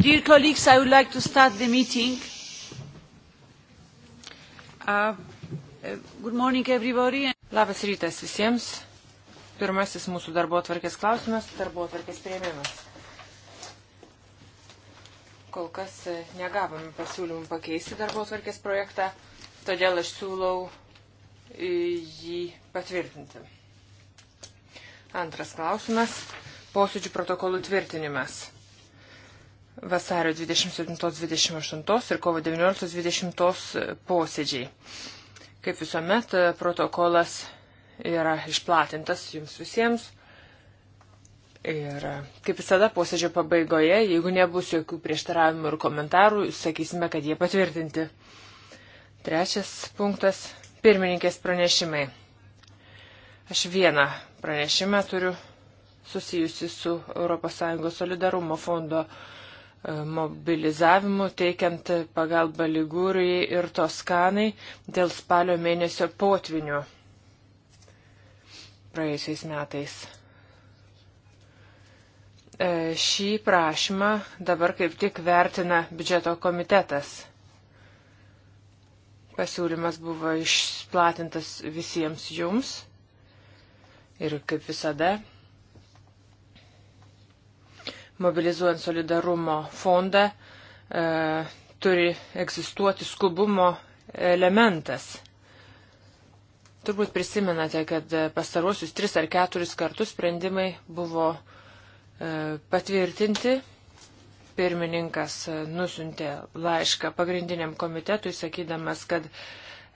Dear colleagues, I would like to start the meeting. Uh, uh good morning, everybody. Labas rytas visiems. Pirmasis mūsų darbo atvarkės klausimas - darbo atvarkės prieimimas. Kol kas e, negavome pasiūlymų pakeisti darbo atvarkės projektą, todėl aš siūlau e, jį patvirtinti. Antras klausimas - posėdžių protokolų tvirtinimas vasario 27-28 ir kovo 19-20 posėdžiai. Kaip visuomet, protokolas yra išplatintas jums visiems. Ir kaip visada posėdžio pabaigoje, jeigu nebus jokių prieštaravimų ir komentarų, sakysime, kad jie patvirtinti. Trečias punktas - pirmininkės pranešimai. Aš vieną pranešimą turiu susijusi su ES solidarumo fondo uh, mobilizavimu, teikiant pagalbą Ligūrijai ir Toskanai dėl spalio mėnesio potvinių praėjusiais metais. E, šį prašymą dabar kaip tik vertina biudžeto komitetas. Pasiūlymas buvo išplatintas visiems jums ir kaip visada mobilizuojant solidarumo fondą, e, turi egzistuoti skubumo elementas. Turbūt prisimenate, kad pastaruosius tris ar keturis kartus sprendimai buvo e, patvirtinti. Pirmininkas e, nusintė laišką pagrindiniam komitetui, sakydamas, kad e,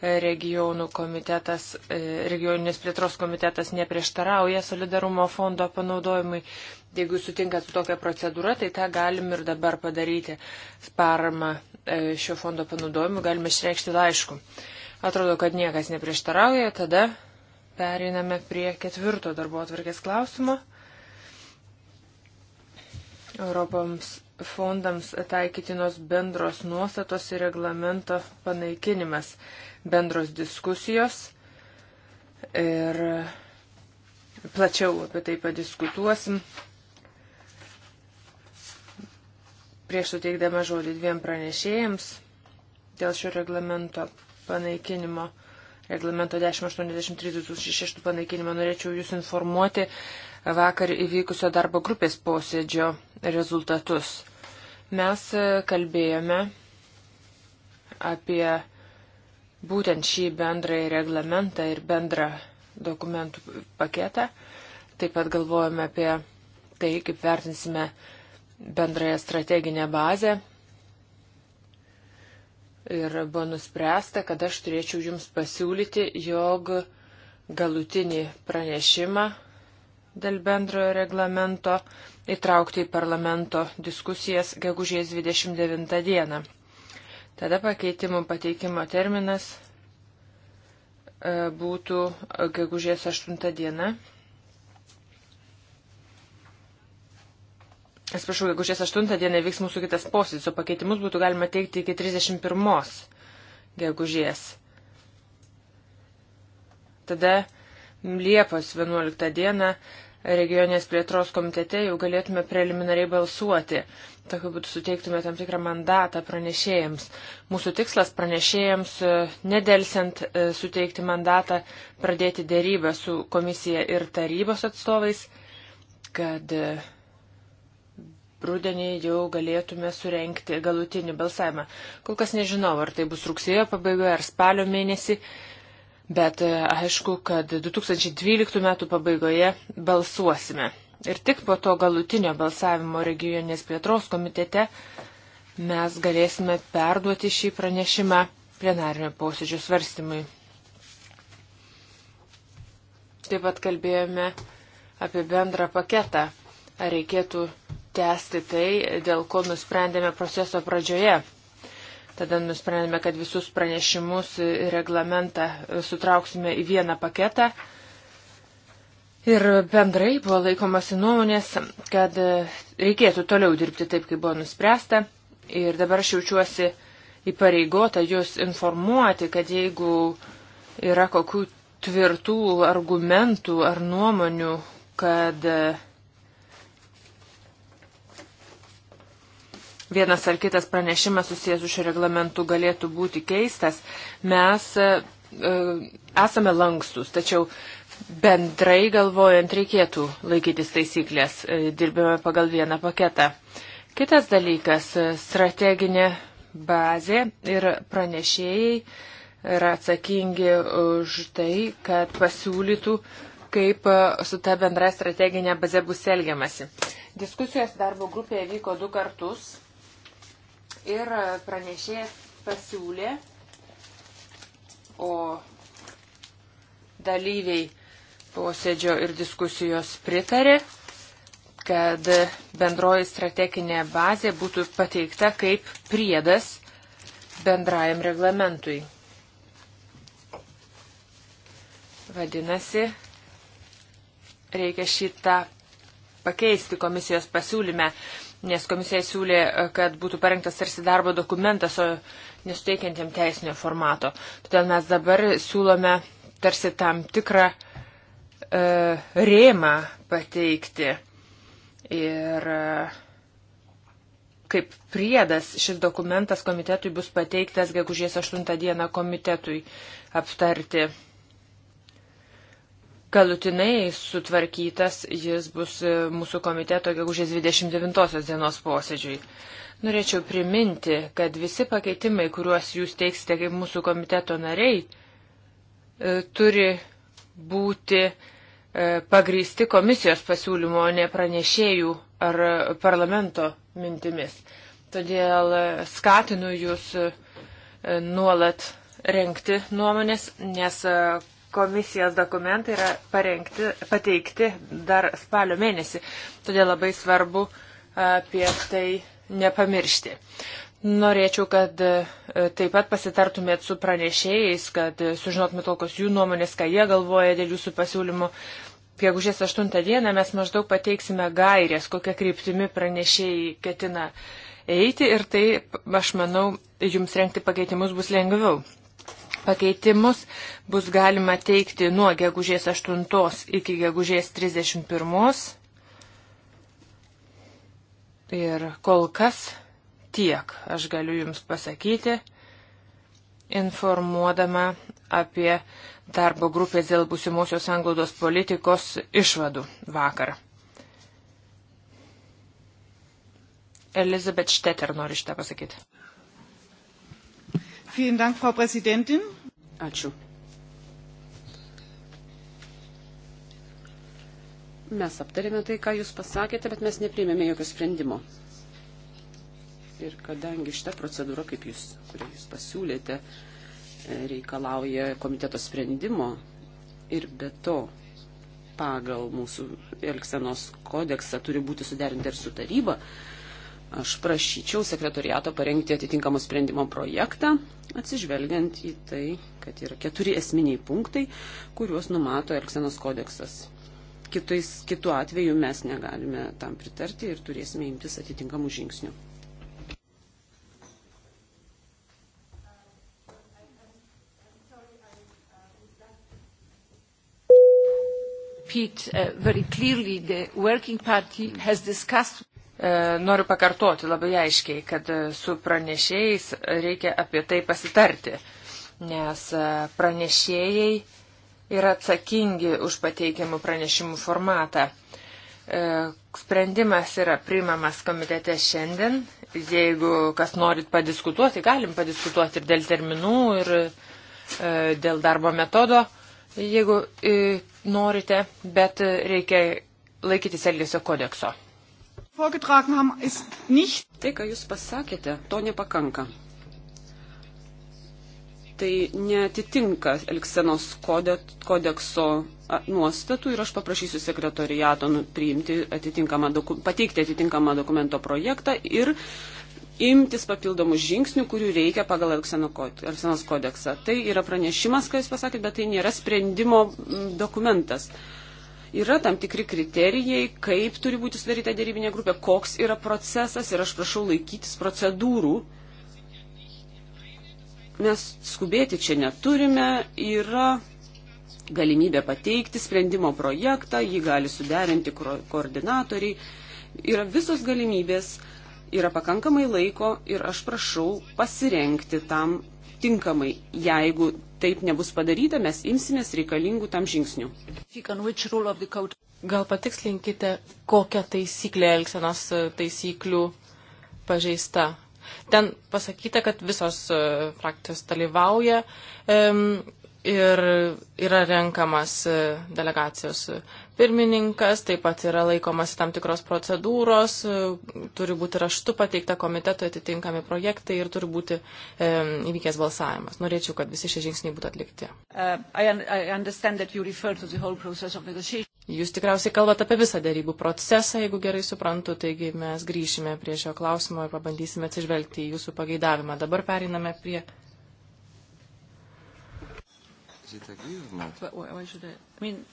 regionų komitetas, e, regioninės plėtros komitetas neprieštarauja solidarumo fondo panaudojimui. Jeigu sutinkat su tokia procedūra, tai tą galim ir dabar padaryti. Parama e, šio fondo panaudojimu galime išreikšti laišku. Atrodo, kad niekas neprieštarauja, tada pereiname prie ketvirto darbo atvarkės klausimo. Europoms fondams taikytinos bendros nuostatos ir reglamento panaikinimas bendros diskusijos ir plačiau apie tai padiskutuosim. Prieš suteikdama žodį dviem pranešėjams dėl šio reglamento panaikinimo, reglamento 1083-2006 panaikinimo, norėčiau Jūs informuoti vakar įvykusio darbo grupės posėdžio rezultatus. Mes kalbėjome apie būtent šį bendrąjį reglamentą ir bendrą dokumentų paketą. Taip pat galvojame apie tai, kaip vertinsime bendrąją strateginę bazę. Ir buvo nuspręsta, kad aš turėčiau Jums pasiūlyti, jog galutinį pranešimą dėl bendrojo reglamento įtraukti į parlamento diskusijas gegužės 29 dieną. Tada pakeitimų pateikimo terminas e, būtų gegužės 8 diena. Atsiprašau, gegužės 8 dieną vyks mūsų kitas posėdis, o pakeitimus būtų galima teikti iki 31 gegužės. Tada Liepos 11 dieną regionės plėtros komitete jau galėtume preliminariai balsuoti. Tokiu būdu suteiktume tam tikrą mandatą pranešėjams. Mūsų tikslas pranešėjams e, nedelsiant e, suteikti mandatą pradėti dėrybę su komisija ir tarybos atstovais, kad e, rudenį jau galėtume surenkti galutinį balsavimą. Kol kas nežinau, ar tai bus rugsėjo pabaigoje ar spalio mėnesį. Bet e, aišku, kad 2012 metų pabaigoje balsuosime. Ir tik po to galutinio balsavimo regioninės plėtros komitete mes galėsime perduoti šį pranešimą plenarinio posėdžio svarstymui. Taip pat kalbėjome apie bendrą paketą. Ar reikėtų tęsti tai, dėl ko nusprendėme proceso pradžioje Tada nusprendėme, kad visus pranešimus ir reglamentą sutrauksime į vieną paketą. Ir bendrai buvo laikomasi nuomonės, kad reikėtų toliau dirbti taip, kaip buvo nuspręsta. Ir dabar aš jaučiuosi įpareigota jūs informuoti, kad jeigu yra kokių tvirtų argumentų ar nuomonių, kad uh, vienas ar kitas pranešimas susijęs su šiuo reglamentu galėtų būti keistas, mes e, e, esame lankstus, tačiau bendrai galvojant reikėtų laikytis taisyklės, e, dirbame pagal vieną paketą. Kitas dalykas - strateginė bazė ir pranešėjai yra atsakingi už tai, kad pasiūlytų, kaip su ta bendra strateginė bazė bus elgiamasi. Diskusijos darbo grupėje vyko du kartus ir pranešėjas pasiūlė, o dalyviai posėdžio ir diskusijos pritarė, kad bendroji strateginė bazė būtų pateikta kaip priedas bendrajam reglamentui. Vadinasi, reikia šitą pakeisti komisijos pasiūlyme nes komisija siūlė, kad būtų parengtas tarsi darbo dokumentas, o nesuteikiantiem teisinio formato. Todėl mes dabar siūlome tarsi tam tikrą e, rėmą pateikti. Ir e, kaip priedas šis dokumentas komitetui bus pateiktas gegužės 8 dieną komitetui aptarti galutinai sutvarkytas jis bus e, mūsų komiteto gegužės 29 dienos posėdžiui. Norėčiau priminti, kad visi pakeitimai, kuriuos jūs teiksite kaip mūsų komiteto nariai, e, turi būti e, pagrysti komisijos pasiūlymo, o ne pranešėjų ar parlamento mintimis. Todėl skatinu jūs nuolat renkti nuomonės, nes komisijos dokumentai yra parengti, pateikti dar spalio mėnesį, todėl labai svarbu apie tai nepamiršti. Norėčiau, kad e, taip pat pasitartumėt su pranešėjais, kad e, sužinotumėt kokios jų nuomonės, ką jie galvoja dėl jūsų pasiūlymų. Gegužės 8 dieną mes maždaug pateiksime gairės, kokią kryptimi pranešėjai ketina eiti ir tai, aš manau, jums renkti pakeitimus bus lengviau. Pakeitimus bus galima teikti nuo gegužės 8 iki gegužės 31. Ir kol kas tiek aš galiu Jums pasakyti, informuodama apie darbo grupės dėl būsimosios anglaudos politikos išvadų vakar. Elizabeth Šteter nori šitą pasakyti. Vielen Dank, Frau Präsidentin. Ačiū. Mes aptarėme tai, ką Jūs pasakėte, bet mes neprimėme jokio sprendimo. Ir kadangi šita procedūra, kaip Jūs, kurią Jūs pasiūlėte, e, reikalauja komiteto sprendimo ir be to pagal mūsų Elksenos kodeksą turi būti suderinti ir su taryba, Aš prašyčiau sekretoriato parengti atitinkamą sprendimo projektą, atsižvelgiant į tai, kad yra keturi esminiai punktai, kuriuos numato Elksenos kodeksas. Kitais, kitu atveju mes negalime tam pritarti ir turėsime imtis atitinkamų žingsnių. repeat uh, very clearly the working party has discussed E, noriu pakartoti labai aiškiai, kad e, su pranešėjais reikia apie tai pasitarti, nes e, pranešėjai yra atsakingi už pateikiamų pranešimų formatą. Sprendimas yra priimamas komitete šiandien. Jeigu kas norit padiskutuoti, galim padiskutuoti ir dėl terminų, ir dėl darbo metodo, jeigu norite, bet reikia laikytis Elgesio kodekso. Tai, ką Jūs pasakėte, to nepakanka. Tai netitinka Elksenos kodekso nuostatų ir aš paprašysiu sekretoriato nu, priimti atitinkamą, pateikti atitinkamą dokumento projektą ir imtis papildomų žingsnių, kurių reikia pagal Elksenos kodeksą. Tai yra pranešimas, ką Jūs pasakėte, bet tai nėra sprendimo dokumentas. Uh, Yra tam tikri kriterijai, kaip turi būti sudaryta dėrybinė grupė, koks yra procesas ir aš prašau laikytis procedūrų. Mes skubėti čia neturime, yra galimybė pateikti sprendimo projektą, jį gali suderinti koordinatoriai, yra visos galimybės, yra pakankamai laiko ir aš prašau pasirenkti tam tinkamai. Jeigu taip nebus padaryta, mes imsimės reikalingų tam žingsnių. Gal patikslinkite, kokia taisyklė Elksenos e, taisyklių pažeista. Ten pasakyta, kad visos e, frakcijos dalyvauja um, ir yra renkamas e, delegacijos pirmininkas, taip pat yra laikomas tam tikros procedūros, e, turi būti raštu pateikta komitetui atitinkami projektai ir turi būti e, įvykęs balsavimas. Norėčiau, kad visi šie žingsniai būtų atlikti. Uh, I, I Jūs tikriausiai kalbate apie visą dėrybų procesą, jeigu gerai suprantu, taigi mes grįšime prie šio klausimo ir pabandysime atsižvelgti į jūsų pageidavimą. Dabar periname prie Is it agree or not? But why, why should I? I mean,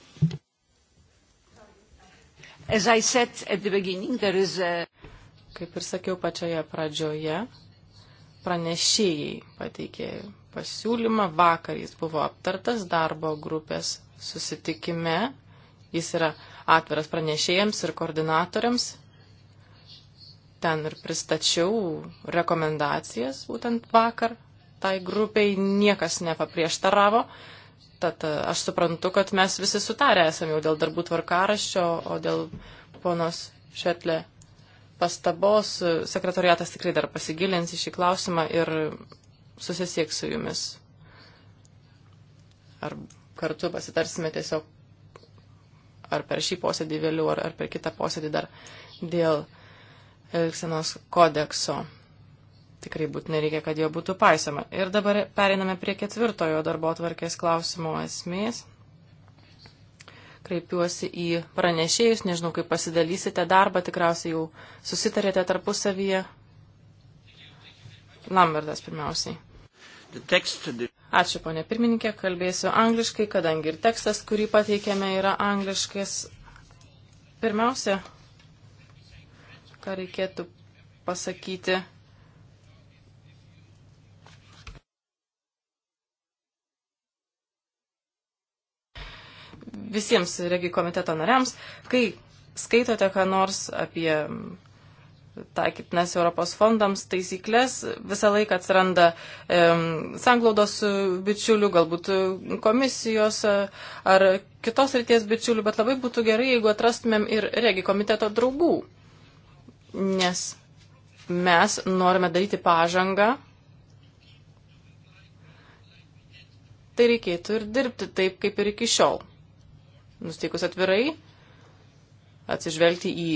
as I said at the beginning, there is a... Kaip ir sakiau pačioje pradžioje, pranešėjai pateikė pasiūlymą, vakar jis buvo aptartas darbo grupės susitikime, jis yra atviras pranešėjams ir koordinatoriams. Ten ir pristačiau rekomendacijas būtent vakar, tai grupiai niekas nepaprieštaravo. Tad e, aš suprantu, kad mes visi sutarę esame jau dėl darbų tvarkaraščio, o dėl ponos Šetlė pastabos e, sekretoriatas tikrai dar pasigilins į šį klausimą ir susisieks su jumis. Ar kartu pasitarsime tiesiog ar per šį posėdį vėliau, ar, ar per kitą posėdį dar dėl Elksenos kodekso tikrai būtinai reikia, kad jo būtų paisoma. Ir dabar pereiname prie ketvirtojo darbo tvarkės klausimo esmės. Kreipiuosi į pranešėjus, nežinau, kaip pasidalysite darbą, tikriausiai jau susitarėte tarpusavyje. Lambertas pirmiausiai. Ačiū, ponė pirmininkė, kalbėsiu angliškai, kadangi ir tekstas, kurį pateikėme, yra angliškas. Pirmiausia, ką reikėtų pasakyti visiems regi komiteto nariams, kai skaitote ką nors apie taikytinas Europos fondams taisyklės, visą laiką atsiranda e, sanglaudos bičiulių, galbūt komisijos e, ar kitos ryties bičiulių, bet labai būtų gerai, jeigu atrastumėm ir regi komiteto draugų, nes mes norime daryti pažangą. Tai reikėtų ir dirbti taip, kaip ir iki šiol nusteikus atvirai, atsižvelgti į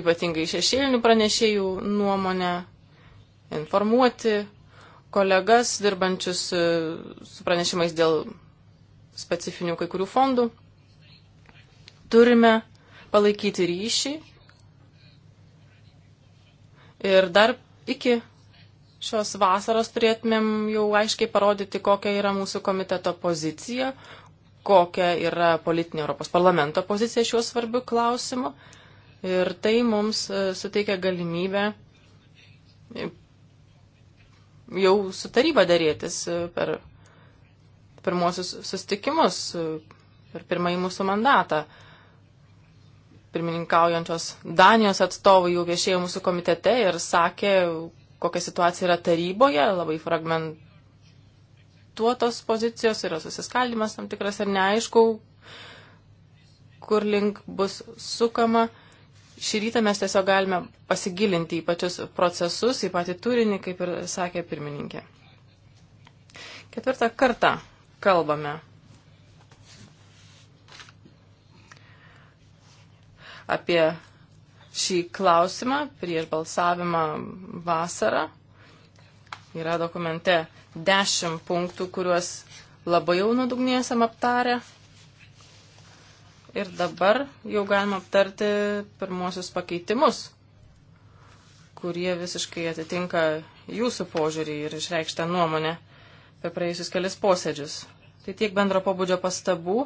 ypatingai šešėlinių pranešėjų nuomonę, informuoti kolegas dirbančius e, su pranešimais dėl specifinių kai kurių fondų. Turime palaikyti ryšį ir dar iki šios vasaros turėtumėm jau aiškiai parodyti, kokia yra mūsų komiteto pozicija, kokia yra politinė Europos parlamento pozicija šiuo svarbiu klausimu. Ir tai mums e, suteikia galimybę e, jau su taryba dėrėtis e, per pirmosius sustikimus, per pirmąjį mūsų mandatą. Pirmininkaujančios Danijos atstovai jau viešėjo mūsų komitete ir sakė, kokia situacija yra taryboje, labai fragment, konfliktuotos pozicijos, yra susiskaldimas tam tikras ir neaišku, kur link bus sukama. Šį rytą mes tiesiog galime pasigilinti į pačius procesus, į patį turinį, kaip ir sakė pirmininkė. Ketvirtą kartą kalbame apie šį klausimą prieš balsavimą vasarą. Yra dokumente dešimt punktų, kuriuos labai jau nuodugniai esam aptarę. Ir dabar jau galima aptarti pirmosius pakeitimus, kurie visiškai atitinka jūsų požiūrį ir išreikštą nuomonę apie praėjusius kelis posėdžius. Tai tiek bendro pobūdžio pastabų.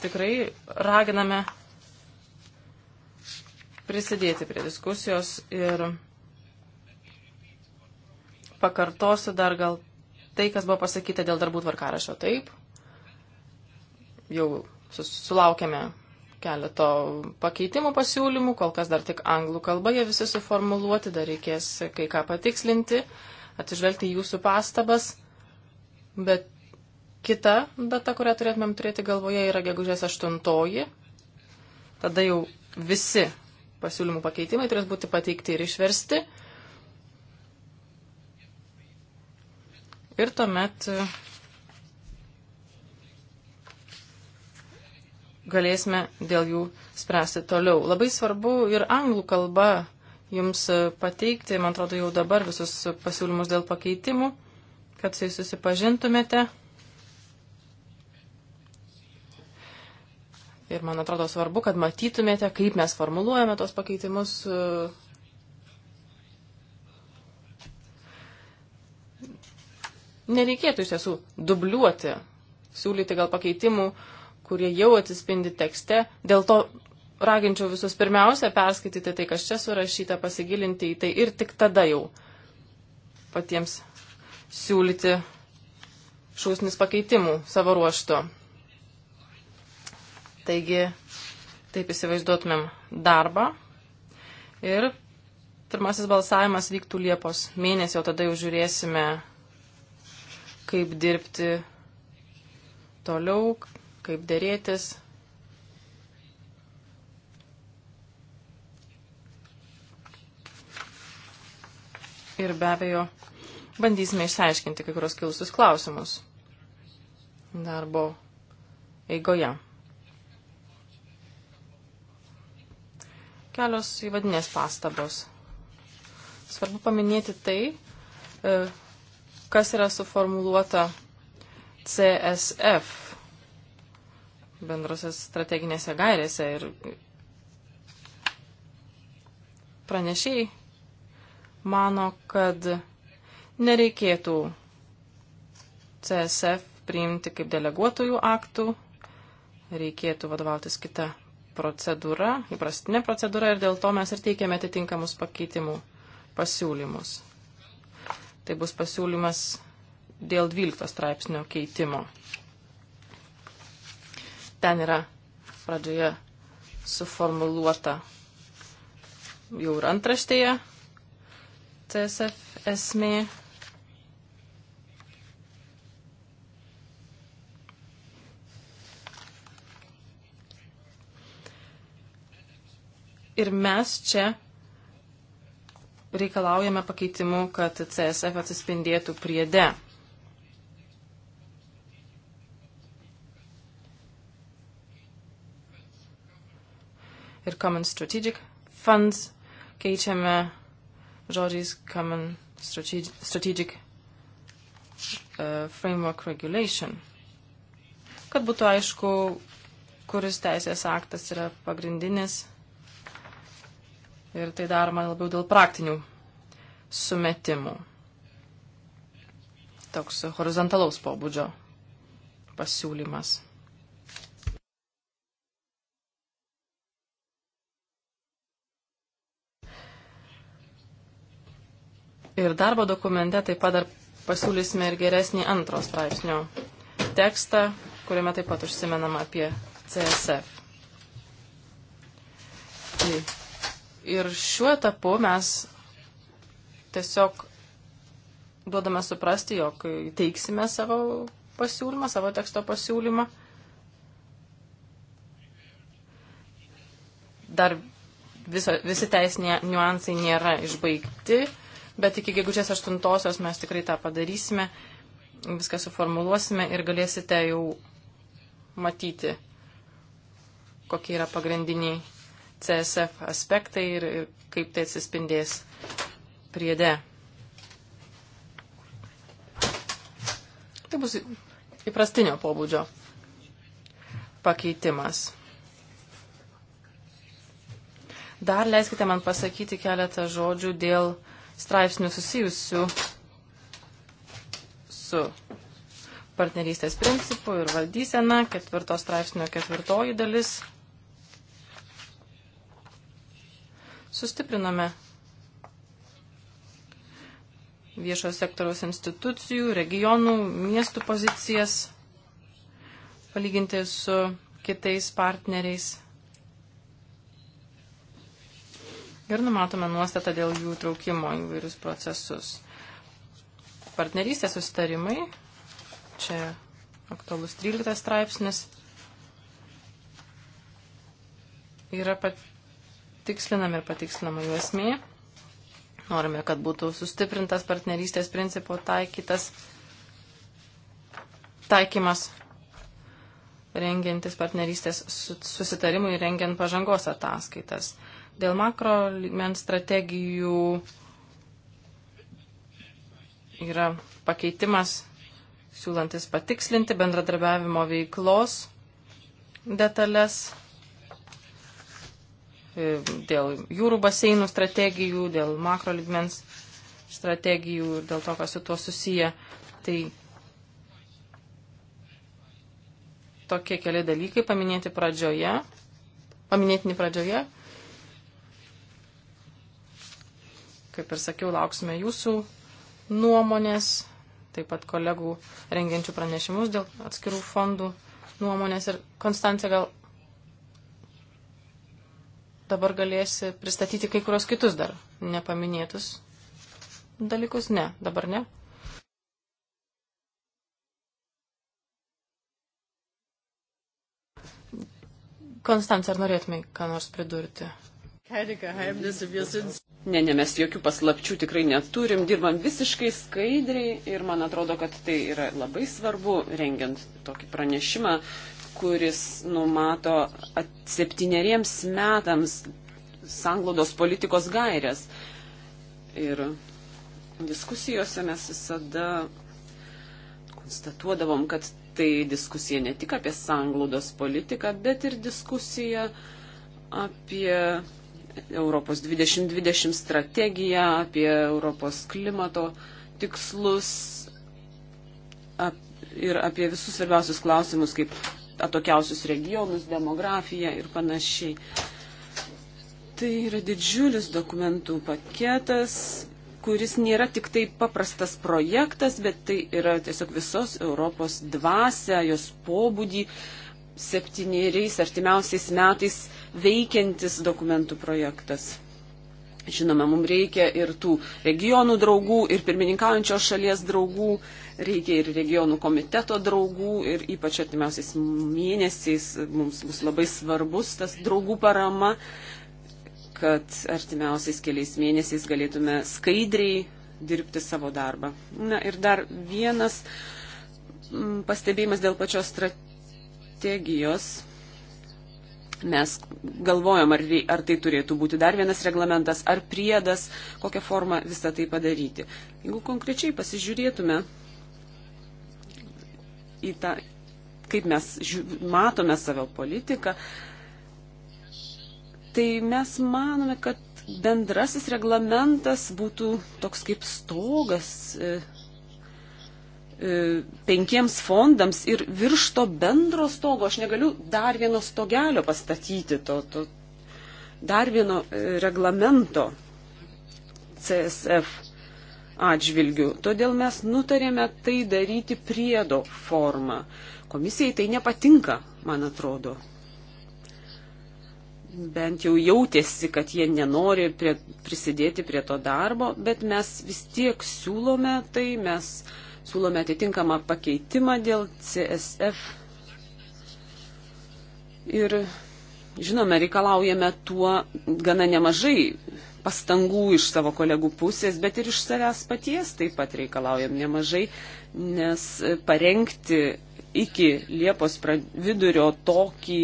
Tikrai raginame prisidėti prie diskusijos ir pakartosiu dar gal tai, kas buvo pasakyta dėl darbų tvarkarašio. Taip, jau sulaukėme keleto pakeitimų pasiūlymų, kol kas dar tik anglų kalba jie visi suformuluoti, dar reikės kai ką patikslinti, atsižvelgti jūsų pastabas. Bet kita data, kurią turėtumėm turėti galvoje, yra gegužės 8. Tada jau visi pasiūlymų pakeitimai turės būti pateikti ir išversti. Ir tuomet e, galėsime dėl jų spręsti toliau. Labai svarbu ir anglų kalba jums e, pateikti, man atrodo, jau dabar visus pasiūlymus dėl pakeitimų, kad su jais susipažintumėte. Ir man atrodo svarbu, kad matytumėte, kaip mes formuluojame tos pakeitimus, e, nereikėtų iš tiesų dubliuoti, siūlyti gal pakeitimų, kurie jau atsispindi tekste. Dėl to raginčiau visus pirmiausia perskaityti tai, kas čia surašyta, pasigilinti į tai ir tik tada jau patiems siūlyti šūsnis pakeitimų savo ruoštų. Taigi, taip įsivaizduotumėm darbą. Ir pirmasis balsavimas vyktų Liepos mėnesį, o tada jau žiūrėsime, kaip dirbti toliau, kaip dėrėtis. Ir be abejo, bandysime išsiaiškinti kai kurios kilusius klausimus darbo eigoje. Kelios įvadinės pastabos. Svarbu paminėti tai, e, kas yra suformuluota CSF bendrosios strateginėse gairėse ir pranešiai mano, kad nereikėtų CSF priimti kaip deleguotojų aktų, reikėtų vadovautis kita procedūra, įprastinė procedūra ir dėl to mes ir teikiame atitinkamus pakeitimų pasiūlymus. Tai bus pasiūlymas dėl 12 straipsnio keitimo. Ten yra pradžioje suformuluota jau ir antraštėje CSF esmė. Ir mes čia reikalaujame pakeitimų, kad CSF atsispindėtų priede. Ir Common Strategic Funds keičiame žodžiais Common Strategic uh, Framework Regulation. Kad būtų aišku, kuris teisės aktas yra pagrindinis ir tai daroma labiau dėl praktinių sumetimų. Toks horizontalaus pobūdžio pasiūlymas. Ir darbo dokumente taip pat dar pasiūlysime ir geresnį antros straipsnio tekstą, kuriame taip pat užsimenama apie CSF. Tai Ir šiuo etapu mes tiesiog duodame suprasti, jog teiksime savo pasiūlymą, savo teksto pasiūlymą. Dar viso, visi teisiniai niuansai nėra išbaigti, bet iki gegužės 8 mes tikrai tą padarysime, viską suformuluosime ir galėsite jau matyti, kokie yra pagrindiniai CSF aspektai ir, ir kaip tai atsispindės priede. Tai bus įprastinio pobūdžio pakeitimas. Dar leiskite man pasakyti keletą žodžių dėl straipsnių susijusių su partnerystės principu ir valdysena, ketvirto straipsnio ketvirtoji dalis sustiprinome viešojo sektoriaus institucijų, regionų, miestų pozicijas, palyginti su kitais partneriais. Ir numatome nuostatą dėl jų traukimo į vairius procesus. Partnerystės sustarimai, čia aktualus 13 straipsnis, yra pat tikslinam ir patikslinama jų esmė. Norime, kad būtų sustiprintas partnerystės principo taikytas, taikymas rengiantis partnerystės susitarimui, rengiant pažangos ataskaitas. Dėl makro lygmen strategijų yra pakeitimas siūlantis patikslinti bendradarbiavimo veiklos detalės E, dėl jūrų baseinų strategijų, dėl makro ligmens strategijų ir dėl to, kas su tuo susiję. Tai tokie keli dalykai paminėti pradžioje, paminėtini pradžioje. Kaip ir sakiau, lauksime jūsų nuomonės, taip pat kolegų rengiančių pranešimus dėl atskirų fondų nuomonės. Ir Konstancija, gal dabar galėsi pristatyti kai kurios kitus dar nepaminėtus dalykus? Ne, dabar ne. Konstancija, ar norėtumai ką nors pridurti? Ne, ne, mes jokių paslapčių tikrai neturim, dirbam visiškai skaidriai ir man atrodo, kad tai yra labai svarbu, rengiant tokį pranešimą, kuris numato septyneriems metams sanglaudos politikos gairias. Ir diskusijose mes visada konstatuodavom, kad tai diskusija ne tik apie sanglaudos politiką, bet ir diskusija apie Europos 2020 strategiją, apie Europos klimato tikslus, apie ir apie visus svarbiausius klausimus, kaip atokiausius regionus, demografiją ir panašiai. Tai yra didžiulis dokumentų paketas, kuris nėra tik tai paprastas projektas, bet tai yra tiesiog visos Europos dvasia, jos pobūdį septyneriais artimiausiais metais veikiantis dokumentų projektas. Žinoma, mums reikia ir tų regionų draugų, ir pirmininkaujančios šalies draugų, reikia ir regionų komiteto draugų, ir ypač artimiausiais mėnesiais mums bus labai svarbus tas draugų parama, kad artimiausiais keliais mėnesiais galėtume skaidriai dirbti savo darbą. Na ir dar vienas mm, pastebėjimas dėl pačios strategijos Mes galvojom, ar, ar tai turėtų būti dar vienas reglamentas, ar priedas, kokią formą visą tai padaryti. Jeigu konkrečiai pasižiūrėtume į tą, kaip mes matome savo politiką, tai mes manome, kad bendrasis reglamentas būtų toks kaip stogas, e, E, penkiems fondams ir virš to bendro stogo aš negaliu dar vieno stogelio pastatyti, to, to dar vieno e, reglamento CSF atžvilgių. Todėl mes nutarėme tai daryti priedo formą. Komisijai tai nepatinka, man atrodo. Bent jau jautėsi, kad jie nenori prie, prisidėti prie to darbo, bet mes vis tiek siūlome tai, mes uh, Sūlome atitinkamą pakeitimą dėl CSF. Ir, žinome, reikalaujame tuo gana nemažai pastangų iš savo kolegų pusės, bet ir iš savęs paties taip pat reikalaujam nemažai, nes parengti iki Liepos vidurio tokį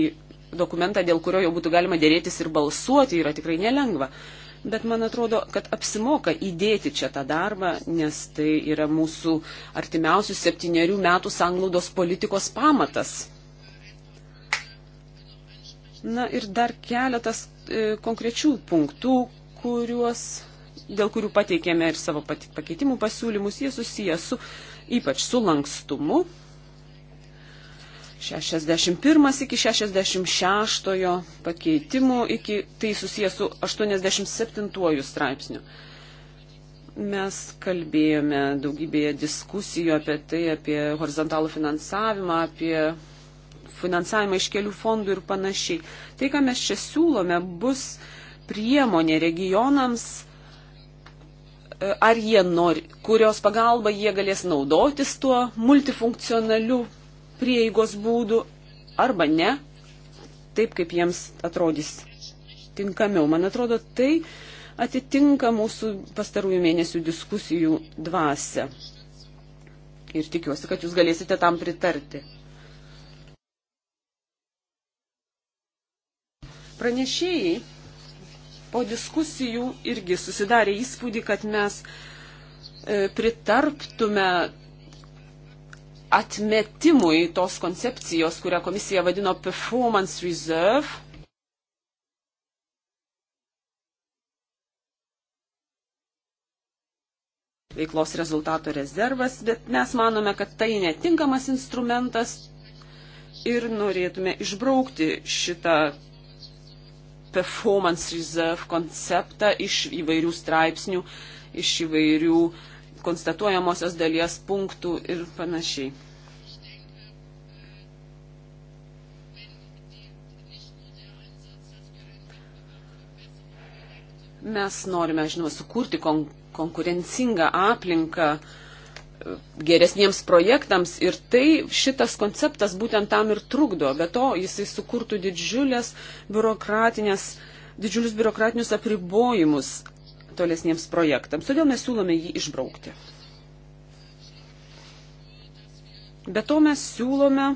dokumentą, dėl kurio jau būtų galima dėrėtis ir balsuoti, yra tikrai nelengva bet man atrodo, kad apsimoka įdėti čia tą darbą, nes tai yra mūsų artimiausių septyniarių metų sanglaudos politikos pamatas. Na ir dar keletas e, konkrečių punktų, kuriuos, dėl kurių pateikėme ir savo pakeitimų pasiūlymus, jie susiję su ypač su lankstumu 61 iki 66 pakeitimų, iki, tai susijęs su 87 straipsniu. Mes kalbėjome daugybėje diskusijų apie tai, apie horizontalų finansavimą, apie finansavimą iš kelių fondų ir panašiai. Tai, ką mes čia siūlome, bus priemonė regionams, e, ar jie nori, kurios pagalba jie galės naudotis tuo multifunkcionaliu prieigos būdų arba ne, taip kaip jiems atrodys tinkamiau. Man atrodo, tai atitinka mūsų pastarųjų mėnesių diskusijų dvasę. Ir tikiuosi, kad jūs galėsite tam pritarti. Pranešėjai po diskusijų irgi susidarė įspūdį, kad mes e, pritarptume atmetimui tos koncepcijos, kurią komisija vadino performance reserve. Veiklos rezultato rezervas, bet mes manome, kad tai netinkamas instrumentas ir norėtume išbraukti šitą performance reserve konceptą iš įvairių straipsnių, iš įvairių konstatuojamosios dalies punktų ir panašiai. Mes norime, žinoma, sukurti kon konkurencingą aplinką geresniems projektams ir tai šitas konceptas būtent tam ir trukdo. Be to, jisai sukurtų didžiulės biurokratinės, didžiulius biurokratinius apribojimus tolesniems projektams. Todėl mes siūlome jį išbraukti. Be to mes siūlome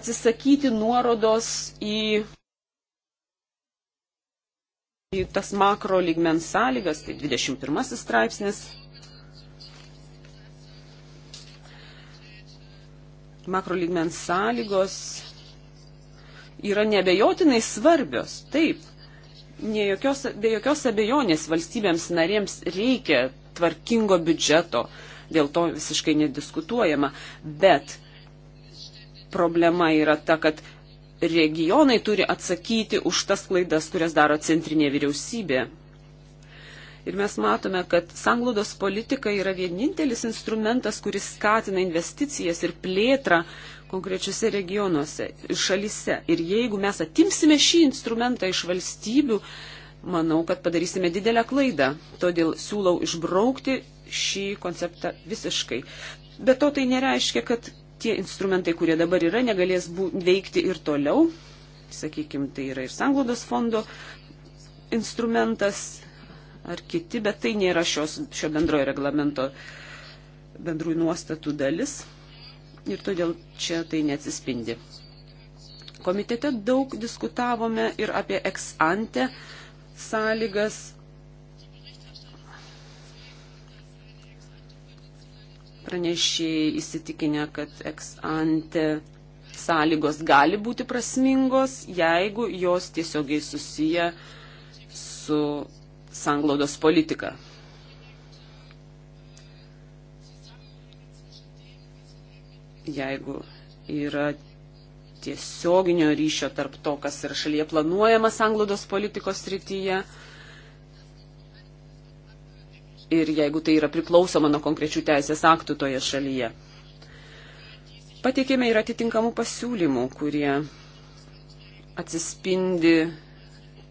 atsisakyti nuorodos į į tai tas makro lygmens sąlygas, tai 21 straipsnis. Makro lygmens sąlygos yra nebejotinai svarbios, taip. Ne jokios, be jokios abejonės valstybėms narėms reikia tvarkingo biudžeto, dėl to visiškai nediskutuojama, bet problema yra ta, kad regionai turi atsakyti už tas klaidas, kurias daro centrinė vyriausybė. Ir mes matome, kad sanglaudos politika yra vienintelis instrumentas, kuris skatina investicijas ir plėtrą konkrečiose regionuose ir šalise. Ir jeigu mes atimsime šį instrumentą iš valstybių, manau, kad padarysime didelę klaidą. Todėl siūlau išbraukti šį konceptą visiškai. Bet to tai nereiškia, kad tie instrumentai, kurie dabar yra, negalės bū, veikti ir toliau. Sakykime, tai yra ir sanglaudos fondo instrumentas ar kiti, bet tai nėra šios, šio bendrojo reglamento bendrųjų nuostatų dalis ir todėl čia tai neatsispindi. Komitete daug diskutavome ir apie ex ante sąlygas pranešėjai įsitikinę, kad ex ante sąlygos gali būti prasmingos, jeigu jos tiesiogiai susiję su sanglaudos politika. Jeigu yra tiesioginio ryšio tarp to, kas yra šalyje planuojama sanglaudos politikos rytyje, ir jeigu tai yra priklausoma nuo konkrečių teisės aktų toje šalyje. Pateikėme ir atitinkamų pasiūlymų, kurie atsispindi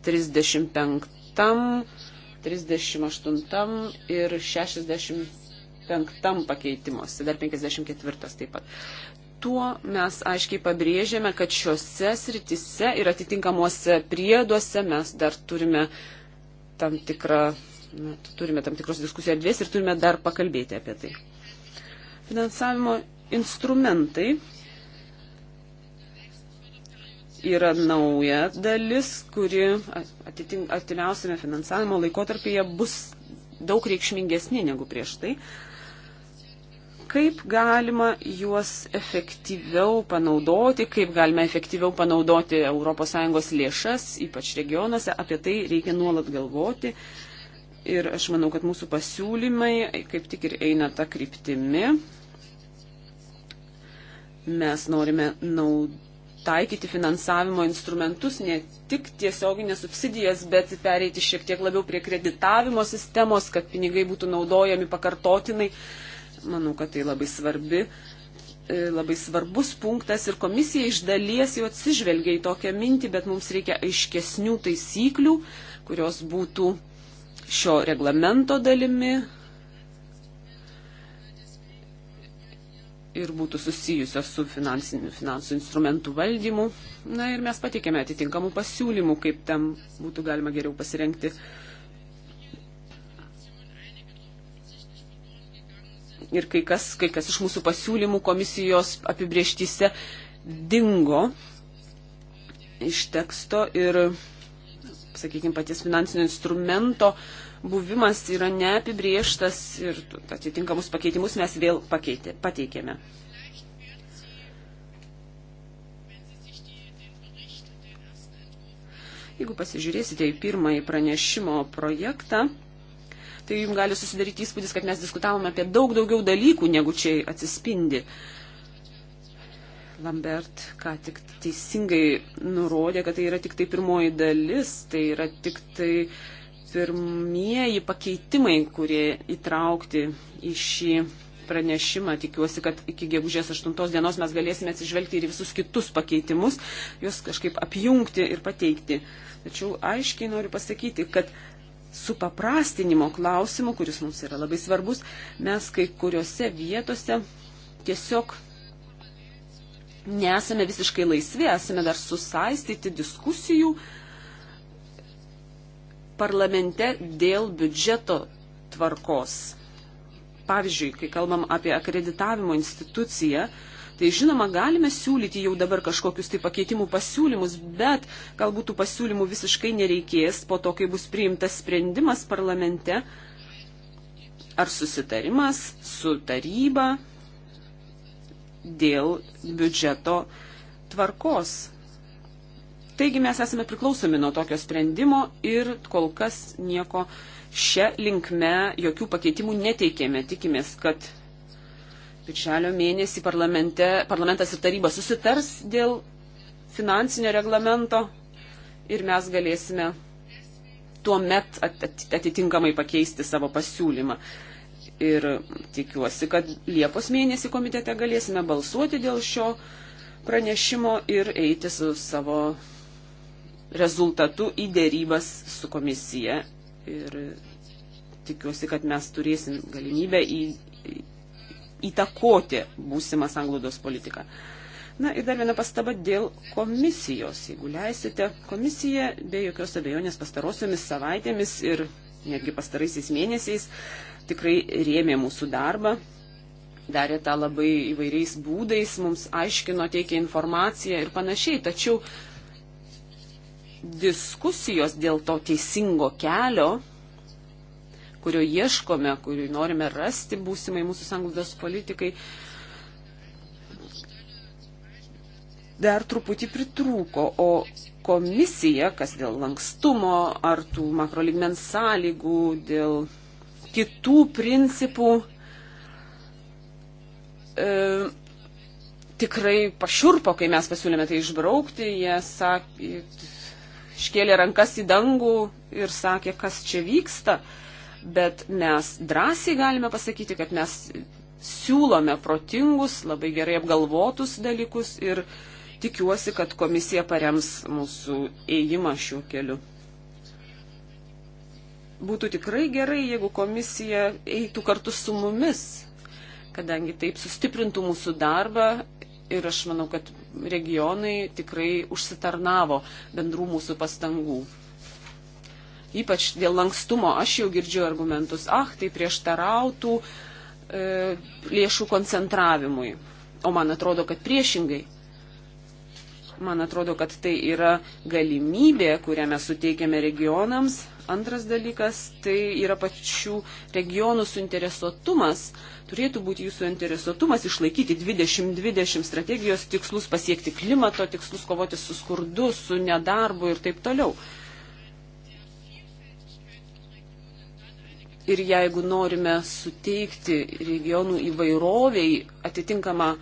35, 38 ir 65 pakeitimuose, dar 54 taip pat tuo mes aiškiai pabrėžėme, kad šiuose sritise ir atitinkamuose prieduose mes dar turime tam tikrą Na, turime tam tikros diskusijų erdvės ir turime dar pakalbėti apie tai. Finansavimo instrumentai yra nauja dalis, kuri atimiausiame finansavimo laikotarpyje bus daug reikšmingesnė negu prieš tai. Kaip galima juos efektyviau panaudoti, kaip galima efektyviau panaudoti ES lėšas, ypač regionuose, apie tai reikia nuolat galvoti. Uh, Ir aš manau, kad mūsų pasiūlymai kaip tik ir eina tą kryptimį. Mes norime naud... taikyti finansavimo instrumentus, ne tik tiesioginės subsidijas, bet pereiti šiek tiek labiau prie kreditavimo sistemos, kad pinigai būtų naudojami pakartotinai. Manau, kad tai labai svarbi e, labai svarbus punktas ir komisija iš dalies jau atsižvelgia į tokią mintį, bet mums reikia aiškesnių taisyklių, kurios būtų šio reglamento dalimi ir būtų susijusios su finansų instrumentų valdymu. Na ir mes patikėme atitinkamų pasiūlymų, kaip tam būtų galima geriau pasirengti. Ir kai kas, kai kas iš mūsų pasiūlymų komisijos apibrieštyse dingo iš teksto ir sakykime, paties finansinio instrumento buvimas yra neapibrieštas ir atitinkamus pakeitimus mes vėl pakeitė, pateikėme. Jeigu pasižiūrėsite į pirmąjį pranešimo projektą, tai jums gali susidaryti įspūdis, kad mes diskutavome apie daug daugiau dalykų, negu čia atsispindi. Uh, Lambert ką tik teisingai nurodė, kad tai yra tik tai pirmoji dalis, tai yra tik tai pirmieji pakeitimai, kurie įtraukti į šį pranešimą. Tikiuosi, kad iki gegužės 8 dienos mes galėsime atsižvelgti ir visus kitus pakeitimus, juos kažkaip apjungti ir pateikti. Tačiau aiškiai noriu pasakyti, kad supaprastinimo klausimu, kuris mums yra labai svarbus, mes kai kuriuose vietose tiesiog nesame visiškai laisvi, esame dar susaistyti diskusijų parlamente dėl biudžeto tvarkos. Pavyzdžiui, kai kalbam apie akreditavimo instituciją, tai žinoma, galime siūlyti jau dabar kažkokius tai pakeitimų pasiūlymus, bet galbūt tų pasiūlymų visiškai nereikės po to, kai bus priimtas sprendimas parlamente ar susitarimas su taryba dėl biudžeto tvarkos. Taigi mes esame priklausomi nuo tokio sprendimo ir kol kas nieko šią linkme jokių pakeitimų neteikėme. Tikimės, kad Birželio mėnesį parlamentas ir taryba susitars dėl finansinio reglamento ir mes galėsime tuo met atitinkamai pakeisti savo pasiūlymą ir tikiuosi, kad Liepos mėnesį komitete galėsime balsuoti dėl šio pranešimo ir eiti su savo rezultatu į dėrybas su komisija. Ir tikiuosi, kad mes turėsim galimybę į, įtakoti būsimą sanglaudos politiką. Na ir dar viena pastaba dėl komisijos. Jeigu leisite, komisija be jokios abejonės pastarosiomis savaitėmis ir netgi pastaraisiais mėnesiais tikrai rėmė mūsų darbą, darė tą labai įvairiais būdais, mums aiškino, teikė informaciją ir panašiai. Tačiau diskusijos dėl to teisingo kelio, kurio ieškome, kurį norime rasti būsimai mūsų sanglaudos politikai, dar truputį pritrūko, o komisija, kas dėl lankstumo ar tų makrolygmens sąlygų, dėl kitų principų e, tikrai pašiurpo, kai mes pasiūlėme tai išbraukti. Jie sakė, iškėlė rankas į dangų ir sakė, kas čia vyksta. Bet mes drąsiai galime pasakyti, kad mes siūlome protingus, labai gerai apgalvotus dalykus ir tikiuosi, kad komisija parems mūsų ėjimą šiuo keliu būtų tikrai gerai, jeigu komisija eitų kartu su mumis, kadangi taip sustiprintų mūsų darbą ir aš manau, kad regionai tikrai užsitarnavo bendrų mūsų pastangų. Ypač dėl lankstumo aš jau girdžiu argumentus, ah, tai prieštarautų e, lėšų koncentravimui. O man atrodo, kad priešingai Man atrodo, kad tai yra galimybė, kurią mes suteikiame regionams. Antras dalykas - tai yra pačių regionų suinteresuotumas. Turėtų būti jūsų interesuotumas išlaikyti 2020 strategijos tikslus, pasiekti klimato tikslus, kovoti su skurdu, su nedarbu ir taip toliau. Ir jeigu norime suteikti regionų įvairoviai atitinkamą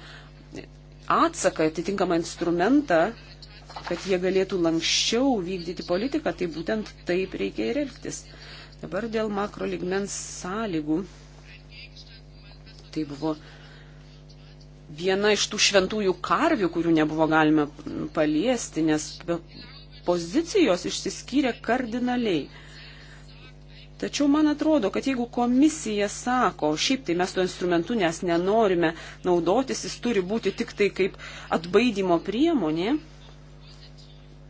atsaką, atitinkamą instrumentą, kad jie galėtų lankščiau vykdyti politiką, tai būtent taip reikia ir elgtis. Dabar dėl makro ligmens sąlygų. Tai buvo viena iš tų šventųjų karvių, kurių nebuvo galima paliesti, nes pozicijos išsiskyrė kardinaliai. Tačiau man atrodo, kad jeigu komisija sako, šiaip tai mes to instrumentu nes nenorime naudotis, jis turi būti tik tai kaip atbaidimo priemonė,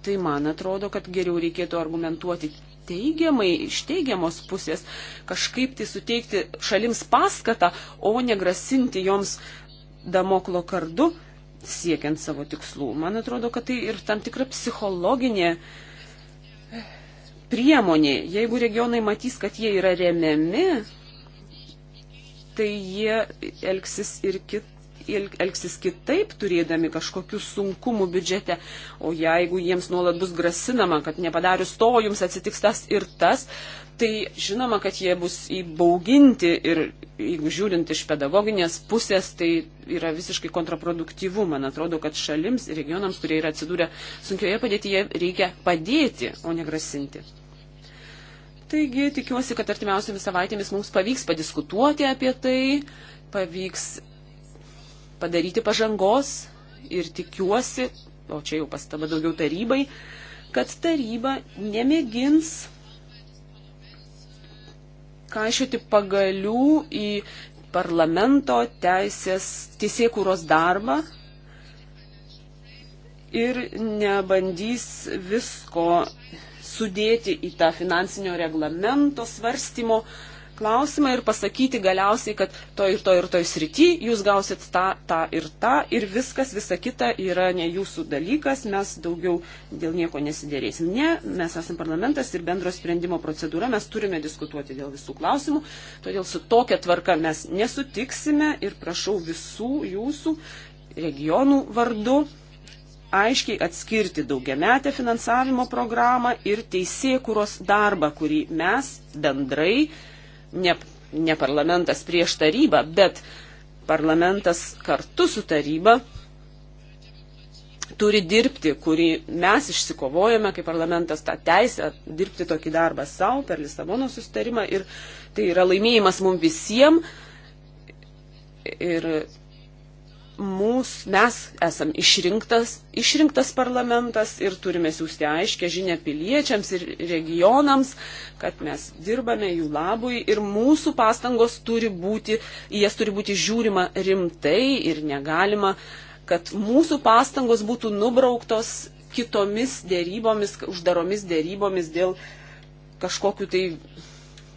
tai man atrodo, kad geriau reikėtų argumentuoti teigiamai, iš teigiamos pusės, kažkaip tai suteikti šalims paskatą, o negrasinti joms damoklo kardu siekiant savo tikslų. Man atrodo, kad tai ir tam tikra psichologinė uh, priemonė. Jeigu regionai matys, kad jie yra remiami, tai jie elgsis ir kitaip elgsis kitaip, turėdami kažkokių sunkumų biudžete. O jeigu jiems nuolat bus grasinama, kad nepadarius to jums atsitiks tas ir tas, tai žinoma, kad jie bus įbauginti ir jeigu žiūrint iš pedagoginės pusės, tai yra visiškai kontraproduktyvu. Man atrodo, kad šalims ir regionams, kurie yra atsidūrę sunkioje padėtyje, reikia padėti, o ne grasinti. Taigi tikiuosi, kad artimiausiamis savaitėmis mums pavyks padiskutuoti apie tai, pavyks padaryti pažangos ir tikiuosi, o čia jau pastaba daugiau tarybai, kad taryba nemėgins kaišyti pagalių į parlamento teisės teisėkūros darbą ir nebandys visko sudėti į tą finansinio reglamento svarstymo klausimą ir pasakyti galiausiai, kad to ir to ir toj srity jūs gausit tą, tą ir tą ir viskas, visa kita yra ne jūsų dalykas, mes daugiau dėl nieko nesidėrėsim. Ne, mes esame parlamentas ir bendro sprendimo procedūra, mes turime diskutuoti dėl visų klausimų, todėl su tokia tvarka mes nesutiksime ir prašau visų jūsų regionų vardu aiškiai atskirti daugiametę finansavimo programą ir teisėkuros darbą, kurį mes bendrai ne, ne parlamentas prieš tarybą, bet parlamentas kartu su taryba turi dirbti, kurį mes išsikovojame kaip parlamentas tą teisę dirbti tokį darbą savo per Lisabono sustarimą ir tai yra laimėjimas mums visiems. Ir mūs, mes esam išrinktas, išrinktas parlamentas ir turime siūsti aiškę žinę piliečiams ir regionams, kad mes dirbame jų labui ir mūsų pastangos turi būti, jas turi būti žiūrima rimtai ir negalima, kad mūsų pastangos būtų nubrauktos kitomis dėrybomis, uždaromis dėrybomis dėl kažkokiu tai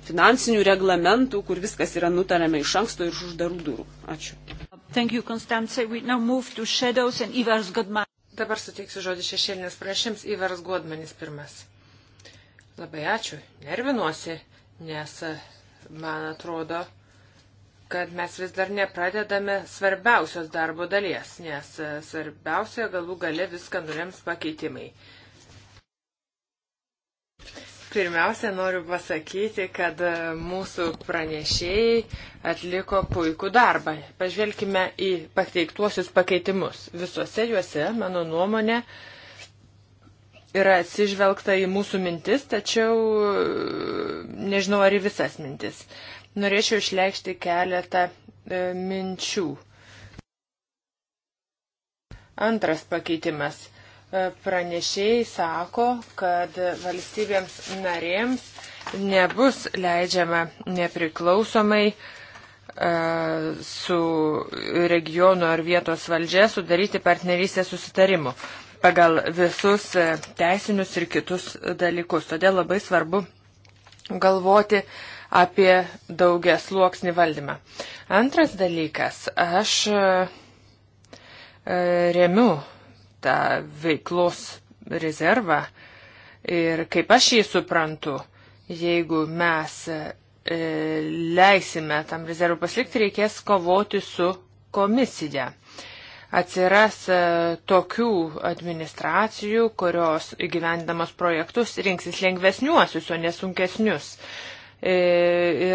finansinių reglamentų, kur viskas yra nutariama iš anksto ir už uždarų durų. Ačiū. Thank you, Konstancija. We now move to shadows and Ivars Godman. Dabar suteiksiu žodį šešėlinės prašyms Ivars Godmanis pirmas. Labai ačiū, nervinuosi, nes e, man atrodo, kad mes vis dar nepradedame svarbiausios darbo dalies, nes e, svarbiausia galų gale viską nurems pakeitimai. Pirmiausia, noriu pasakyti, kad e, mūsų pranešėjai atliko puikų darbą. Pažvelkime į pateiktuosius pakeitimus. Visuose juose, mano nuomonė, yra atsižvelgta į mūsų mintis, tačiau e, nežinau ar į visas mintis. Norėčiau išleikšti keletą e, minčių. Antras pakeitimas Pranešėjai sako, kad valstybėms narėms nebus leidžiama nepriklausomai e, su regionu ar vietos valdžia sudaryti partnerystės susitarimu pagal visus e, teisinius ir kitus dalykus. Todėl labai svarbu galvoti apie daugia sluoksnį valdymą. Antras dalykas, aš e, remiu tą veiklos rezervą. Ir kaip aš jį suprantu, jeigu mes e, leisime tam rezervui pasilikti, reikės kovoti su komisija. Atsiras e, tokių administracijų, kurios įgyvendamas projektus rinksis lengvesniuosius, o nesunkesnius. sunkesnius E,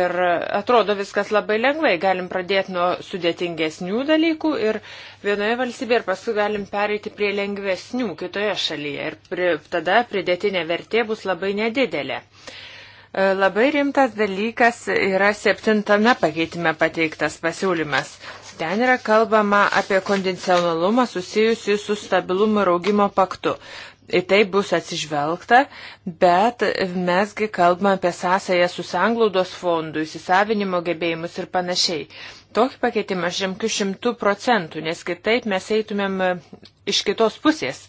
ir atrodo viskas labai lengvai, galim pradėti nuo sudėtingesnių dalykų ir vienoje valstybėje ir paskui galim pereiti prie lengvesnių kitoje šalyje ir pri, tada pridėtinė vertė bus labai nedidelė. E, labai rimtas dalykas yra septintame pakeitime pateiktas pasiūlymas. Ten yra kalbama apie kondicionalumą susijusiu su stabilumo ir augimo paktu į tai bus atsižvelgta, bet mesgi kalbame apie sąsąją su sanglaudos fondu, įsisavinimo gebėjimus ir panašiai. Tokį pakeitimą aš remkiu šimtų procentų, nes kitaip mes eitumėm iš kitos pusės.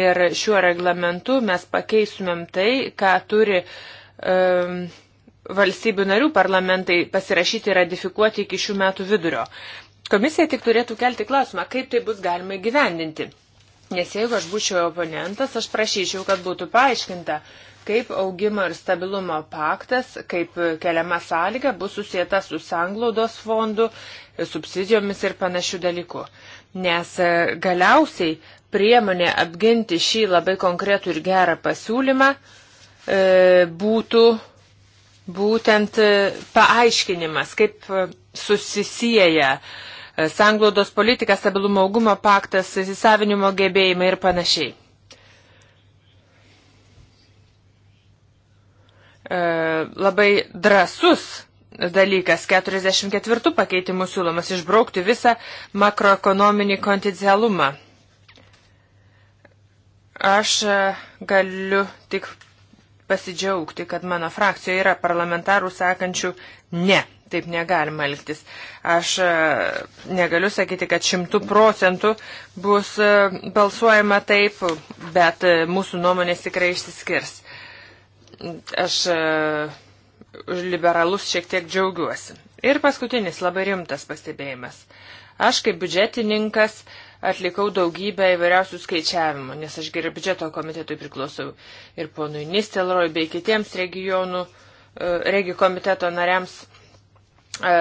Ir šiuo reglamentu mes pakeisumėm tai, ką turi. Um, valstybių narių parlamentai pasirašyti ir ratifikuoti iki šių metų vidurio. Komisija tik turėtų kelti klausimą, kaip tai bus galima įgyvendinti. Nes jeigu aš būčiau oponentas, aš prašyčiau, kad būtų paaiškinta, kaip augimo ir stabilumo paktas, kaip keliama sąlyga bus susijęta su sanglaudos fondu, subsidijomis ir panašių dalykų. Nes e, galiausiai priemonė apginti šį labai konkretų ir gerą pasiūlymą e, būtų būtent e, paaiškinimas, kaip e, susisieja e, E, sanglaudos politika, stabilumo augumo paktas, įsisavinimo gebėjimai ir panašiai. E, labai drasus dalykas 44 pakeitimų siūlomas išbraukti visą makroekonominį kontidzialumą. Aš e, galiu tik pasidžiaugti, kad mano frakcijoje yra parlamentarų sakančių ne Taip negalima elgtis. Aš e, negaliu sakyti, kad šimtų procentų bus e, balsuojama taip, bet e, mūsų nuomonės tikrai išsiskirs. Aš liberalus šiek tiek džiaugiuosi. Ir paskutinis labai rimtas pastebėjimas. Aš kaip biudžetininkas atlikau daugybę įvairiausių skaičiavimų, nes aš gerai biudžeto komitetui priklausau ir ponui Nistelroj bei kitiems regionų, regijų komiteto nariams. E,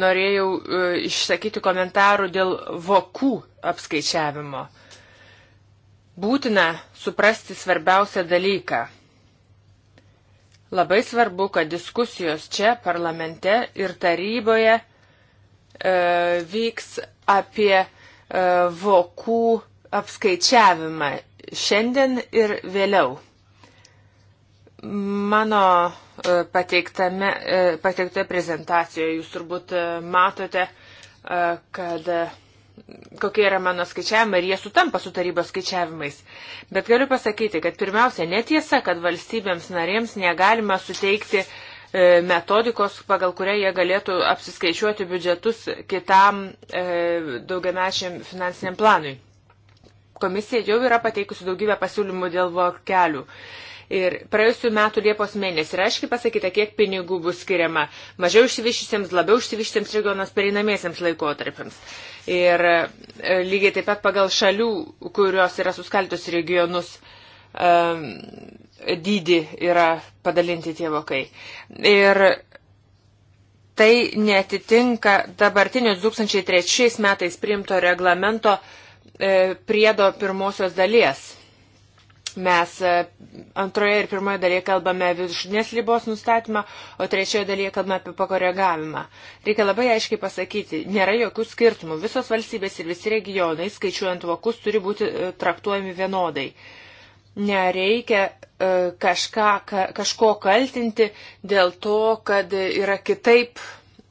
norėjau e, išsakyti komentarų dėl vokų apskaičiavimo. Būtina suprasti svarbiausią dalyką. Labai svarbu, kad diskusijos čia parlamente ir taryboje e, vyks apie e, vokų apskaičiavimą šiandien ir vėliau. Mano e, e, pateiktoje prezentacijoje jūs turbūt e, matote, kad kokie yra mano skaičiavimai ir jie sutampa su tarybos skaičiavimais. Bet galiu pasakyti, kad pirmiausia, netiesa, kad valstybėms narėms negalima suteikti metodikos, pagal kurią jie galėtų apsiskaičiuoti biudžetus kitam daugiamečiam finansiniam planui. Komisija jau yra pateikusi daugybę pasiūlymų dėl vokelių. kelių. Ir praėjusiu metu Liepos mėnesį yra aiškiai pasakyta, kiek pinigų bus skiriama mažiau išsivyščiusiems, labiau išsivyščiusiems regionams pereinamiesiems laikotarpiams. Ir e, lygiai taip pat pagal šalių, kurios yra suskaltos regionus um, dydį yra padalinti tie vokai. Ir tai netitinka dabartinio 2003 metais priimto reglamento e, priedo pirmosios dalies. Mes e, antroje ir pirmoje dalyje kalbame viršutinės ribos nustatymą, o trečioje dalyje kalbame apie pakoregavimą. Reikia labai aiškiai pasakyti, nėra jokių skirtumų. Visos valstybės ir visi regionai, skaičiuojant vokus, turi būti e, traktuojami vienodai. Nereikia e, kažką, kažko kaltinti dėl to, kad yra kitaip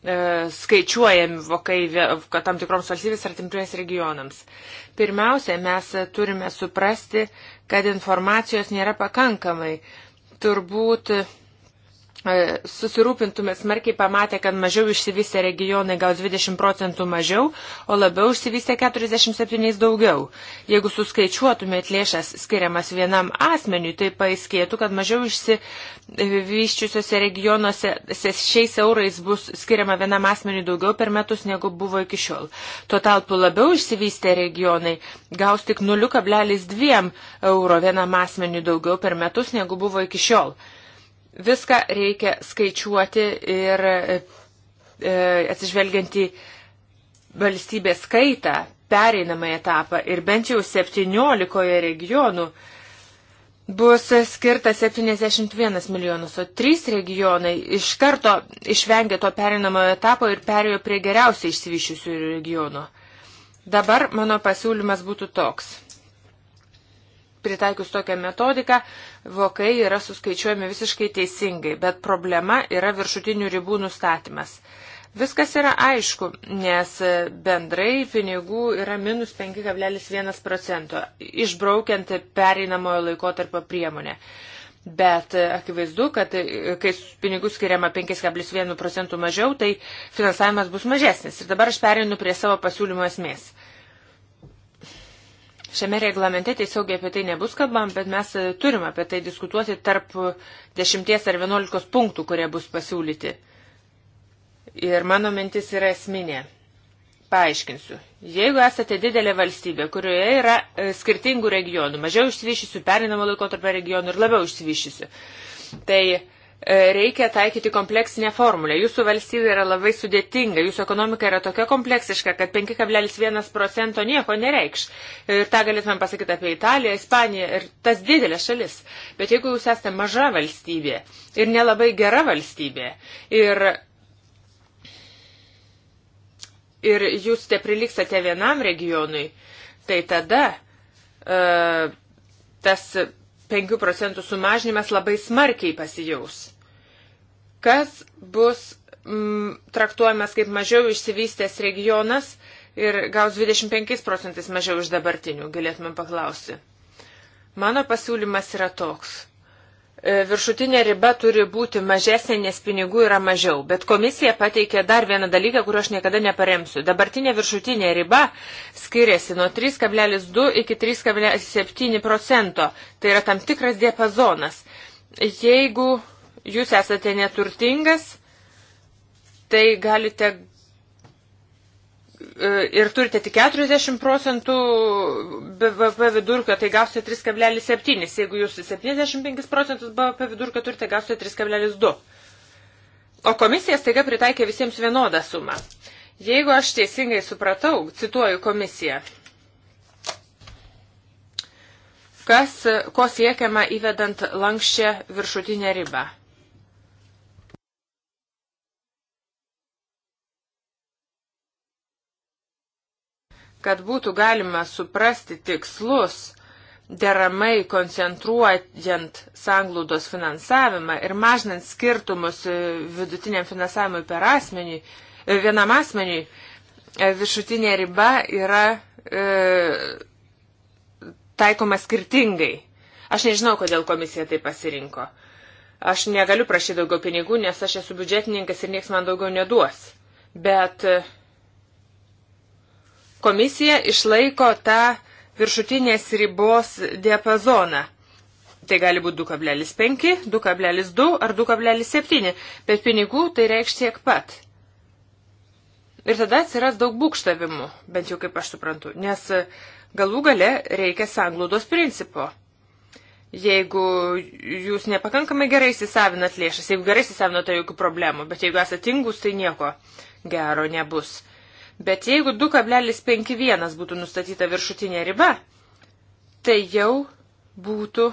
skaičiuojami vokai tam tikroms valstybės ar timtuojas regionams. Pirmiausia, mes turime suprasti, kad informacijos nėra pakankamai. Turbūt E, susirūpintume smarkiai pamatę, kad mažiau išsivystę regionai gaus 20 procentų mažiau, o labiau išsivystę 47 daugiau. Jeigu suskaičiuotumėt lėšas skiriamas vienam asmeniui, tai paaiškėtų, kad mažiau išsivyščiusiuose regionuose šiais eurais bus skiriama vienam asmeniui daugiau per metus, negu buvo iki šiol. Tuo tarpu labiau išsivystę regionai gaus tik 0,2 euro vienam asmeniui daugiau per metus, negu buvo iki šiol. Viską reikia skaičiuoti ir e, e atsižvelgiant į valstybės skaitą, pereinamą etapą ir bent jau 17 regionų bus skirta 71 milijonus, o 3 regionai iš karto išvengė to pereinamojo etapo ir perėjo prie geriausiai išsivyščiusių regionų. Dabar mano pasiūlymas būtų toks pritaikius tokią metodiką, vokai yra suskaičiuojami visiškai teisingai, bet problema yra viršutinių ribų nustatymas. Viskas yra aišku, nes bendrai pinigų yra minus 5,1 procento, išbraukiant pereinamojo laikotarpio priemonę. Bet akivaizdu, kad kai pinigų skiriama 5,1 procentų mažiau, tai finansavimas bus mažesnis. Ir dabar aš perinu prie savo pasiūlymo esmės. Šiame reglamente tiesiogiai apie tai nebus kalbam, bet mes e, turim apie tai diskutuoti tarp 10 ar 11 punktų, kurie bus pasiūlyti. Ir mano mintis yra esminė. Paaiškinsiu. Jeigu esate didelė valstybė, kurioje yra e, skirtingų regionų, mažiau išsivyšysių, perinamo laikotarpio regionų ir labiau išsivyšysių, tai uh, E, reikia taikyti kompleksinę formulę. Jūsų valstybė yra labai sudėtinga, jūsų ekonomika yra tokia kompleksiška, kad 5,1 procento nieko nereikš. Ir tą galėtumėm pasakyti apie Italiją, Ispaniją ir tas didelė šalis. Bet jeigu jūs esate maža valstybė ir nelabai gera valstybė ir, ir jūs te priliksate vienam regionui, tai tada uh, tas 5 procentų sumažinimas labai smarkiai pasijaus kas bus mm, traktuojamas kaip mažiau išsivystęs regionas ir gaus 25 procentais mažiau iš dabartinių, galėtume paklausti. Mano pasiūlymas yra toks. E, viršutinė riba turi būti mažesnė, nes pinigų yra mažiau. Bet komisija pateikė dar vieną dalyką, kurio aš niekada neparemsiu. Dabartinė viršutinė riba skiriasi nuo 3,2 iki 3,7 procento. Tai yra tam tikras diapazonas. Jeigu jūs esate neturtingas, tai galite e, ir turite tik 40 procentų BVP vidurkio, tai gausite 3,7. Jeigu jūs 75 procentus BVP vidurkio turite, gausite 3,2. O komisija staiga pritaikė visiems vienodą sumą. Jeigu aš teisingai supratau, cituoju komisiją, kas, ko siekiama įvedant lankščią viršutinę ribą. kad būtų galima suprasti tikslus, deramai koncentruojant sanglaudos finansavimą ir mažinant skirtumus e, vidutiniam finansavimui per asmenį, e, vienam asmeniui, e, viršutinė riba yra e, taikoma skirtingai. Aš nežinau, kodėl komisija tai pasirinko. Aš negaliu prašyti daugiau pinigų, nes aš esu biudžetininkas ir nieks man daugiau neduos. Bet Komisija išlaiko tą viršutinės ribos diapazoną. Tai gali būti 2,5, 2,2 ar 2,7, bet pinigų tai reikš tiek pat. Ir tada atsiras daug būkštavimų, bent jau kaip aš suprantu, nes galų gale reikia sanglaudos principo. Jeigu jūs nepakankamai gerai įsisavinat lėšas, jeigu gerai įsisavinat, tai jokių problemų, bet jeigu esate tingus, tai nieko gero nebus. Bet jeigu 2,51 būtų nustatyta viršutinė riba, tai jau būtų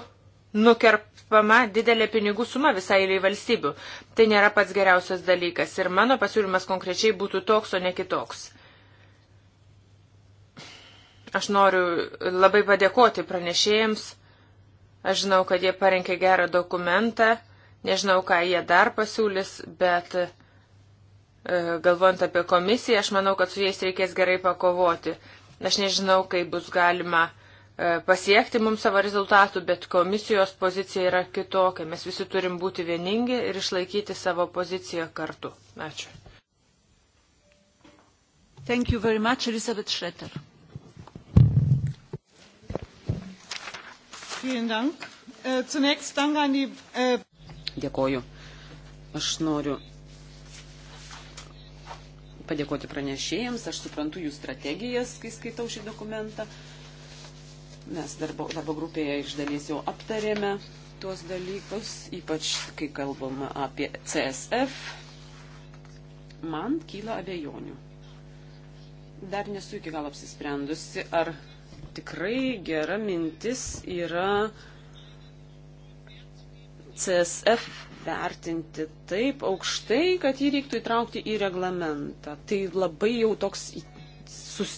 nukerpama didelė pinigų suma visai eiliai valstybių. Tai nėra pats geriausias dalykas ir mano pasiūlymas konkrečiai būtų toks, o ne kitoks. Aš noriu labai padėkoti pranešėjams. Aš žinau, kad jie parinkė gerą dokumentą. Nežinau, ką jie dar pasiūlys, bet E, galvojant apie komisiją, aš manau, kad su jais reikės gerai pakovoti. Aš nežinau, kaip bus galima e, pasiekti mums savo rezultatų, bet komisijos pozicija yra kitokia. Mes visi turim būti vieningi ir išlaikyti savo poziciją kartu. Ačiū. Thank you very much, Elizabeth Schroeder. Äh, äh, Dėkoju. Aš noriu padėkoti pranešėjams. Aš suprantu jų strategijas, kai skaitau šį dokumentą. Mes darbo, darbo grupėje iš dalies jau aptarėme tuos dalykus, ypač kai kalbama apie CSF. Man kyla abejonių. Dar nesu iki galo apsisprendusi, ar tikrai gera mintis yra uh, CSF vertinti taip aukštai, kad jį reiktų įtraukti į reglamentą. Tai labai jau toks sus,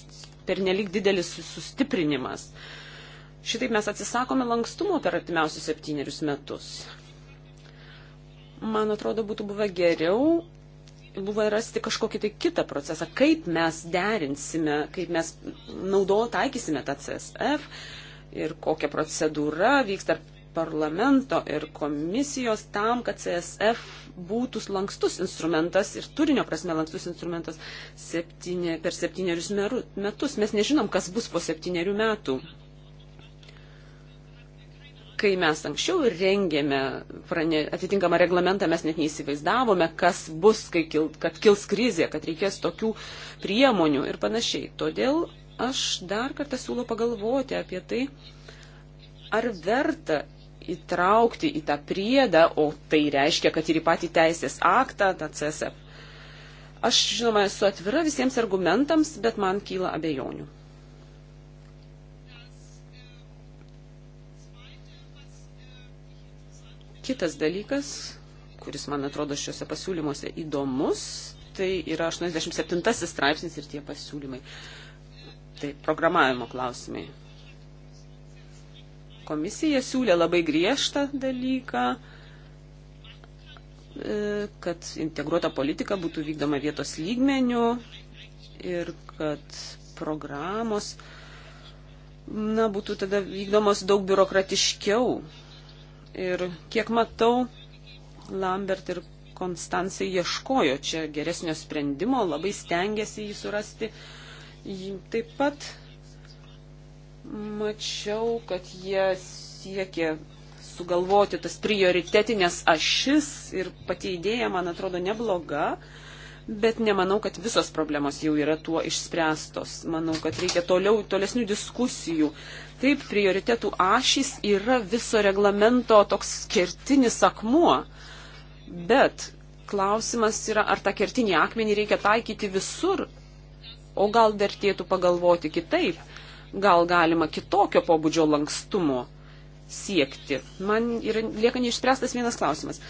pernelik didelis sustiprinimas. Šitaip mes atsisakome lankstumo per artimiausius septynerius metus. Man atrodo, būtų buvę geriau buvo rasti kažkokį tai kitą procesą, kaip mes derinsime, kaip mes naudo taikysime tą CSF ir kokia procedūra vyks tarp parlamento ir komisijos tam, kad CSF būtų lankstus instrumentas ir turinio prasme lankstus instrumentas septynė, per septynerius metus. Mes nežinom, kas bus po septynerių metų. Kai mes anksčiau rengėme prane, atitinkamą reglamentą, mes net neįsivaizdavome, kas bus, kil, kad kils krizė, kad reikės tokių priemonių ir panašiai. Todėl aš dar kartą siūlau pagalvoti apie tai, ar verta įtraukti į tą priedą, o tai reiškia, kad ir į patį teisės aktą, tą CSF. Aš, žinoma, esu atvira visiems argumentams, bet man kyla abejonių. Kitas dalykas, kuris man atrodo šiuose pasiūlymuose įdomus, tai yra 87 straipsnis ir tie pasiūlymai. Tai programavimo klausimai. Komisija siūlė labai griežtą dalyką, e, kad integruota politika būtų vykdoma vietos lygmenių ir kad programos na, būtų tada vykdomos daug biurokratiškiau. Ir kiek matau, Lambert ir Konstancija ieškojo čia geresnio sprendimo, labai stengiasi jį surasti. Taip pat mačiau, kad jie siekė sugalvoti tas prioritetinės ašis ir pati idėja, man atrodo, nebloga, bet nemanau, kad visos problemos jau yra tuo išspręstos. Manau, kad reikia toliau, tolesnių diskusijų. Taip, prioritetų ašys yra viso reglamento toks kertinis akmuo, bet klausimas yra, ar tą kertinį akmenį reikia taikyti visur, o gal vertėtų pagalvoti kitaip gal galima kitokio pobūdžio lankstumo siekti. Man yra, lieka neišspręstas vienas klausimas.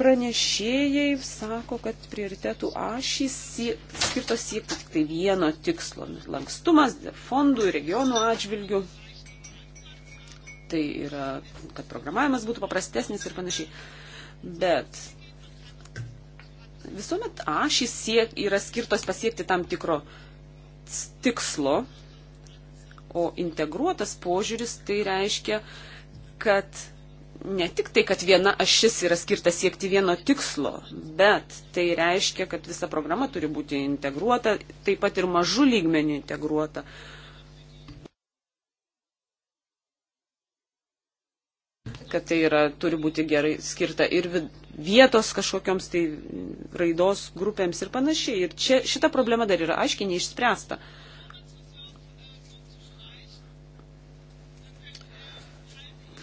Pranešėjai sako, kad prioritetų ašys skirtos siekti tik tai vieno tikslo - lankstumas fondų ir regionų atžvilgių. Tai yra, kad programavimas būtų paprastesnis ir panašiai. Bet visuomet ašys siek, yra skirtos pasiekti tam tikro tikslo, o integruotas požiūris tai reiškia, kad ne tik tai, kad viena ašis yra skirta siekti vieno tikslo, bet tai reiškia, kad visa programa turi būti integruota, taip pat ir mažų lygmenių integruota. Uh, kad tai yra, turi būti gerai skirta ir vietos kažkokioms tai raidos grupėms ir panašiai. Ir čia šita problema dar yra aiškiai neišspręsta.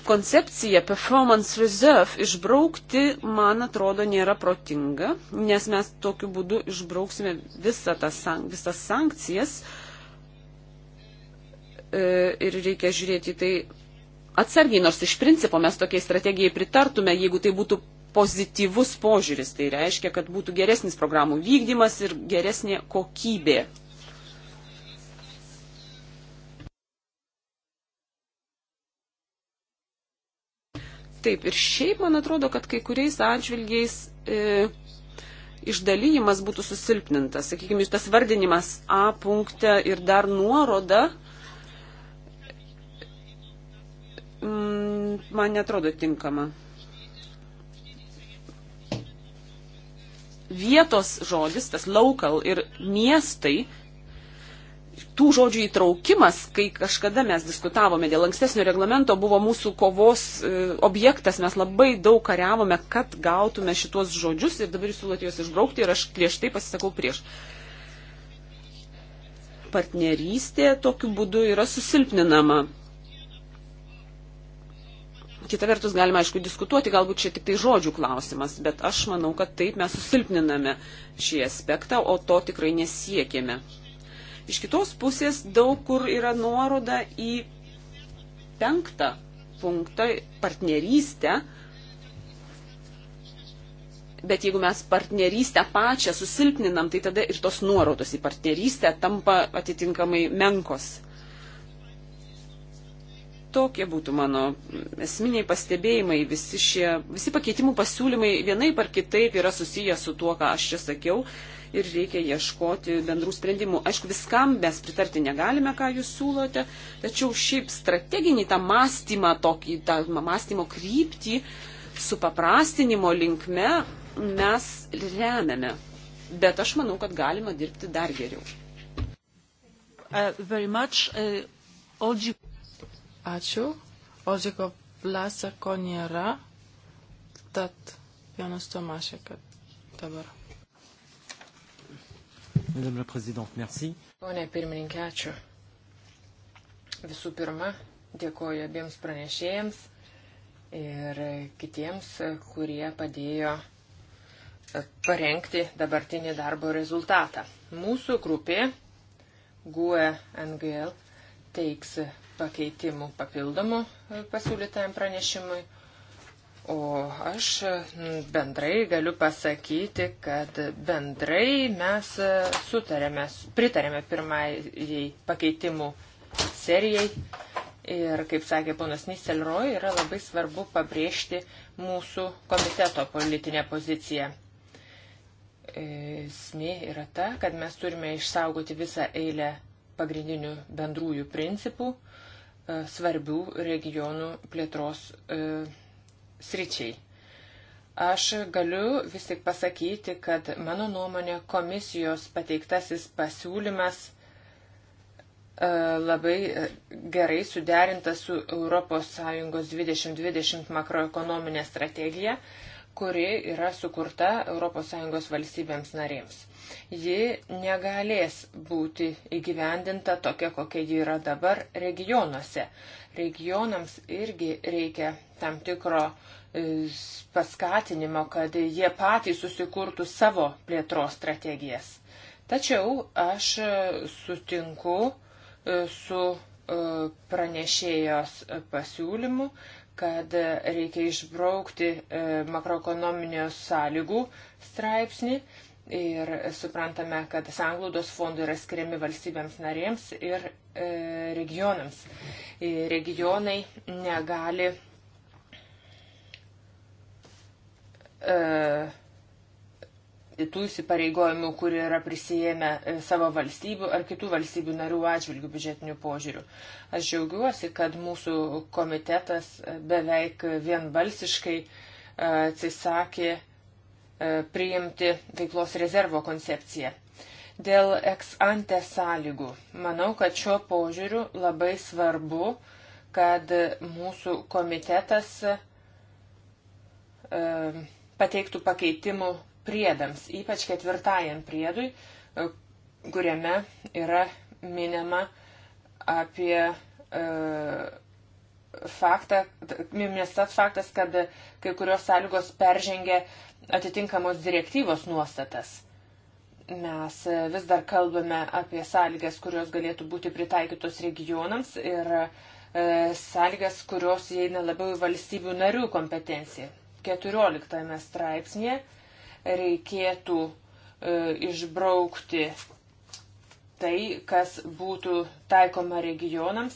koncepcija performance reserve išbraukti, man atrodo, nėra protinga, nes mes tokiu būdu išbrauksime visą tą, visas sankcijas e, ir reikia žiūrėti tai atsargiai, nors iš principo mes tokiai strategijai pritartume, jeigu tai būtų pozityvus požiūris. Tai reiškia, kad būtų geresnis programų vykdymas ir geresnė kokybė. Taip, ir šiaip man atrodo, kad kai kuriais atžvilgiais e, išdalyjimas būtų susilpnintas. Sakykime, tas vardinimas A punkte ir dar nuoroda Mm, man netrodo tinkama. Vietos žodis, tas local ir miestai, tų žodžių įtraukimas, kai kažkada mes diskutavome dėl ankstesnio reglamento, buvo mūsų kovos e, objektas, mes labai daug kariavome, kad gautume šitos žodžius ir dabar jūs siūlote juos išbraukti ir aš griežtai pasisakau prieš partnerystė tokiu būdu yra susilpninama. Kita vertus, galima aišku diskutuoti, galbūt čia tik tai žodžių klausimas, bet aš manau, kad taip mes susilpniname šį aspektą, o to tikrai nesiekėme. Iš kitos pusės daug kur yra nuoroda į penktą punktą - partnerystę. Bet jeigu mes partnerystę pačią susilpninam, tai tada ir tos nuorodos į partnerystę tampa atitinkamai menkos. Tokie būtų mano esminiai pastebėjimai, visi šie, visi pakeitimų pasiūlymai vienaip ar kitaip yra susiję su tuo, ką aš čia sakiau ir reikia ieškoti bendrų sprendimų. Aišku, viskam mes pritarti negalime, ką jūs siūlote, tačiau šiaip strateginį tą mąstymą, tokį, tą mąstymo kryptį su paprastinimo linkme mes remiame. Bet aš manau, kad galima dirbti dar geriau. Uh, Ačiū. Ožiko Vlasako nėra, tad Jonas Tomašek dabar. Madame la Présidente, merci. Pone pirmininkė, ačiū. Visų pirma, dėkoju abiems pranešėjams ir kitiems, kurie padėjo e, parengti dabartinį darbo rezultatą. Mūsų grupė GUE NGL teiks pakeitimų papildomų e, pasiūlytam pranešimui. O aš bendrai galiu pasakyti, kad bendrai mes e, sutarėme, pritarėme pirmajai pakeitimų serijai. Ir, kaip sakė ponas Niselroj, yra labai svarbu pabrėžti mūsų komiteto politinę poziciją. Esmė yra ta, kad mes turime išsaugoti visą eilę pagrindinių bendrųjų principų E, svarbių regionų plėtros e, sričiai. Aš galiu vis tik pasakyti, kad mano nuomonė komisijos pateiktasis pasiūlymas e, labai gerai suderinta su ES 2020 makroekonominė strategija, kuri yra sukurta ES valstybėms narėms ji negalės būti įgyvendinta tokia, kokia ji yra dabar regionuose. Regionams irgi reikia tam tikro e, paskatinimo, kad jie patys susikurtų savo plėtros strategijas. Tačiau aš e, sutinku e, su pranešėjos pasiūlymu, kad reikia išbraukti makroekonominio sąlygų straipsnį Ir suprantame, kad sanglaudos fondai yra skiriami valstybėms narėms ir e, regionams. E, regionai negali e, tų įsipareigojimų, kurie yra prisijėmę e, savo valstybių ar kitų valstybių narių atžvilgių biudžetinių požiūrių. Aš džiaugiuosi, kad mūsų komitetas e, beveik vienbalsiškai e, atsisakė E, priimti veiklos rezervo koncepciją. Dėl ex-ante sąlygų. Manau, kad šiuo požiūriu labai svarbu, kad mūsų komitetas e, pateiktų pakeitimų priedams, ypač ketvirtajam priedui, e, kuriame yra minima apie e, faktą, minimas tas faktas, kad kai kurios sąlygos peržengia atitinkamos direktyvos nuostatas. Mes e, vis dar kalbame apie sąlygas, kurios galėtų būti pritaikytos regionams ir e, sąlygas, kurios įeina labiau į valstybių narių kompetenciją. 14 straipsnėje reikėtų e, išbraukti tai, kas būtų taikoma regionams,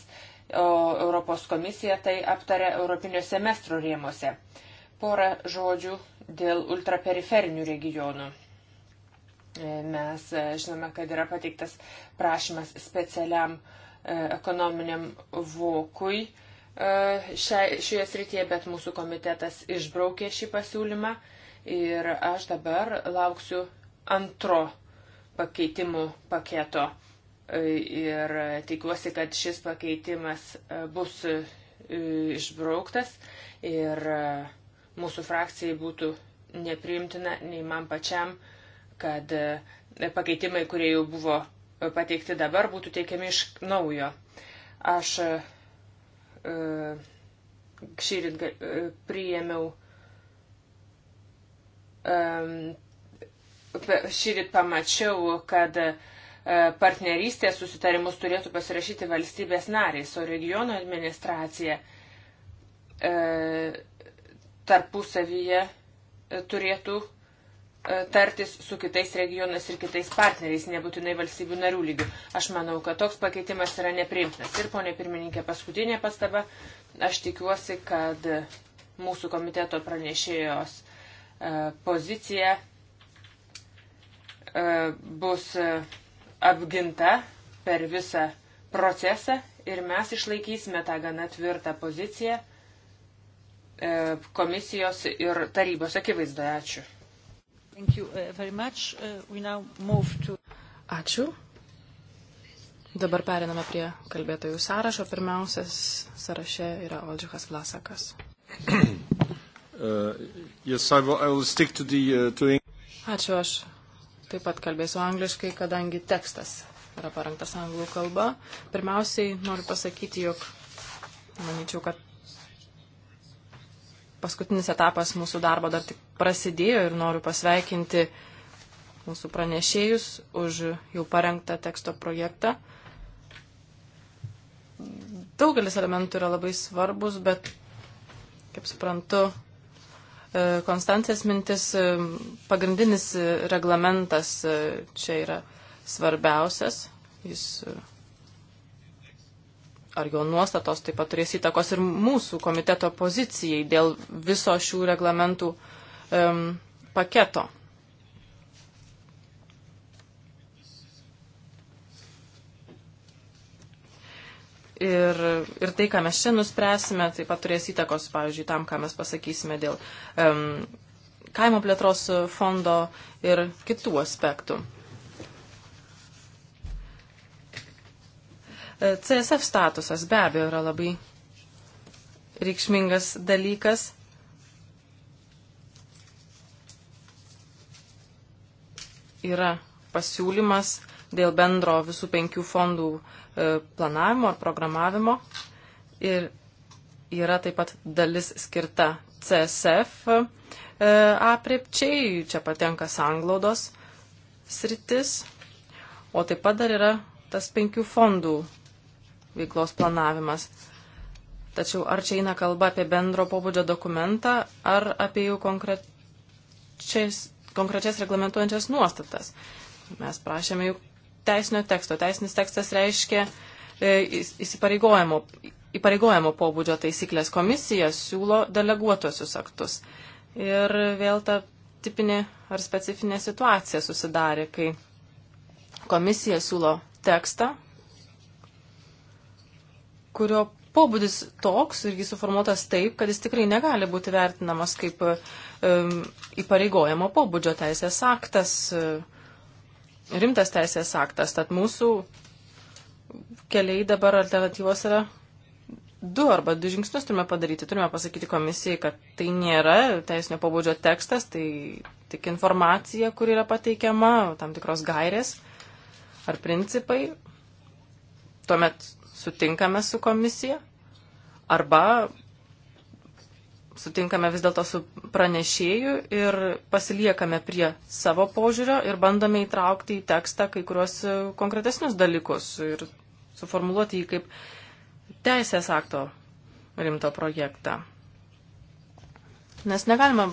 o Europos komisija tai aptarė Europinio semestro rėmose. E, Porą žodžių dėl ultraperiferinių regionų. E, mes e, žinome, kad yra pateiktas prašymas specialiam e, ekonominiam vokui šioje srityje, bet mūsų komitetas išbraukė šį pasiūlymą ir aš dabar lauksiu antro pakeitimų paketo ir tikiuosi, kad šis pakeitimas bus išbrauktas ir uh, mūsų frakcijai būtų nepriimtina, nei man pačiam, kad e, pakeitimai, kurie jau buvo e, pateikti dabar, būtų teikiami iš naujo. Aš e, šįryt priėmiau šįryt pamačiau, kad partnerystės susitarimus turėtų pasirašyti valstybės narės, o regiono administracija tarpusavyje e, turėtų e, tartis su kitais regionais ir kitais partneriais, nebūtinai valstybių narių lygių. Aš manau, kad toks pakeitimas yra nepriimtinas. Ir, ponė pirmininkė, paskutinė pastaba. Aš tikiuosi, kad mūsų komiteto pranešėjos e, pozicija bus apginta per visą procesą ir mes išlaikysime tą gana tvirtą poziciją E, komisijos ir tarybos akivaizdoje. Ačiū. Uh, uh, to... Ačiū. Dabar periname prie kalbėtojų sąrašo. Pirmiausias sąraše yra Valdžiukas Vlasakas. Uh, yes, I will, I will stick to the, uh, to Ačiū, aš taip pat kalbėsiu angliškai, kadangi tekstas yra parengtas anglų kalba. Pirmiausiai noriu pasakyti, jog manyčiau, kad paskutinis etapas mūsų darbo dar tik prasidėjo ir noriu pasveikinti mūsų pranešėjus už jau parengtą teksto projektą. Daugelis elementų yra labai svarbus, bet, kaip suprantu, e, Konstancijas mintis, e, pagrindinis reglamentas e, čia yra svarbiausias. Jis ar jo nuostatos taip pat turės įtakos ir mūsų komiteto pozicijai dėl viso šių reglamentų um, paketo. Ir, ir tai, ką mes čia nuspręsime, taip pat turės įtakos, pavyzdžiui, tam, ką mes pasakysime dėl um, kaimo plėtros fondo ir kitų aspektų. CSF statusas be abejo yra labai reikšmingas dalykas. Yra pasiūlymas dėl bendro visų penkių fondų e, planavimo ar programavimo. Ir yra taip pat dalis skirta CSF e, aprepčiai, čia patenka sanglaudos sritis, o taip pat dar yra tas penkių fondų veiklos planavimas. Tačiau ar čia eina kalba apie bendro pobūdžio dokumentą, ar apie jų konkrečias, konkrečias reglamentuojančias nuostatas. Mes prašėme jų teisinio teksto. Teisinis tekstas reiškia e, įsipareigojimo, įpareigojimo pobūdžio taisyklės. Komisija siūlo deleguotosius aktus. Ir vėl ta tipinė ar specifinė situacija susidarė, kai komisija siūlo tekstą, kurio pobūdis toks ir jis suformuotas taip, kad jis tikrai negali būti vertinamas kaip um, įpareigojamo pobūdžio teisės aktas, e, rimtas teisės aktas. Tad mūsų keliai dabar alternatyvos yra du arba du žingsnius turime padaryti. Turime pasakyti komisijai, kad tai nėra teisinio pobūdžio tekstas, tai tik informacija, kur yra pateikiama, tam tikros gairės ar principai. Tuomet sutinkame su komisija arba sutinkame vis dėlto su pranešėju ir pasiliekame prie savo požiūrio ir bandome įtraukti į tekstą kai kuriuos konkretesnius dalykus ir suformuluoti jį kaip teisės akto rimto projektą. Nes negalima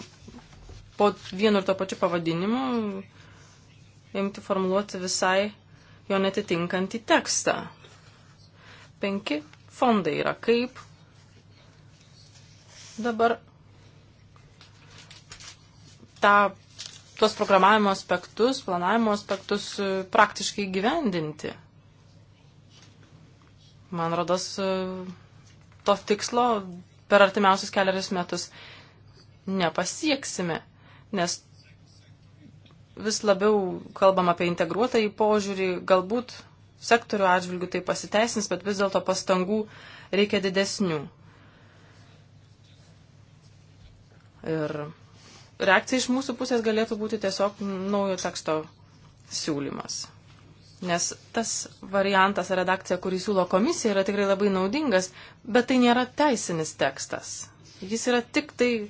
po vienu ir to pačiu pavadinimu imti formuluoti visai jo netitinkantį tekstą. Penki fondai yra kaip dabar tą, tuos programavimo aspektus, planavimo aspektus e, praktiškai gyvendinti. Man rodos, e, to tikslo per artimiausius keliarius metus nepasieksime, nes vis labiau kalbam apie integruotą į požiūrį, galbūt sektorių atžvilgių tai pasiteisins, bet vis dėlto pastangų reikia didesnių. Ir reakcija iš mūsų pusės galėtų būti tiesiog naujo teksto siūlymas. Nes tas variantas ar redakcija, kurį siūlo komisija, yra tikrai labai naudingas, bet tai nėra teisinis tekstas. Jis yra tik tai e,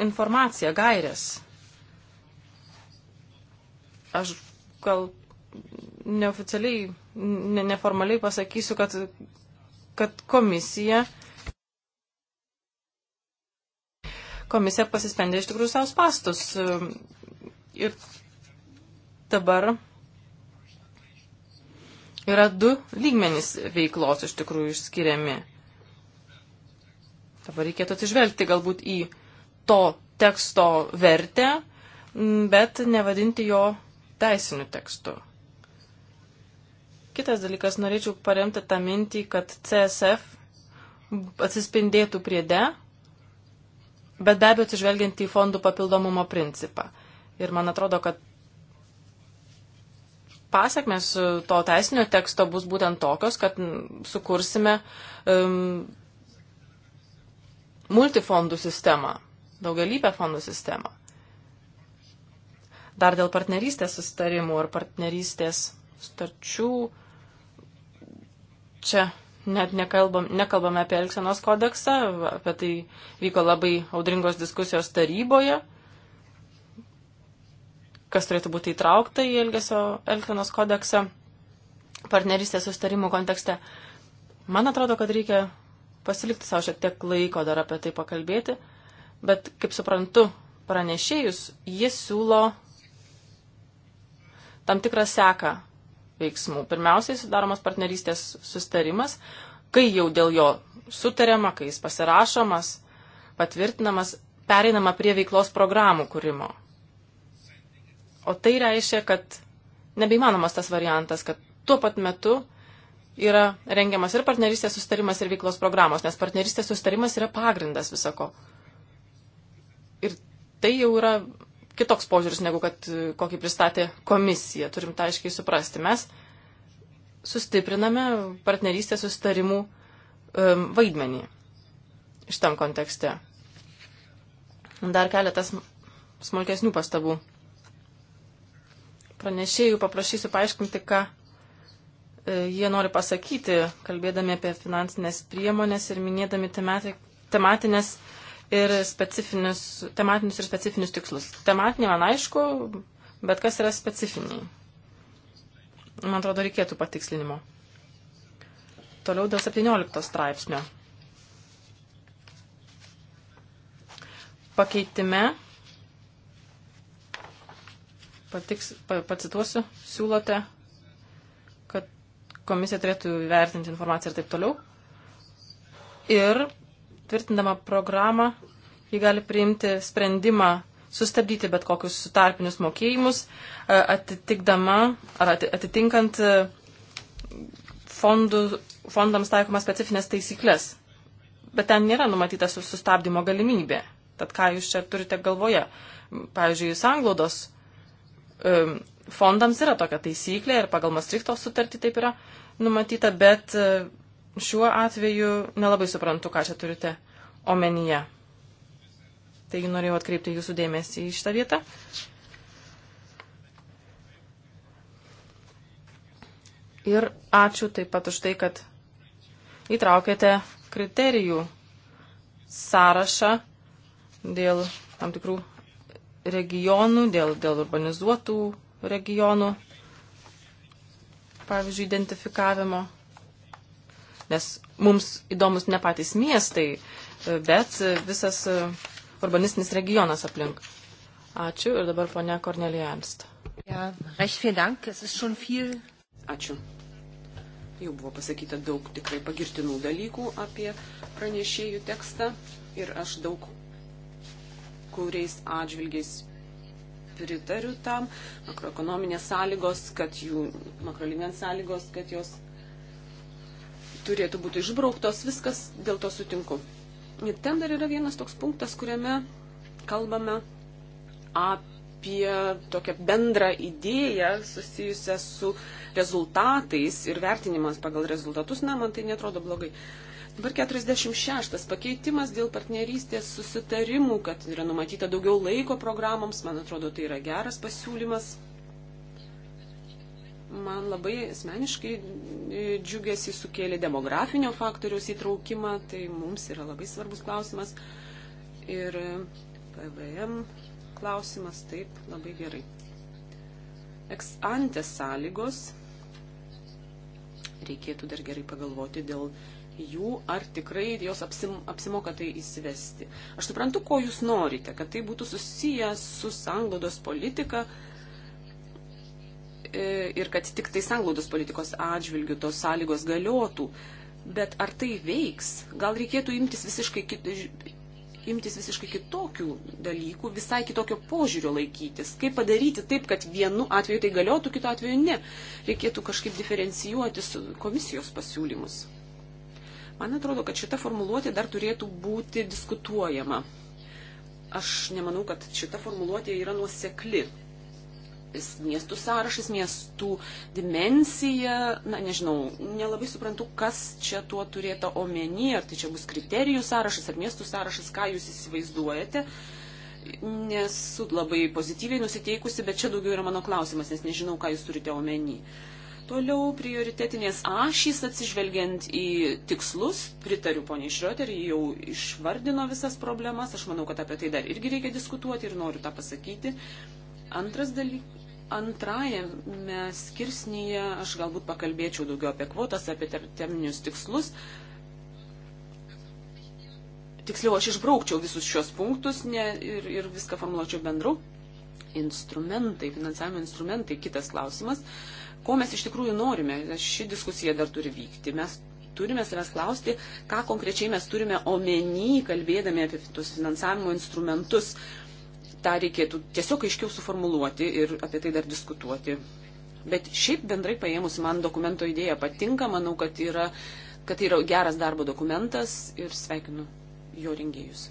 informacija, gairės. Aš gal neoficialiai, ne, neformaliai pasakysiu, kad, kad komisija. Komisija pasispendė iš tikrųjų savo pastus. Ir dabar yra du lygmenys veiklos iš tikrųjų išskiriami. Dabar reikėtų atsižvelgti galbūt į to teksto vertę, bet nevadinti jo teisiniu tekstu. Kitas dalykas, norėčiau paremti tą mintį, kad CSF atsispindėtų priede, bet be abejo atsižvelgiant į fondų papildomumo principą. Ir man atrodo, kad pasiekmes to teisinio teksto bus būtent tokios, kad sukursime um, multifondų sistemą, daugelybę fondų sistemą. Dar dėl partnerystės sustarimų ar partnerystės starčių čia net nekalbam, nekalbame apie Elksenos kodeksą, apie tai vyko labai audringos diskusijos taryboje, kas turėtų būti įtraukta į Elgesio, Elksenos kodeksą partnerystės sustarimų kontekste. Man atrodo, kad reikia pasilikti savo šiek tiek laiko dar apie tai pakalbėti, bet, kaip suprantu, pranešėjus jis siūlo tam tikrą seką veiksmų. Pirmiausiai sudaromas partnerystės sustarimas, kai jau dėl jo sutariama, kai jis pasirašomas, patvirtinamas, pereinama prie veiklos programų kūrimo. O tai reiškia, kad nebeįmanomas tas variantas, kad tuo pat metu yra rengiamas ir partnerystės sustarimas, ir veiklos programos, nes partnerystės sustarimas yra pagrindas visako. Ir tai jau yra kitoks požiūris, negu kad e, kokį pristatė komisija. Turim tą aiškiai suprasti. Mes sustipriname partnerystės sustarimų um, vaidmenį šitam kontekste. Dar keletas smulkesnių pastabų. Pranešėjų paprašysiu paaiškinti, ką e, jie nori pasakyti, kalbėdami apie finansinės priemonės ir minėdami tematinės ir specifinius, tematinius ir specifinius tikslus. Tematinį man aišku, bet kas yra specifiniai? Man atrodo, reikėtų patikslinimo. Toliau dėl 17 straipsnio. Pakeitime, patiks, pacituosiu, siūlote, kad komisija turėtų vertinti informaciją ir taip toliau. Ir tvirtindama programą, ji gali priimti sprendimą sustabdyti bet kokius tarpinius mokėjimus, e, atitikdama ar atitinkant e, fondų, fondams taikomas specifines taisyklės. Bet ten nėra numatyta sustabdymo galimybė. Tad ką jūs čia turite galvoje? Pavyzdžiui, sanglaudos e, fondams yra tokia taisyklė ir pagal Mastrichto sutartį taip yra numatyta, bet šiuo atveju nelabai suprantu, ką čia turite omenyje. Taigi norėjau atkreipti jūsų dėmesį į šitą vietą. Ir ačiū taip pat už tai, kad įtraukėte kriterijų sąrašą dėl tam tikrų regionų, dėl, dėl urbanizuotų regionų, pavyzdžiui, identifikavimo nes mums įdomus ne patys miestai, bet visas urbanistinis regionas aplink. Ačiū ir dabar ponia Kornelija Ernst. Ja, recht vielen Dank, es ist schon viel. Ačiū. Jau buvo pasakyta daug tikrai pagirtinų dalykų apie pranešėjų tekstą ir aš daug kuriais atžvilgiais pritariu tam, makroekonominės sąlygos, kad jų, makrolinės sąlygos, kad jos turėtų būti išbrauktos, viskas dėl to sutinku. Ir ten dar yra vienas toks punktas, kuriame kalbame apie tokią bendrą idėją susijusią su rezultatais ir vertinimas pagal rezultatus. Na, man tai netrodo blogai. Dabar 46 pakeitimas dėl partnerystės susitarimų, kad yra numatyta daugiau laiko programoms, man atrodo, tai yra geras pasiūlymas. Man labai asmeniškai e, džiugėsi sukėlė demografinio faktoriaus įtraukimą, tai mums yra labai svarbus klausimas. Ir e, PVM klausimas taip labai gerai. Eks ante sąlygos reikėtų dar gerai pagalvoti dėl jų, ar tikrai jos apsim, apsimoka tai įsivesti. Aš suprantu, ko jūs norite, kad tai būtų susijęs su sanglodos politika, uh, E, ir kad tik tai sanglaudos politikos atžvilgių tos sąlygos galiotų. Bet ar tai veiks? Gal reikėtų imtis visiškai, kit, imtis visiškai kitokių dalykų, visai kitokio požiūrio laikytis? Kaip padaryti taip, kad vienu atveju tai galiotų, kitu atveju ne? Reikėtų kažkaip diferencijuoti komisijos pasiūlymus. Man atrodo, kad šita formuluotė dar turėtų būti diskutuojama. Aš nemanau, kad šita formuluotė yra nuosekli miestų sąrašas, miestų dimensija, na nežinau, nelabai suprantu, kas čia tuo turėta omeny, ar tai čia bus kriterijų sąrašas, ar miestų sąrašas, ką jūs įsivaizduojate. Nesu labai pozityviai nusiteikusi, bet čia daugiau yra mano klausimas, nes nežinau, ką jūs turite omeny. Toliau prioritetinės ašys atsižvelgiant į tikslus, pritariu poniai Šrioterį, jau išvardino visas problemas, aš manau, kad apie tai dar irgi reikia diskutuoti ir noriu tą pasakyti. Antras dalykas, Antrajame skirsnyje aš galbūt pakalbėčiau daugiau apie kvotas, apie teminius tikslus. Tiksliau, aš išbraukčiau visus šios punktus ne, ir, ir viską formuluočiau bendru. Instrumentai, finansavimo instrumentai, kitas klausimas. Ko mes iš tikrųjų norime? Ši diskusija dar turi vykti. Mes turime savęs klausti, ką konkrečiai mes turime omeny, kalbėdami apie tuos finansavimo instrumentus. Uh, tą reikėtų tiesiog aiškiau suformuluoti ir apie tai dar diskutuoti. Bet šiaip bendrai paėmus, man dokumento idėja patinka, manau, kad, yra, kad tai yra geras darbo dokumentas ir sveikinu jo rengėjus.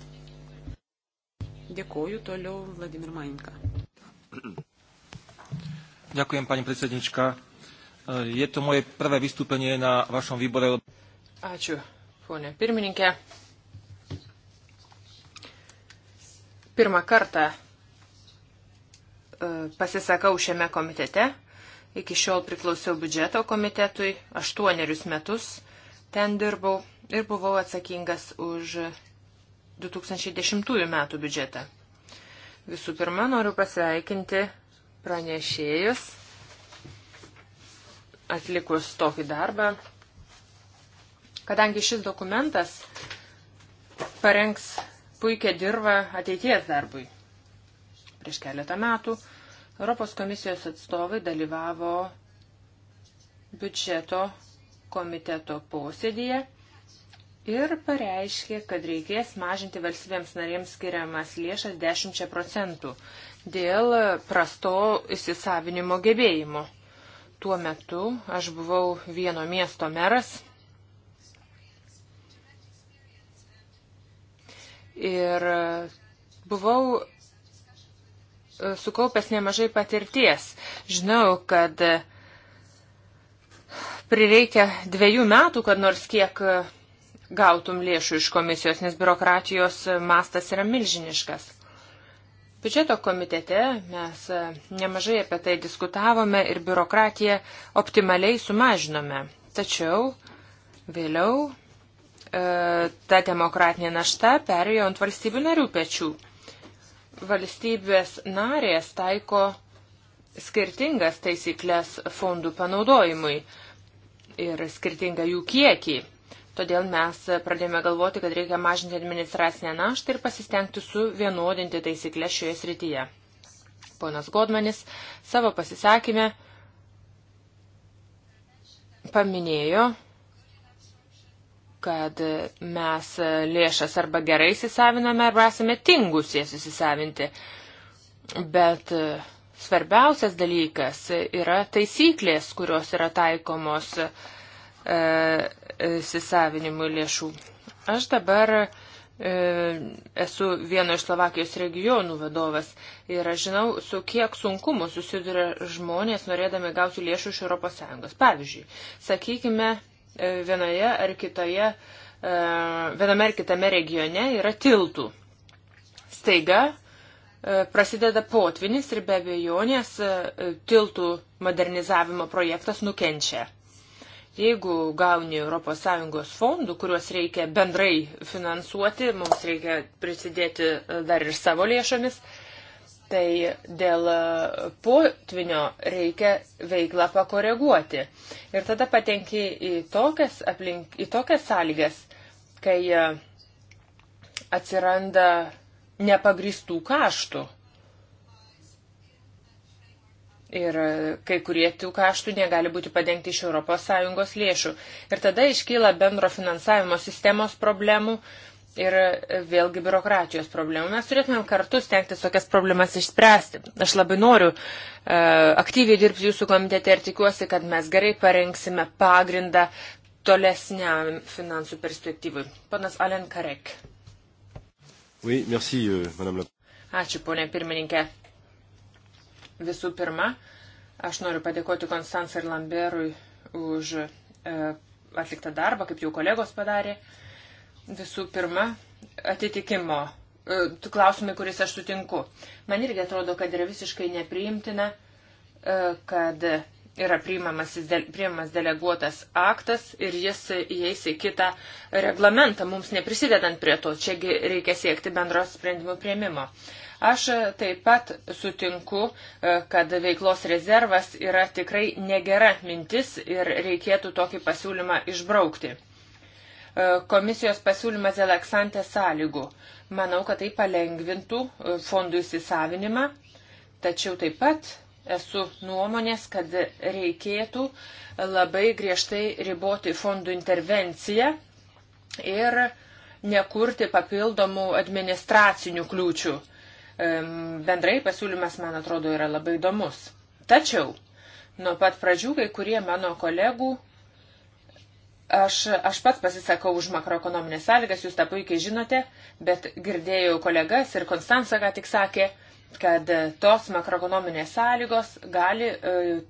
Dėkoju toliau Vladimir Mainka. Ďakujem, pani predsednička. Je to moje prvé vystúpenie na vašom výbore. Ačiū, ponė pirmininkė. Pirmą kartą E, pasisakau šiame komitete. Iki šiol priklausiau biudžeto komitetui, aštuonerius metus ten dirbau ir buvau atsakingas už 2010 metų biudžetą. Visų pirma, noriu pasveikinti pranešėjus atlikus tokį darbą, kadangi šis dokumentas parengs puikia dirba ateities darbui. Prieš keletą metų Europos komisijos atstovai dalyvavo biudžeto komiteto posėdėje ir pareiškė, kad reikės mažinti valstybėms narėms skiriamas lėšas 10 procentų dėl prasto įsisavinimo gebėjimo. Tuo metu aš buvau vieno miesto meras ir buvau sukaupęs nemažai patirties. Žinau, kad prireikia dviejų metų, kad nors kiek gautum lėšų iš komisijos, nes biurokratijos mastas yra milžiniškas. Biudžeto komitete mes nemažai apie tai diskutavome ir biurokratiją optimaliai sumažinome. Tačiau vėliau e, ta demokratinė našta perėjo ant valstybių narių pečių valstybės narės taiko skirtingas taisyklės fondų panaudojimui ir skirtingą jų kiekį. Todėl mes pradėjome galvoti, kad reikia mažinti administracinę naštą ir pasistengti suvienodinti taisyklę šioje srityje. Ponas Godmanis savo pasisakymę paminėjo kad mes lėšas arba gerai įsisaviname, arba esame tingus jas įsisavinti. Bet svarbiausias dalykas yra taisyklės, kurios yra taikomos e, įsisavinimui lėšų. Aš dabar e, esu vieno iš Slovakijos regionų vadovas ir aš žinau, su kiek sunkumu susiduria žmonės norėdami gauti lėšų iš ES. Pavyzdžiui, sakykime, E, vienoje ar kitoje, e, viename ar kitame regione yra tiltų. Staiga e, prasideda potvinis ir be abejonės tiltų modernizavimo projektas nukenčia. Jeigu gauni ES fondų, kuriuos reikia bendrai finansuoti, mums reikia prisidėti dar ir savo lėšomis, tai dėl e, potvinio reikia veiklą pakoreguoti. Ir tada patenki į tokias, aplink, į tokias sąlygas, kai e, atsiranda nepagristų kaštų. Ir e, kai kurie tų kaštų negali būti padengti iš ES lėšų. Ir tada iškyla bendro finansavimo sistemos problemų, uh, ir vėlgi biurokratijos problemų. Mes turėtumėm kartu stengtis tokias problemas išspręsti. Aš labai noriu e, aktyviai dirbti jūsų komitete ir tikiuosi, kad mes gerai parengsime pagrindą tolesniam finansų perspektyvui. Panas Alen Karek. Oui, merci, euh, madame la... Ačiū, ponė pirmininkė. Visų pirma, aš noriu padėkoti Konstans ir Lamberui už e, atliktą darbą, kaip jau kolegos padarė. E, Visų pirma, atitikimo. E, tu klausimai, kuris aš sutinku. Man irgi atrodo, kad yra visiškai nepriimtina, e, kad yra priimamas, priimamas deleguotas aktas ir jis įeis į kitą reglamentą, mums neprisidedant prie to, čiagi reikia siekti bendros sprendimų prieimimo. Aš taip pat sutinku, e, kad veiklos rezervas yra tikrai negera mintis ir reikėtų tokį pasiūlymą išbraukti. E, komisijos pasiūlymas dėl eksantės sąlygų. Manau, kad tai palengvintų e, fondų įsisavinimą, tačiau taip pat esu nuomonės, kad reikėtų labai griežtai riboti fondų intervenciją ir nekurti papildomų administracinių kliūčių. E, bendrai pasiūlymas, man atrodo, yra labai įdomus. Tačiau nuo pat pradžių kai kurie mano kolegų Aš, aš pats pasisakau už makroekonominės sąlygas, jūs tą puikiai žinote, bet girdėjau kolegas ir Konstanca ką tik sakė, kad tos makroekonominės sąlygos gali e,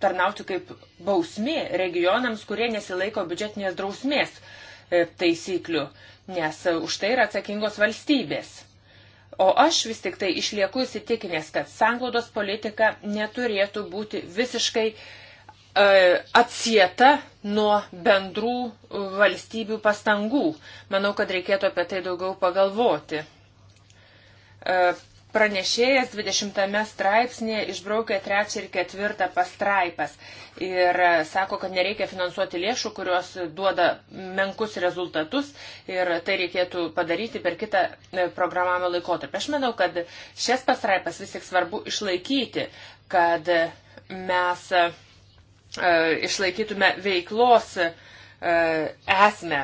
tarnauti kaip bausmė regionams, kurie nesilaiko biudžetinės drausmės e, taisyklių, nes už tai yra atsakingos valstybės. O aš vis tik tai išlieku įsitikinęs, kad sanglaudos politika neturėtų būti visiškai e, E, atsieta nuo bendrų valstybių pastangų. Manau, kad reikėtų apie tai daugiau pagalvoti. E, pranešėjas 20 straipsnėje išbraukė trečią ir ketvirtą pastraipas ir sako, kad nereikia finansuoti lėšų, kurios duoda menkus rezultatus ir tai reikėtų padaryti per kitą e, programavimo laikotarpį. Aš manau, kad šias pastraipas vis tik svarbu išlaikyti, kad mes E, išlaikytume veiklos e, esmę,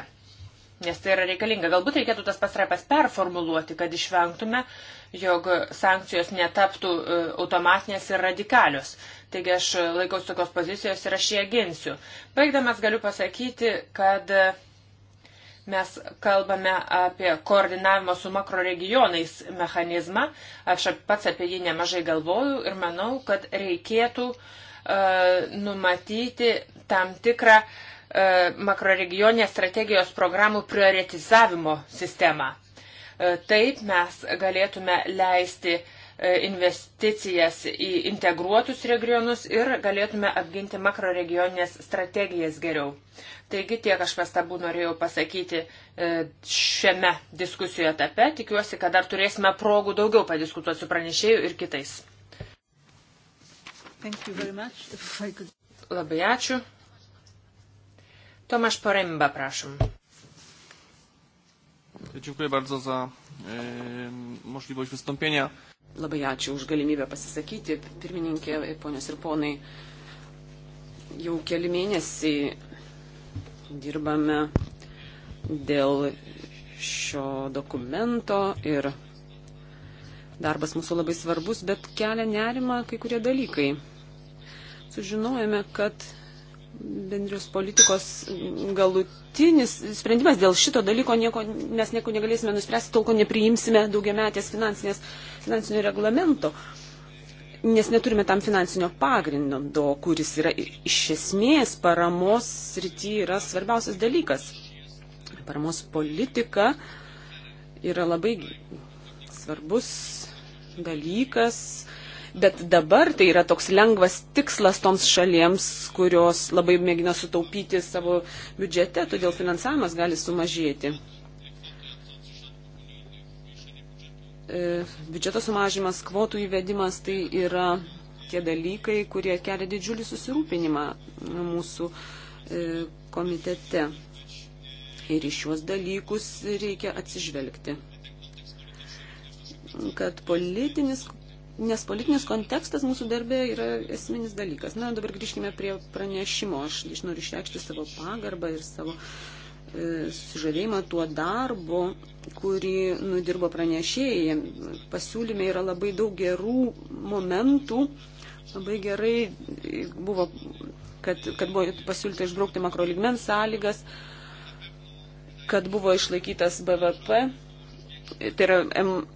nes tai yra reikalinga. Galbūt reikėtų tas pastraipas performuluoti, kad išvengtume, jog sankcijos netaptų e, automatinės ir radikalios. Taigi aš laikausi tokios pozicijos ir aš ją ginsiu. Baigdamas galiu pasakyti, kad mes kalbame apie koordinavimo su makroregionais mechanizmą. Aš pats apie jį nemažai galvoju ir manau, kad reikėtų uh, E, numatyti tam tikrą e, makroregioninės strategijos programų prioritizavimo sistemą. E, taip mes galėtume leisti investicijas į integruotus regionus ir galėtume apginti makroregioninės strategijas geriau. Taigi tiek aš pastabų norėjau pasakyti šiame diskusijų etape. Tikiuosi, kad dar turėsime progų daugiau padiskutuoti su pranešėju ir kitais. Could... Labai ačiū. Tomasz Poręba, prašom. Dziękuję bardzo za e, możliwość wystąpienia. Labai ačiū už galimybę pasisakyti, pirmininkė, ponios ir ponai. Jau keli mėnesiai dirbame dėl šio dokumento ir Darbas mūsų labai svarbus, bet kelia nerima kai kurie dalykai. Sužinojame, kad bendrios politikos galutinis sprendimas dėl šito dalyko nieko, mes nieko negalėsime nuspręsti, tol ko nepriimsime daugiametės finansinio reglamento, nes neturime tam finansinio pagrindo, kuris yra iš esmės paramos srity yra svarbiausias dalykas. Paramos politika yra labai svarbus dalykas, bet dabar tai yra toks lengvas tikslas toms šalėms, kurios labai mėgina sutaupyti savo biudžete, todėl finansavimas gali sumažėti. E, biudžeto sumažimas, kvotų įvedimas tai yra tie dalykai, kurie kelia didžiulį susirūpinimą mūsų e, komitete. Ir į šiuos dalykus reikia atsižvelgti kad politinis, nes politinis kontekstas mūsų darbė yra esminis dalykas. Na, dabar grįžkime prie pranešimo. Aš, aš noriu išreikšti savo pagarbą ir savo e, sužavėjimą tuo darbu, kurį nudirbo pranešėjai. Pasiūlyme yra labai daug gerų momentų. Labai gerai buvo, kad, kad buvo pasiūlyta išbraukti makroligmens sąlygas, kad buvo išlaikytas BVP tai yra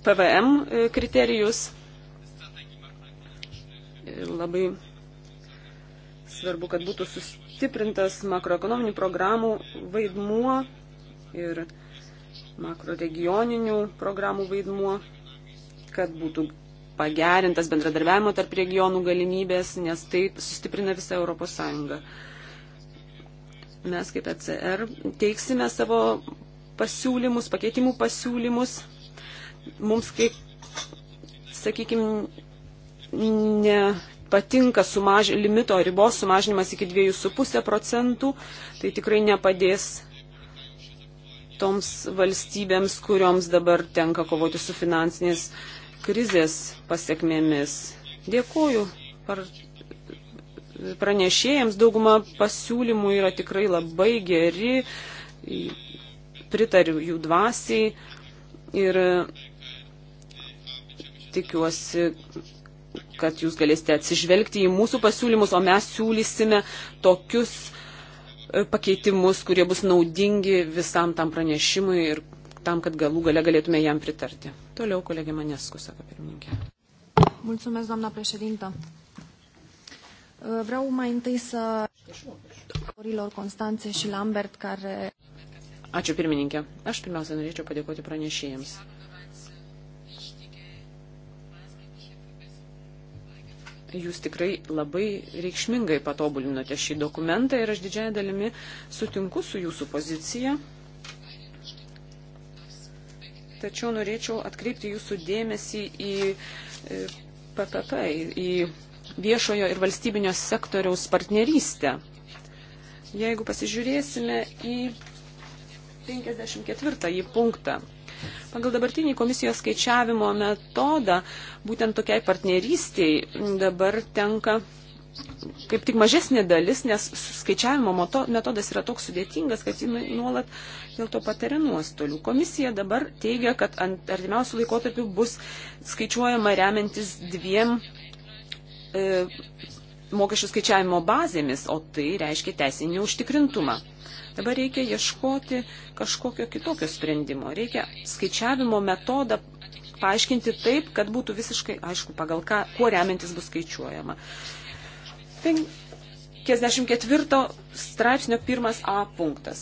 PVM e, kriterijus. Ir e, labai svarbu, kad būtų sustiprintas makroekonominių programų vaidmuo ir makroregioninių programų vaidmuo, kad būtų pagerintas bendradarbiavimo tarp regionų galimybės, nes tai sustiprina visą Europos Sąjungą. Mes kaip ECR teiksime savo pasiūlymus, pakeitimų pasiūlymus. Mums kaip, sakykime, nepatinka sumaž... limito ribos sumažinimas iki 2,5 procentų, tai tikrai nepadės toms valstybėms, kurioms dabar tenka kovoti su finansinės krizės pasiekmėmis. Dėkuoju par pranešėjams, dauguma pasiūlymų yra tikrai labai geri, pritariu jų dvasiai ir tikiuosi, kad jūs galėsite atsižvelgti į mūsų pasiūlymus, o mes siūlysime tokius e, pakeitimus, kurie bus naudingi visam tam pranešimui ir tam, kad galų gale galėtume jam pritarti. Toliau kolegė Manesku, sako pirmininkė. Mulțumesc, doamna președintă. Vreau mai întâi să... Corilor Constanțe și Lambert, care... Ačiū pirmininkė. Aš pirmiausia norėčiau padėkoti pranešėjams. Jūs tikrai labai reikšmingai patobulinote šį dokumentą ir aš didžiai dalimi sutinku su jūsų pozicija. Tačiau norėčiau atkreipti jūsų dėmesį į PPP, e, į viešojo ir valstybinio sektoriaus partnerystę. Jeigu pasižiūrėsime į 54 punktą. Pagal dabartinį komisijos skaičiavimo metodą, būtent tokiai partnerystiai dabar tenka kaip tik mažesnė dalis, nes skaičiavimo metodas yra toks sudėtingas, kad jinai nuolat dėl to patiria nuostolių. Komisija dabar teigia, kad ant artimiausių laikotarpių bus skaičiuojama remiantis dviem e, mokesčių skaičiavimo bazėmis, o tai reiškia teisinį užtikrintumą. Dabar reikia ieškoti kažkokio kitokio sprendimo. Reikia skaičiavimo metodą paaiškinti taip, kad būtų visiškai aišku, pagal ką, kuo remiantis bus skaičiuojama. 54 straipsnio 1a punktas.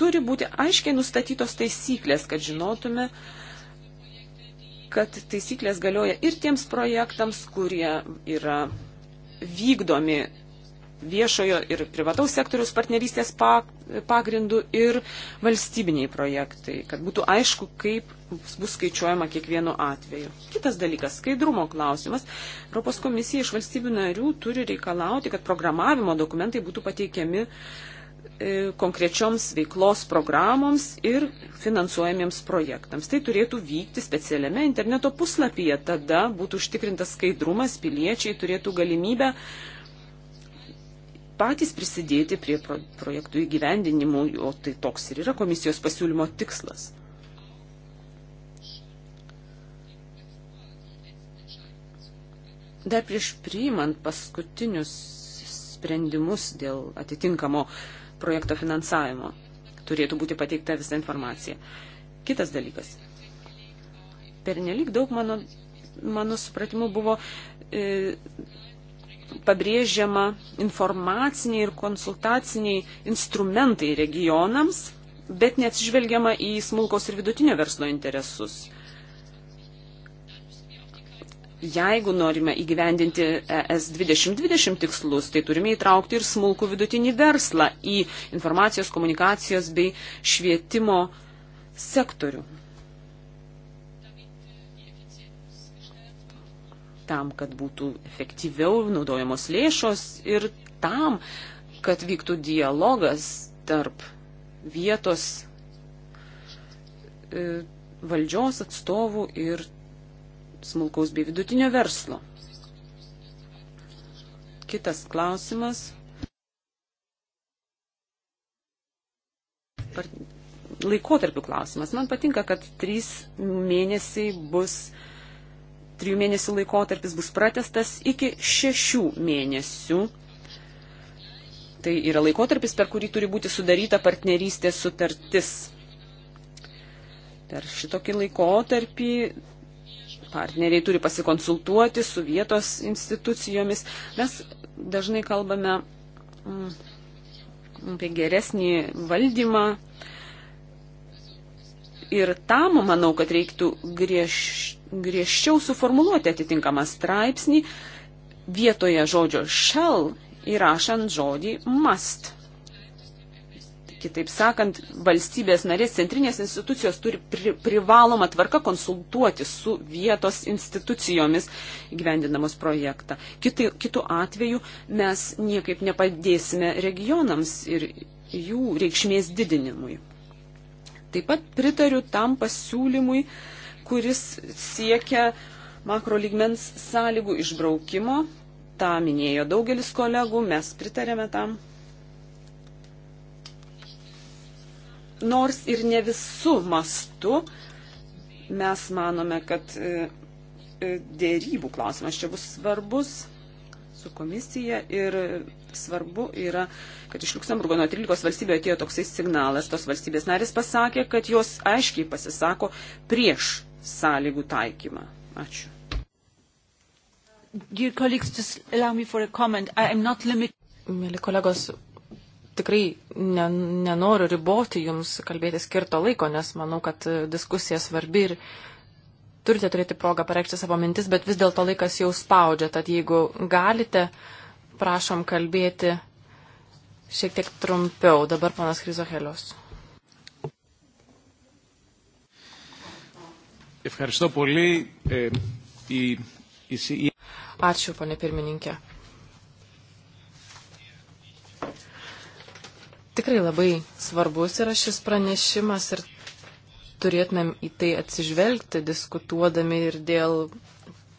Turi būti aiškiai nustatytos taisyklės, kad žinotume, kad taisyklės galioja ir tiems projektams, kurie yra vykdomi viešojo ir privataus sektoriaus partnerystės pagrindų ir valstybiniai projektai, kad būtų aišku, kaip bus skaičiuojama kiekvienu atveju. Kitas dalykas - skaidrumo klausimas. Europos komisija iš valstybių narių turi reikalauti, kad programavimo dokumentai būtų pateikiami e, konkrečioms veiklos programoms ir finansuojamiems projektams. Tai turėtų vykti specialiame interneto puslapyje, tada būtų užtikrintas skaidrumas, piliečiai turėtų galimybę uh, patys prisidėti prie pro projektų įgyvendinimo, o tai toks ir yra komisijos pasiūlymo tikslas. Dar prieš priimant paskutinius sprendimus dėl atitinkamo projekto finansavimo turėtų būti pateikta visa informacija. Kitas dalykas. Per nelik daug mano, mano supratimu buvo e, pabrėžiama informaciniai ir konsultaciniai instrumentai regionams, bet neatsižvelgiama į smulkos ir vidutinio verslo interesus. Jeigu norime įgyvendinti ES 2020 tikslus, tai turime įtraukti ir smulkų vidutinį verslą į informacijos, komunikacijos bei švietimo sektorių. tam, kad būtų efektyviau naudojamos lėšos ir tam, kad vyktų dialogas tarp vietos e, valdžios atstovų ir smulkaus bei vidutinio verslo. Kitas klausimas. Laikotarpių klausimas. Man patinka, kad trys mėnesiai bus uh, trijų mėnesių laikotarpis bus pratestas iki šešių mėnesių. Tai yra laikotarpis, per kurį turi būti sudaryta partnerystės sutartis. Per šitokį laikotarpį partneriai turi pasikonsultuoti su vietos institucijomis. Mes dažnai kalbame mm, apie geresnį valdymą, ir tam, manau, kad reiktų griež, griežčiau suformuluoti atitinkamą straipsnį vietoje žodžio shall įrašant žodį must. Kitaip sakant, valstybės narės centrinės institucijos turi pri, privalomą tvarką konsultuoti su vietos institucijomis gyvendinamos projektą. Kitai, kitu atveju mes niekaip nepadėsime regionams ir jų reikšmės didinimui. Taip pat pritariu tam pasiūlymui, kuris siekia makro lygmens sąlygų išbraukimo. Ta minėjo daugelis kolegų, mes pritarėme tam. Nors ir ne visų mastų mes manome, kad e, e, dėrybų klausimas čia bus svarbus su komisija ir svarbu yra, kad iš Luksemburgo nuo 13 valstybių atėjo toksai signalas. Tos valstybės narės pasakė, kad jos aiškiai pasisako prieš sąlygų taikymą. Ačiū. Mėly kolegos, tikrai ne, nenoriu riboti jums kalbėti skirto laiko, nes manau, kad diskusija svarbi ir turite turėti progą pareikšti savo mintis, bet vis dėlto laikas jau spaudžia, tad jeigu galite, uh, prašom kalbėti šiek tiek trumpiau. Dabar panas Krizohelios. E Ačiū, ponė pirmininkė. Tikrai labai svarbus yra šis pranešimas ir turėtumėm į tai atsižvelgti, diskutuodami ir dėl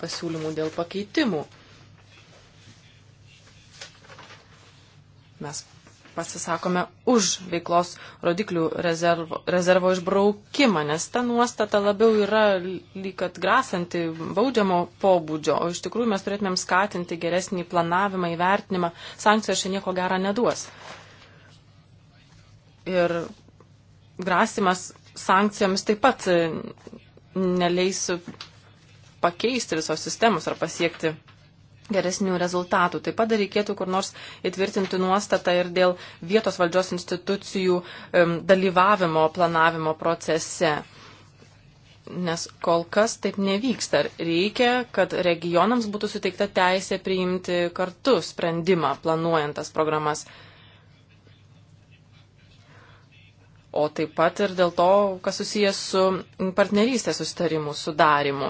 pasiūlymų, dėl pakeitimų. Mes pasisakome už veiklos rodiklių rezervo, rezervo išbraukimą, nes ta nuostata labiau yra lyg atgrasanti baudžiamo pobūdžio, o iš tikrųjų mes turėtumėm skatinti geresnį planavimą, įvertinimą. Sankcijos čia nieko gera neduos. Ir grasimas sankcijomis taip pat neleis pakeisti visos sistemos ar pasiekti geresnių rezultatų. Taip pat reikėtų kur nors įtvirtinti nuostatą ir dėl vietos valdžios institucijų um, dalyvavimo planavimo procese. Nes kol kas taip nevyksta. Reikia, kad regionams būtų suteikta teisė priimti kartu sprendimą planuojant tas programas. O taip pat ir dėl to, kas susijęs su partnerystės sustarimu, sudarimu.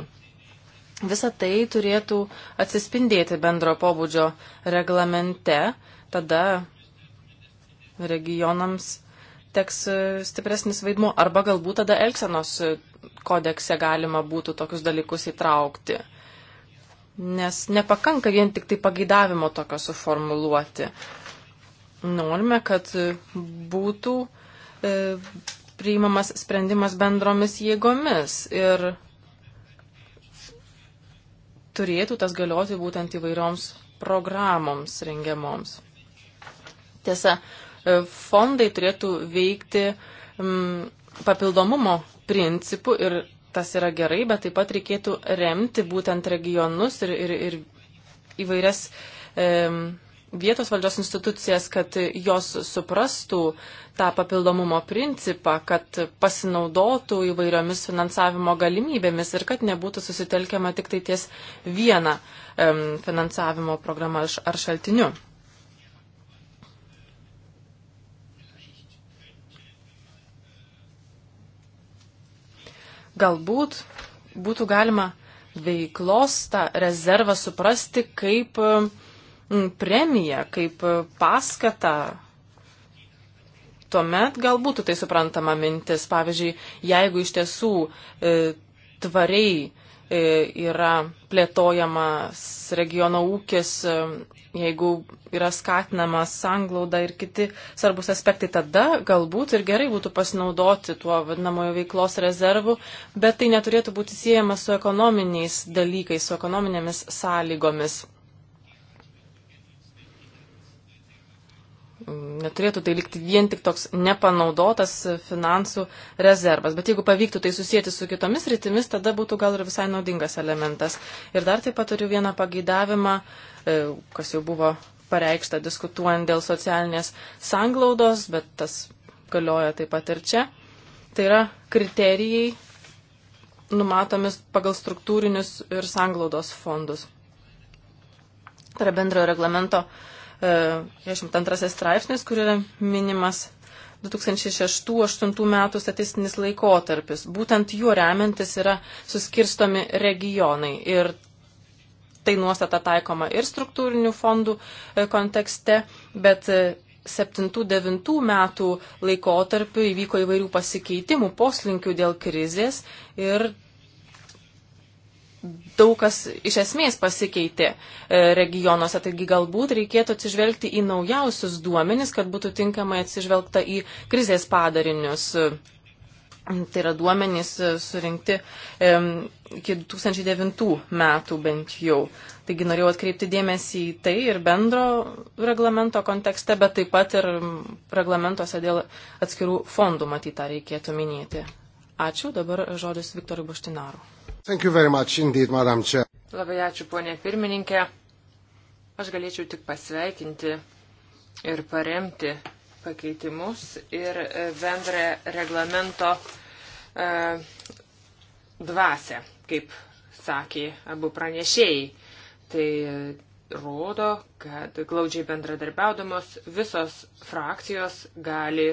Visa tai turėtų atsispindėti bendro pobūdžio reglamente, tada regionams teks stipresnis vaidmuo arba galbūt tada Elksenos kodekse galima būtų tokius dalykus įtraukti. Nes nepakanka vien tik tai pageidavimo tokio suformuluoti. Norime, kad būtų e, priimamas sprendimas bendromis jėgomis ir turėtų tas galioti būtent įvairioms programoms rengiamoms. Tiesa, e, fondai turėtų veikti mm, papildomumo principu ir tas yra gerai, bet taip pat reikėtų remti būtent regionus ir, ir, ir įvairias mm, vietos valdžios institucijas, kad jos suprastų tą papildomumo principą, kad pasinaudotų įvairiomis finansavimo galimybėmis ir kad nebūtų susitelkiama tik tai ties vieną um, finansavimo programą ar šaltiniu. Galbūt būtų galima veiklos tą rezervą suprasti kaip uh, Mm, premiją, kaip paskatą. Tuomet galbūt tai suprantama mintis. Pavyzdžiui, jeigu iš tiesų e, tvariai e, yra plėtojamas regiono ūkis, e, jeigu yra skatinamas sanglauda ir kiti svarbus aspektai, tada galbūt ir gerai būtų pasinaudoti tuo vadinamojo veiklos rezervu, bet tai neturėtų būti siejama su ekonominiais dalykais, su ekonominėmis sąlygomis Neturėtų tai likti vien tik toks nepanaudotas finansų rezervas. Bet jeigu pavyktų tai susijęti su kitomis rytimis, tada būtų gal ir visai naudingas elementas. Ir dar taip pat turiu vieną pageidavimą, e, kas jau buvo pareikšta diskutuojant dėl socialinės sanglaudos, bet tas galioja taip pat ir čia. Tai yra kriterijai numatomis pagal struktūrinius ir sanglaudos fondus. Tai yra bendrojo reglamento uh, 22 e, straipsnis, kur yra minimas 2006-2008 metų statistinis laikotarpis. Būtent juo remiantis yra suskirstomi regionai. Ir tai nuostata taikoma ir struktūrinių fondų e, kontekste, bet 7-9 e, metų laikotarpiu įvyko įvairių pasikeitimų, poslinkių dėl krizės ir daug kas iš esmės pasikeitė e, regionuose, taigi galbūt reikėtų atsižvelgti į naujausius duomenis, kad būtų tinkamai atsižvelgta į krizės padarinius. Tai yra duomenys e, surinkti iki 2009 metų bent jau. Taigi norėjau atkreipti dėmesį į tai ir bendro reglamento kontekste, bet taip pat ir reglamentuose dėl atskirų fondų matytą reikėtų minėti. Ačiū, dabar žodis Viktorui Buštinaru. Indeed, Labai ačiū, ponė pirmininkė. Aš galėčiau tik pasveikinti ir paremti pakeitimus ir bendrą reglamento e, dvasę, kaip sakė abu pranešėjai. Tai rodo, kad glaudžiai bendradarbiaudamos visos frakcijos gali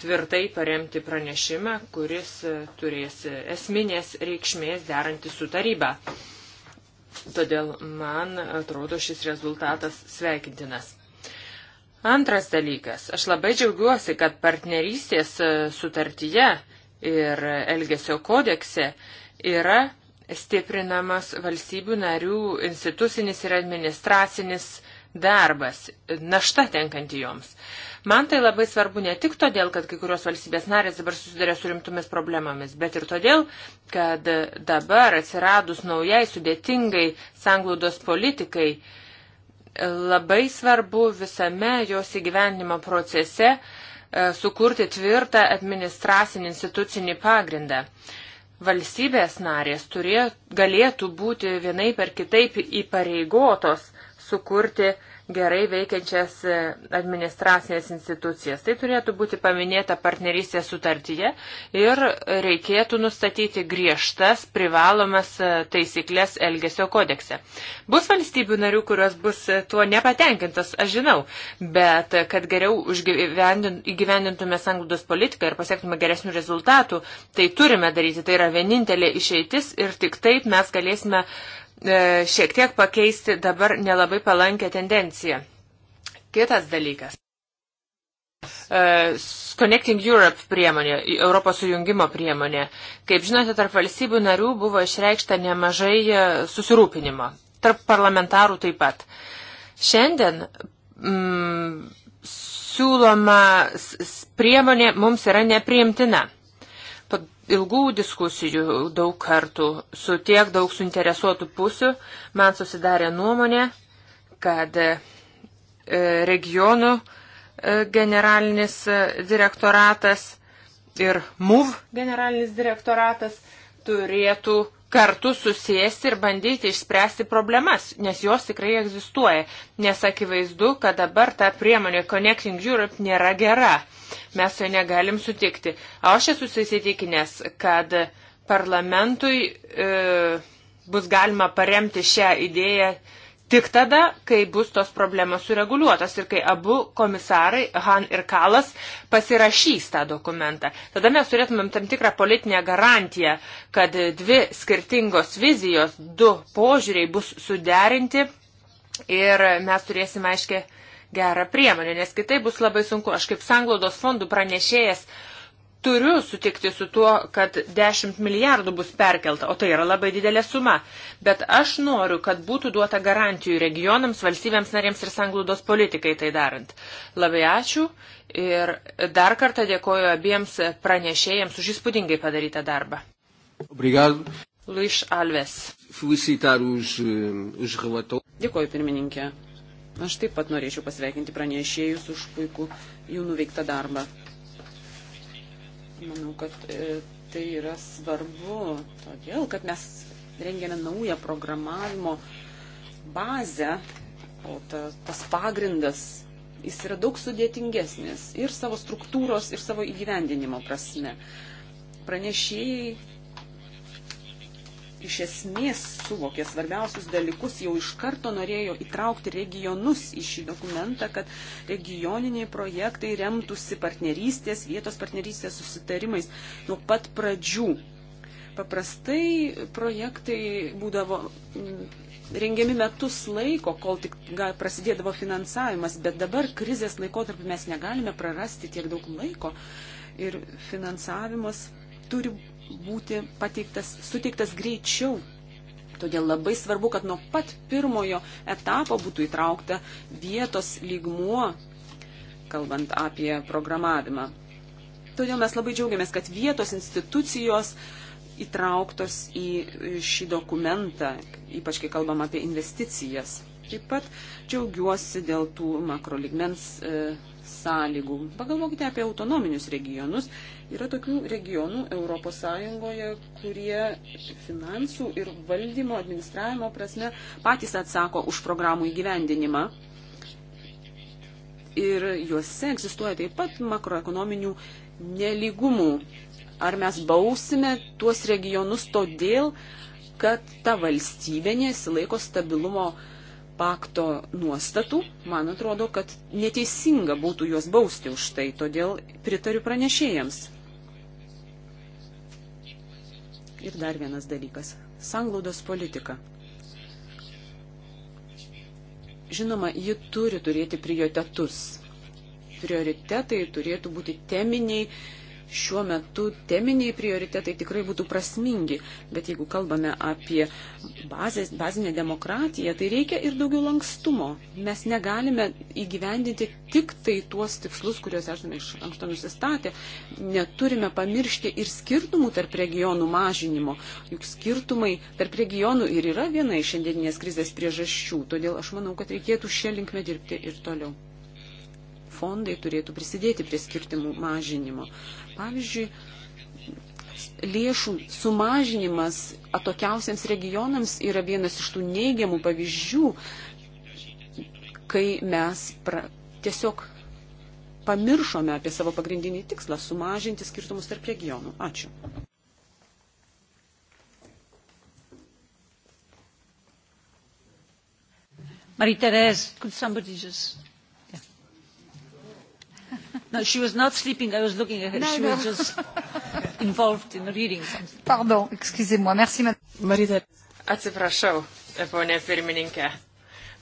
tvirtai paremti pranešimą, kuris e, turės e, esminės reikšmės derantį su taryba. Todėl man atrodo šis rezultatas sveikintinas. Antras dalykas. Aš labai džiaugiuosi, kad partnerystės e, sutartyje ir Elgesio kodekse yra stiprinamas valstybių narių institucinis ir administracinis darbas, našta tenkanti joms. Uh, Man tai labai svarbu ne tik todėl, kad kai kurios valstybės narės dabar susiduria su rimtomis problemomis, bet ir todėl, kad dabar atsiradus naujai sudėtingai sanglaudos politikai, labai svarbu visame jos įgyvendimo procese e, sukurti tvirtą administracinį institucinį pagrindą. Valstybės narės turė, galėtų būti vienai per kitaip įpareigotos sukurti uh, gerai veikiančias e, administracinės institucijas. Tai turėtų būti paminėta partnerystės sutartyje ir reikėtų nustatyti griežtas privalomas e, taisyklės Elgesio kodekse. Bus valstybių narių, kurios bus e, tuo nepatenkintas, aš žinau, bet kad geriau įgyvendintume sanglaudos politiką ir pasiektume geresnių rezultatų, tai turime daryti. Tai yra vienintelė išeitis ir tik taip mes galėsime uh, E, šiek tiek pakeisti dabar nelabai palankę tendenciją. Kitas dalykas. E, Connecting Europe priemonė, Europos sujungimo priemonė. Kaip žinote, tarp valstybių narių buvo išreikšta nemažai e, susirūpinimo. Tarp parlamentarų taip pat. Šiandien mm, siūloma priemonė mums yra nepriimtina ilgų diskusijų daug kartų su tiek daug suinteresuotų pusių, man susidarė nuomonė, kad e, regionų e, generalinis e, direktoratas ir MUV generalinis direktoratas turėtų kartu susėsti ir bandyti išspręsti problemas, nes jos tikrai egzistuoja. Nes akivaizdu, kad dabar ta priemonė Connecting Europe nėra gera. Mes jo negalim sutikti. O aš esu susitikinęs, kad parlamentui e, bus galima paremti šią idėją Tik tada, kai bus tos problemos sureguliuotos ir kai abu komisarai, Han ir Kalas, pasirašys tą dokumentą. Tada mes turėtumėm tam tikrą politinę garantiją, kad dvi skirtingos vizijos, du požiūriai bus suderinti ir mes turėsime aiškiai gerą priemonę, nes kitai bus labai sunku. Aš kaip sanglaudos fondų pranešėjas uh, turiu sutikti su tuo, kad 10 milijardų bus perkelta, o tai yra labai didelė suma. Bet aš noriu, kad būtų duota garantijų regionams, valstybėms narėms ir sanglūdos politikai tai darant. Labai ačiū ir dar kartą dėkoju abiems pranešėjams už įspūdingai padarytą darbą. Obrigado. Luis Alves. Felicitar os, eh, os relatores. Dėkoju, pirmininkė. Aš taip pat norėčiau pasveikinti pranešėjus už puikų jų nuveiktą darbą. Manau, kad e, tai yra svarbu, todėl kad mes rengėme naują programavimo bazę, o ta, tas pagrindas jis yra daug sudėtingesnis ir savo struktūros, ir savo įgyvendinimo prasme. Pranešėjai iš esmės suvokė svarbiausius dalykus, jau iš karto norėjo įtraukti regionus į šį dokumentą, kad regioniniai projektai remtųsi partnerystės, vietos partnerystės susitarimais nuo pat pradžių. Paprastai projektai būdavo mm, rengiami metus laiko, kol tik prasidėdavo finansavimas, bet dabar krizės laikotarpiu mes negalime prarasti tiek daug laiko ir finansavimas turi būti pateiktas, suteiktas greičiau. Todėl labai svarbu, kad nuo pat pirmojo etapo būtų įtraukta vietos lygmuo, kalbant apie programavimą. Todėl mes labai džiaugiamės, kad vietos institucijos įtrauktos į šį dokumentą, ypač kai kalbam apie investicijas. Taip pat džiaugiuosi dėl tų makroligmens e, sąlygų. Pagalvokite apie autonominius regionus. Yra tokių regionų ES, kurie finansų ir valdymo administravimo prasme patys atsako už programų įgyvendinimą. Ir juose egzistuoja taip pat makroekonominių neligumų. Ar mes bausime tuos regionus todėl, kad ta valstybė nesilaiko stabilumo uh, pakto nuostatų, man atrodo, kad neteisinga būtų juos bausti už tai, todėl pritariu pranešėjams. Ir dar vienas dalykas - sanglaudos politika. Žinoma, ji turi turėti prioritetus. Prioritetai turėtų būti teminiai, šiuo metu teminiai prioritetai tikrai būtų prasmingi, bet jeigu kalbame apie bazės, bazinę demokratiją, tai reikia ir daugiau lankstumo. Mes negalime įgyvendinti tik tai tuos tikslus, kuriuos esame iš anksto nusistatę. Neturime pamiršti ir skirtumų tarp regionų mažinimo. Juk skirtumai tarp regionų ir yra viena iš šiandieninės krizės priežasčių. Todėl aš manau, kad reikėtų šią linkmę dirbti ir toliau fondai turėtų prisidėti prie skirtimų mažinimo. Pavyzdžiui, lėšų sumažinimas atokiausiams regionams yra vienas iš tų neigiamų pavyzdžių, kai mes pra, tiesiog pamiršome apie savo pagrindinį tikslą - sumažinti skirtumus tarp regionų. Ačiū. Marie-Thérèse, could somebody just No, she was not sleeping. I was looking at her. No, she no. was just involved in reading something. Pardon, excusez-moi. Merci, Marita. Atsiprašau, ponė pirmininkė.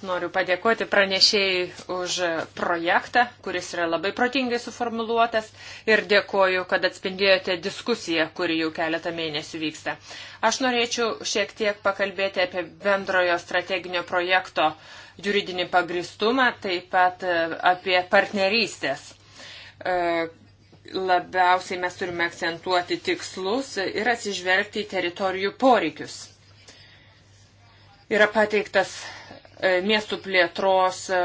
Noriu padėkoti pranešėjai už projektą, kuris yra labai protingai suformuluotas ir dėkoju, kad atspindėjote diskusiją, kuri jau keletą mėnesių vyksta. Aš norėčiau šiek tiek pakalbėti apie bendrojo strateginio projekto juridinį pagristumą, taip pat e, apie partnerystės E, labiausiai mes turime akcentuoti tikslus ir atsižvelgti į teritorijų poreikius. Yra pateiktas e, miestų plėtros e,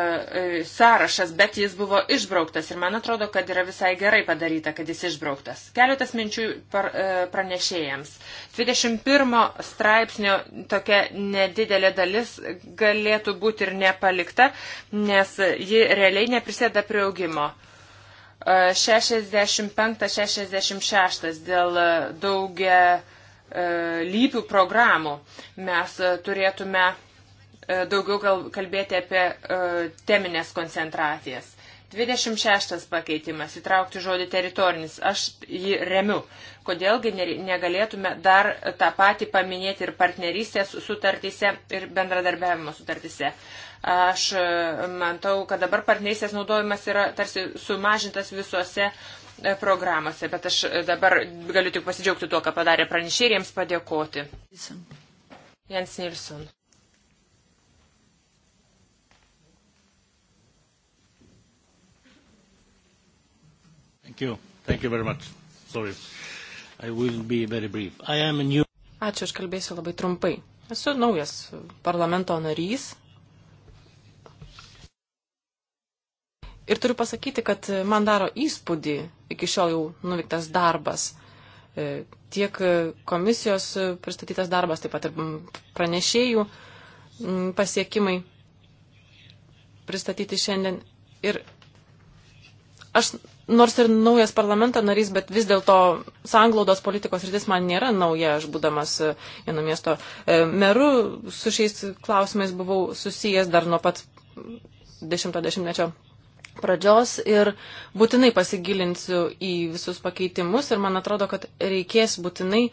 sąrašas, bet jis buvo išbrauktas ir man atrodo, kad yra visai gerai padaryta, kad jis išbrauktas. Keletas minčių pranešėjams. 21 straipsnio tokia nedidelė dalis galėtų būti ir nepalikta, nes ji realiai neprisėda prie augimo. 65-66 dėl e, daugia e, lypių programų mes e, turėtume daugiau kalbėti apie teminės koncentracijas. 26 pakeitimas - įtraukti žodį teritorinis. Aš jį remiu. Kodėlgi negalėtume dar tą patį paminėti ir partnerystės sutartyse, ir bendradarbiavimo sutartyse. Aš e, matau, kad dabar partnerystės naudojimas yra tarsi sumažintas visuose e, programuose, bet aš e, dabar galiu tik pasidžiaugti tuo, ką padarė pranešėjai ir jiems padėkoti. Jens Nilsson. Thank you. Thank you very much. Sorry. I will be very brief. I am a new... Ačiū, aš kalbėsiu labai trumpai. Esu naujas parlamento narys Ir turiu pasakyti, kad man daro įspūdį iki šiol jau nuveiktas darbas. E, tiek komisijos pristatytas darbas, taip pat ir pranešėjų pasiekimai pristatyti šiandien. Ir aš nors ir naujas parlamento narys, bet vis dėlto sanglaudos politikos rytis man nėra nauja. Aš būdamas e, vieno miesto e, meru su šiais klausimais buvau susijęs dar nuo pat 10-mečio pradžios ir būtinai pasigilinsiu į visus pakeitimus ir man atrodo, kad reikės būtinai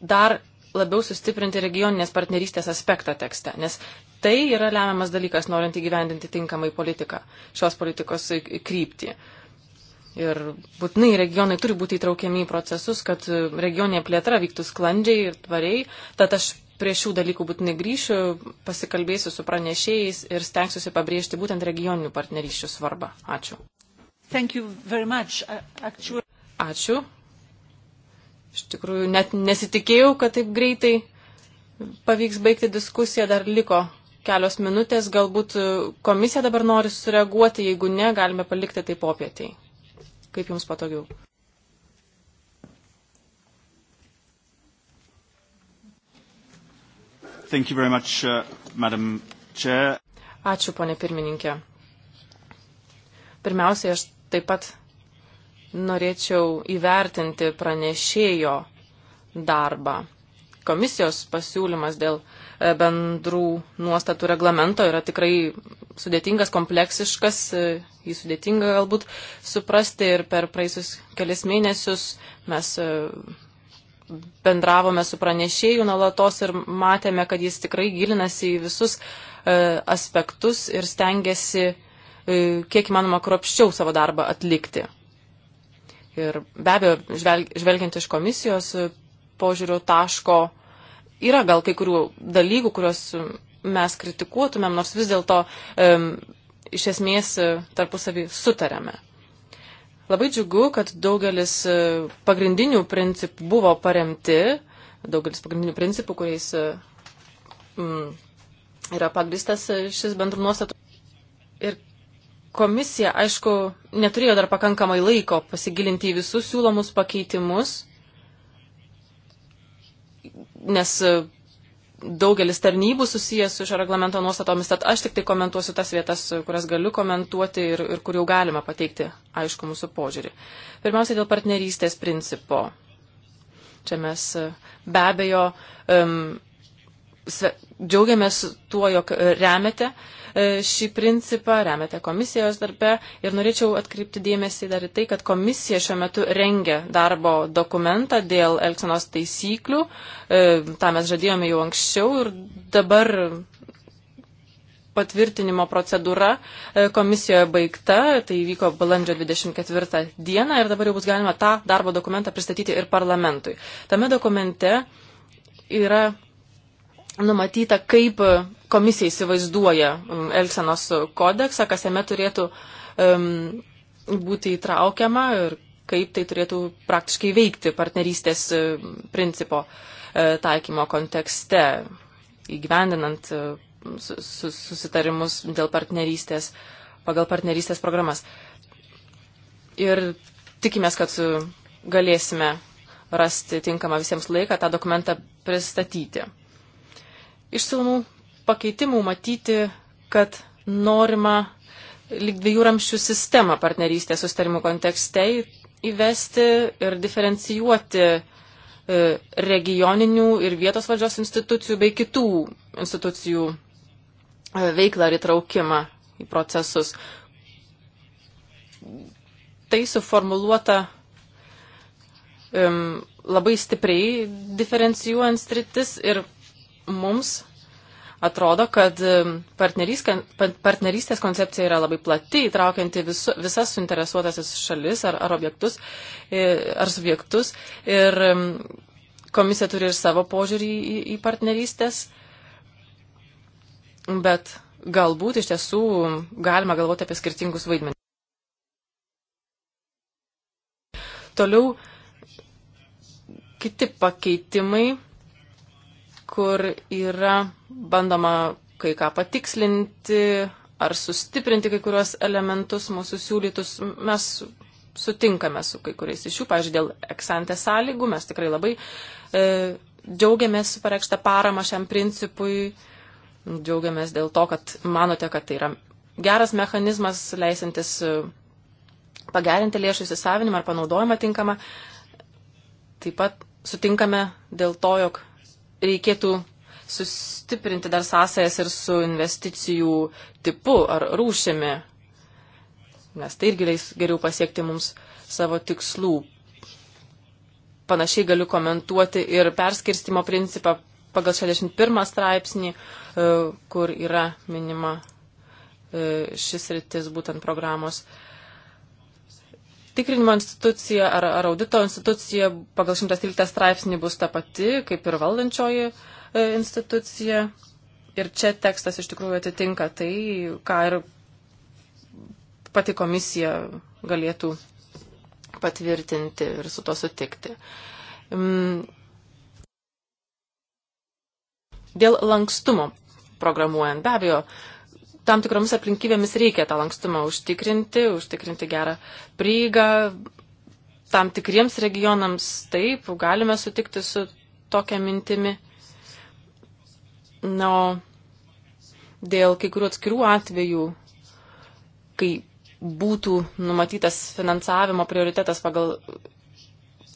dar labiau sustiprinti regioninės partnerystės aspektą tekste, nes tai yra lemiamas dalykas, norint įgyvendinti tinkamai politiką, šios politikos kryptį. Ir būtinai regionai turi būti įtraukiami į procesus, kad regioninė plėtra vyktų sklandžiai ir tvariai. Tad aš prie šių dalykų būtinai grįšiu, pasikalbėsiu su pranešėjais ir stengsiuosi pabrėžti būtent regioninių partnerysčių svarbą. Ačiū. Actually... Ačiū. Iš tikrųjų, net nesitikėjau, kad taip greitai pavyks baigti diskusiją. Dar liko kelios minutės. Galbūt komisija dabar nori sureaguoti, jeigu ne, galime palikti tai popietiai. Kaip jums patogiau? Thank you very much, uh, Madam Chair. Ačiū, ponė pirmininkė. Pirmiausiai, aš taip pat norėčiau įvertinti pranešėjo darbą. Komisijos pasiūlymas dėl e, bendrų nuostatų reglamento yra tikrai sudėtingas, kompleksiškas, e, jį sudėtinga galbūt suprasti ir per praeisius kelias mėnesius mes e, bendravome su pranešėjų nuolatos ir matėme, kad jis tikrai gilinasi į visus e, aspektus ir stengiasi e, kiek įmanoma kropščiau savo darbą atlikti. Ir be abejo, žvelg, žvelgiant iš komisijos e, požiūrio taško, yra gal kai kurių dalykų, kuriuos mes kritikuotumėm, nors vis dėlto e, iš esmės e, tarpusavį sutarėme. Labai džiugu, kad daugelis e, pagrindinių principų buvo paremti, daugelis pagrindinių principų, kuriais e, mm, yra pagristas e, šis bendrų nuostatų. Ir komisija, aišku, neturėjo dar pakankamai laiko pasigilinti į visus siūlomus pakeitimus, nes daugelis tarnybų susijęs su šio reglamento nuostatomis, tad aš tik tai komentuosiu tas vietas, kurias galiu komentuoti ir, ir kur jau galima pateikti aišku mūsų požiūrį. Pirmiausia, dėl partnerystės principo. Čia mes e, be abejo um, džiaugiamės tuo, jog remiate uh, E, šį principą, remiate komisijos darbe ir norėčiau atkreipti dėmesį dar į tai, kad komisija šiuo metu rengia darbo dokumentą dėl Elksenos taisyklių. E, Ta mes žadėjome jau anksčiau ir dabar patvirtinimo procedūra e, komisijoje baigta, tai vyko balandžio 24 dieną ir dabar jau bus galima tą darbo dokumentą pristatyti ir parlamentui. Tame dokumente yra numatyta, kaip komisija įsivaizduoja um, Elsenos kodeksą, kas jame turėtų um, būti įtraukiama ir kaip tai turėtų praktiškai veikti partnerystės um, principo e, taikymo kontekste, įgyvendinant e, susitarimus dėl partnerystės, pagal partnerystės programas. Ir tikimės, kad e, galėsime rasti tinkamą visiems laiką tą dokumentą pristatyti. Iš silnų pakeitimų matyti, kad norima lyg dviejų ramščių sistemą partnerystės sustarimų kontekste įvesti ir diferencijuoti e, regioninių ir vietos valdžios institucijų bei kitų institucijų e, veiklą ir įtraukimą į procesus. Tai suformuluota um, labai stipriai diferencijuojant stritis ir mums atrodo, kad partnerystės koncepcija yra labai plati, įtraukianti visu, visas suinteresuotasis šalis ar, ar objektus, e, ar subjektus. Ir komisija turi ir savo požiūrį į, į partnerystės, bet galbūt iš tiesų galima galvoti apie skirtingus vaidmenis. Toliau kiti pakeitimai kur yra bandoma kai ką patikslinti ar sustiprinti kai kuriuos elementus mūsų siūlytus. Mes sutinkame su kai kuriais iš jų, pavyzdžiui, dėl eksantės sąlygų, mes tikrai labai e, džiaugiamės pareikštą paramą šiam principui, džiaugiamės dėl to, kad manote, kad tai yra geras mechanizmas, leisantis e, pagerinti lėšų įsisavinimą ar panaudojimą tinkamą. Taip pat sutinkame dėl to, jog reikėtų sustiprinti dar sąsajas ir su investicijų tipu ar rūšimi, nes tai irgi leis geriau pasiekti mums savo tikslų. Panašiai galiu komentuoti ir perskirstimo principą pagal 61 straipsnį, e, kur yra minima e, šis rytis būtent programos tikrinimo institucija ar, ar audito institucija pagal 113 straipsnį bus ta pati, kaip ir valdančioji e, institucija. Ir čia tekstas iš tikrųjų atitinka tai, ką ir pati komisija galėtų patvirtinti ir su to sutikti. Mm. Dėl lankstumo programuojant, be abejo, tam tikromis aplinkybėmis reikia tą lankstumą užtikrinti, užtikrinti gerą prieigą. Tam tikriems regionams taip, galime sutikti su tokia mintimi. Na, o dėl kai kurių atskirų atvejų, kai būtų numatytas finansavimo prioritetas pagal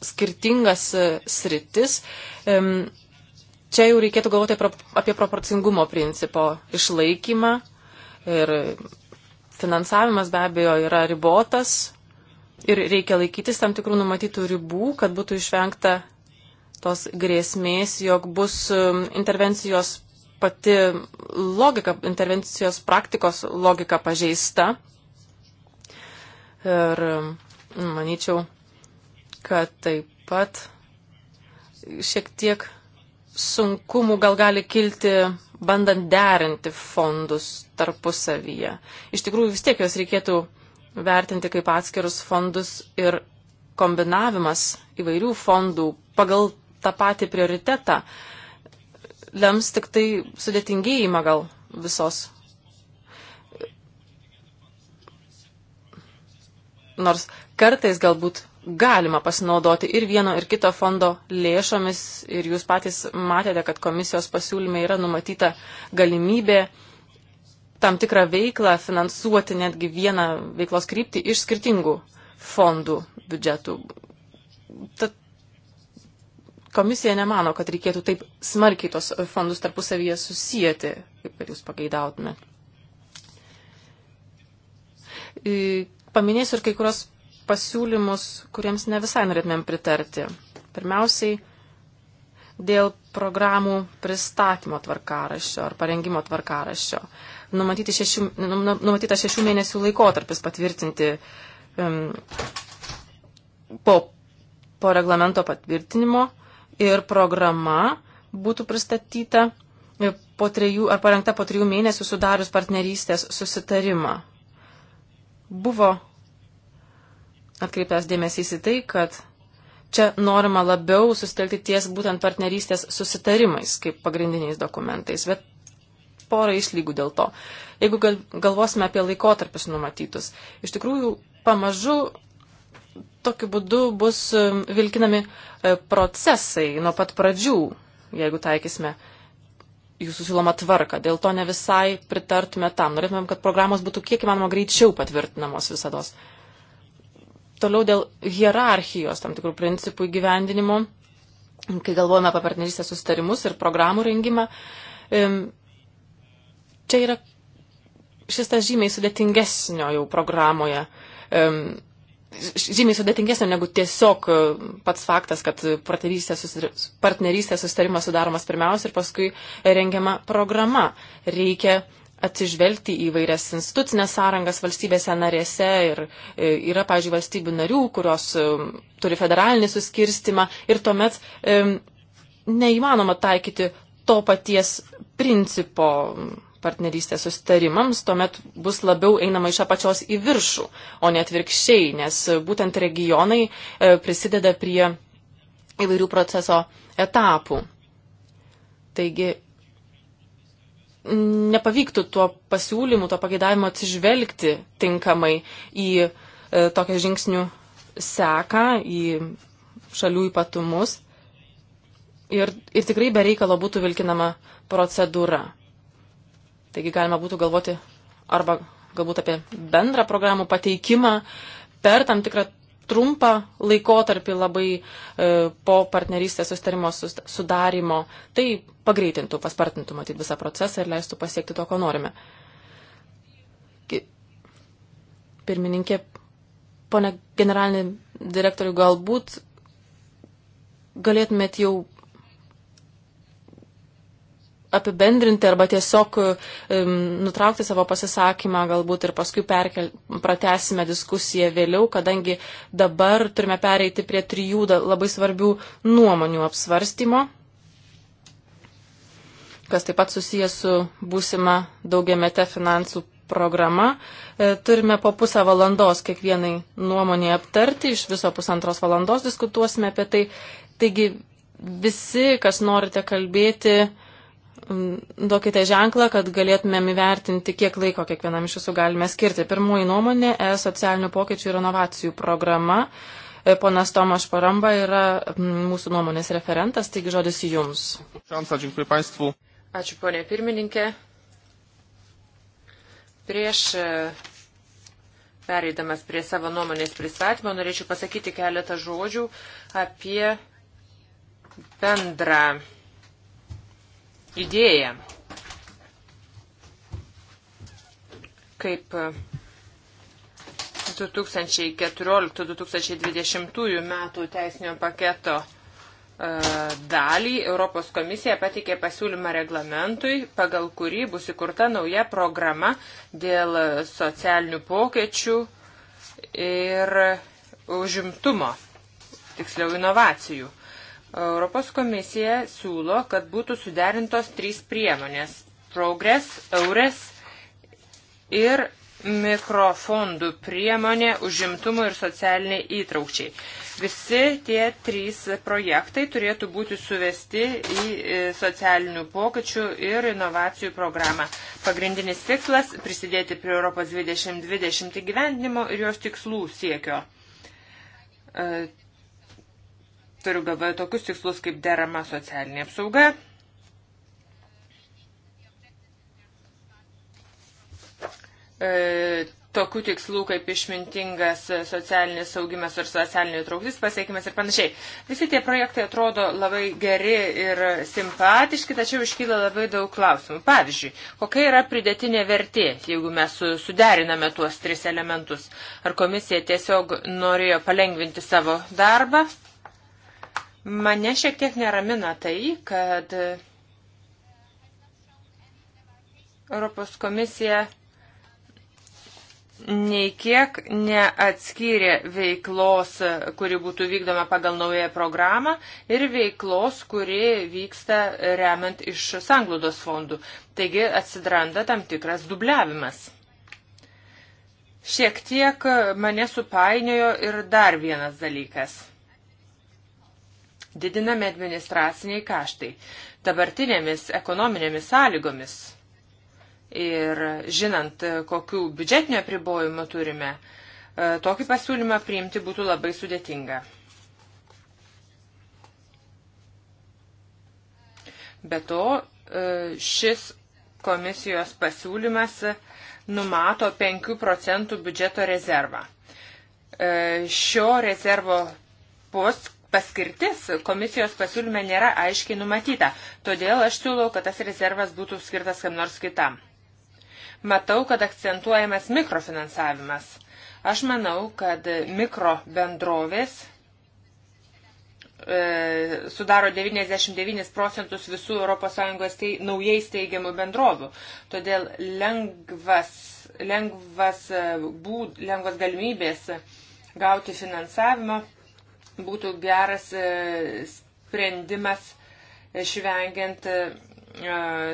skirtingas e, sritis, čia jau reikėtų galvoti apie proporcingumo principo išlaikymą ir finansavimas be abejo yra ribotas ir reikia laikytis tam tikrų numatytų ribų, kad būtų išvengta tos grėsmės, jog bus um, intervencijos pati logika, intervencijos praktikos logika pažeista. Ir um, manyčiau, kad taip pat šiek tiek sunkumų gal gali kilti bandant derinti fondus tarpusavyje. Iš tikrųjų, vis tiek juos reikėtų vertinti kaip atskirus fondus ir kombinavimas įvairių fondų pagal tą patį prioritetą lems tik tai sudėtingėjimą gal visos. Nors kartais galbūt galima pasinaudoti ir vieno ir kito fondo lėšomis ir jūs patys matėte, kad komisijos pasiūlyme yra numatyta galimybė tam tikrą veiklą finansuoti netgi vieną veiklos kryptį iš skirtingų fondų biudžetų. Tad komisija nemano, kad reikėtų taip smarkiai tos fondus tarpusavyje susijęti, kaip ir jūs pageidautumėte. Paminėsiu ir kai kurios pasiūlymus, kuriems ne visai norėtumėm pritarti. Pirmiausiai, dėl programų pristatymo tvarkaraščio ar parengimo tvarkaraščio. Numatyti šešių, nu, nu, numatyta šešių mėnesių laikotarpis patvirtinti um, po, po reglamento patvirtinimo ir programa būtų pristatyta e, po trejų, ar parengta po trijų mėnesių sudarius partnerystės susitarimą. Buvo atkreipęs dėmesys į tai, kad čia norima labiau susitelkti ties būtent partnerystės susitarimais kaip pagrindiniais dokumentais, bet porą išlygų dėl to. Jeigu galvosime apie laikotarpius numatytus, iš tikrųjų pamažu tokiu būdu bus um, vilkinami e, procesai nuo pat pradžių, jeigu taikysime jūsų siūloma tvarka. Dėl to ne visai pritartume tam. Norėtumėm, kad programos būtų kiek įmanoma greičiau patvirtinamos visados. Uh, Toliau dėl hierarchijos tam tikrų principų įgyvendinimo, kai galvojame apie partnerystės sustarimus ir programų rengimą, čia yra šis tas žymiai sudėtingesnio jau programoje, žymiai sudėtingesnio negu tiesiog e, pats faktas, kad partnerystės sustarimas sudaromas pirmiausia ir paskui rengiama programa. Reikia atsižvelgti į vairias institucinės sąrangas valstybėse narėse ir e, yra, pažiūrėjau, valstybių narių, kurios e, turi federalinį suskirstimą ir tuomet e, neįmanoma taikyti to paties principo partnerystės sustarimams, tuomet bus labiau einama iš apačios į viršų, o ne atvirkščiai, nes būtent regionai prisideda prie įvairių proceso etapų. Taigi nepavyktų tuo pasiūlymu, tuo pageidavimu atsižvelgti tinkamai į e, tokią žingsnių seką, į šalių ypatumus. Ir, ir tikrai be reikalo būtų vilkinama procedūra. Taigi galima būtų galvoti arba galbūt apie bendrą programų pateikimą per tam tikrą trumpą laikotarpį labai e, po partnerystės sustarimo sudarimo, tai pagreitintų, paspartintų matyti visą procesą ir leistų pasiekti to, ko norime. Pirmininkė, ponė generalinė direktorių, galbūt galėtumėt jau apibendrinti arba tiesiog um, nutraukti savo pasisakymą galbūt ir paskui perkel, pratesime diskusiją vėliau, kadangi dabar turime pereiti prie trijų labai svarbių nuomonių apsvarstymo, kas taip pat susijęs su būsima daugiamete finansų programa. E, turime po pusę valandos kiekvienai nuomonį aptarti, iš viso pusantros valandos diskutuosime apie tai. Taigi visi, kas norite kalbėti, Mm, duokite ženklą, kad galėtumėm įvertinti, kiek laiko kiekvienam iš jūsų galime skirti. Pirmoji nuomonė e - socialinių pokyčių ir inovacijų programa. E, ponas Tomaš Paramba yra mm, mūsų nuomonės referentas, taigi žodis jums. Ačiū, ponė pirmininkė. Prieš e, pereidamas prie savo nuomonės pristatymo, norėčiau pasakyti keletą žodžių apie bendrą idėją. Kaip 2014-2020 metų teisinio paketo e, dalį Europos komisija patikė pasiūlymą reglamentui, pagal kurį bus įkurta nauja programa dėl socialinių pokėčių ir užimtumo, tiksliau inovacijų. Europos komisija siūlo, kad būtų suderintos trys priemonės - Progress, Eures ir mikrofondų priemonė užimtumui ir socialiniai įtraukčiai. Visi tie trys projektai turėtų būti suvesti į e, socialinių pokyčių ir inovacijų programą. Pagrindinis tikslas - prisidėti prie Europos 2020 gyvendinimo ir jos tikslų siekio. E, Turiu galvoje tokius tikslus kaip derama socialinė apsauga. E, tokių tikslų kaip išmintingas socialinis saugimas ir socialinių trauktis pasiekimas ir panašiai. Visi tie projektai atrodo labai geri ir simpatiški, tačiau iškyla labai daug klausimų. Pavyzdžiui, kokia yra pridėtinė vertė, jeigu mes suderiname tuos tris elementus? Ar komisija tiesiog norėjo palengvinti savo darbą? Mane šiek tiek neramina tai, kad Europos komisija nei kiek neatskyrė veiklos, kuri būtų vykdoma pagal naują programą ir veiklos, kuri vyksta remiant iš sanglaudos fondų. Taigi atsidranda tam tikras dubliavimas. Šiek tiek mane supainiojo ir dar vienas dalykas – Didinami administraciniai kaštai dabartinėmis ekonominėmis sąlygomis ir žinant, kokių biudžetinio apribojimų turime, e, tokį pasiūlymą priimti būtų labai sudėtinga. Be to, e, šis komisijos pasiūlymas numato 5 procentų biudžeto rezervą. E, šio rezervo pos, paskirtis komisijos pasiūlyme nėra aiškiai numatyta, todėl aš siūlau, kad tas rezervas būtų skirtas kam nors kitam. Matau, kad akcentuojamas mikrofinansavimas. Aš manau, kad mikro bendrovės e, sudaro 99 procentus visų ES tei, naujai steigiamų bendrovių. Todėl lengvas, lengvas, e, būd, lengvas galimybės gauti finansavimą būtų geras e, sprendimas išvengiant e,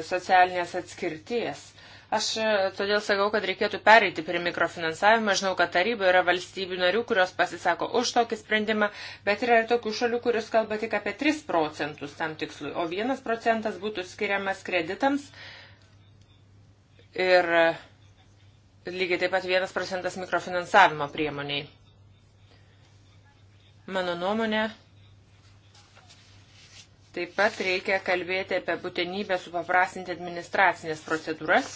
socialinės atskirties. Aš e, todėl sakau, kad reikėtų pereiti prie mikrofinansavimo. Žinau, kad taryboje yra valstybių narių, kurios pasisako už tokį sprendimą, bet yra ir tokių šalių, kurios kalba tik apie 3 procentus tam tikslui, o 1 procentas būtų skiriamas kreditams ir lygiai taip pat 1 procentas mikrofinansavimo priemoniai. Mano nuomonė, taip pat reikia kalbėti apie būtinybę supaprastinti administracinės procedūras.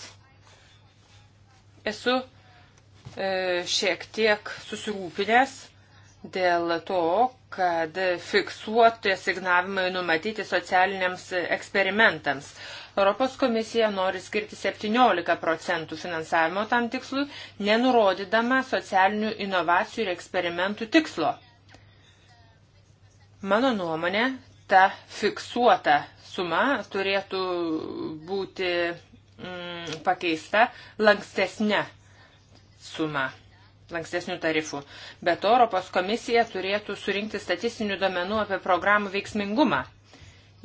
Esu e, šiek tiek susirūpinęs dėl to, kad fiksuoti asignavimai numatyti socialiniams eksperimentams. Europos komisija nori skirti 17 procentų finansavimo tam tikslui, nenurodydama socialinių inovacijų ir eksperimentų tikslo. Mano nuomonė, ta fiksuota suma turėtų būti mm, pakeista lankstesnė suma lankstesnių tarifų. Bet Europos komisija turėtų surinkti statistinių domenų apie programų veiksmingumą.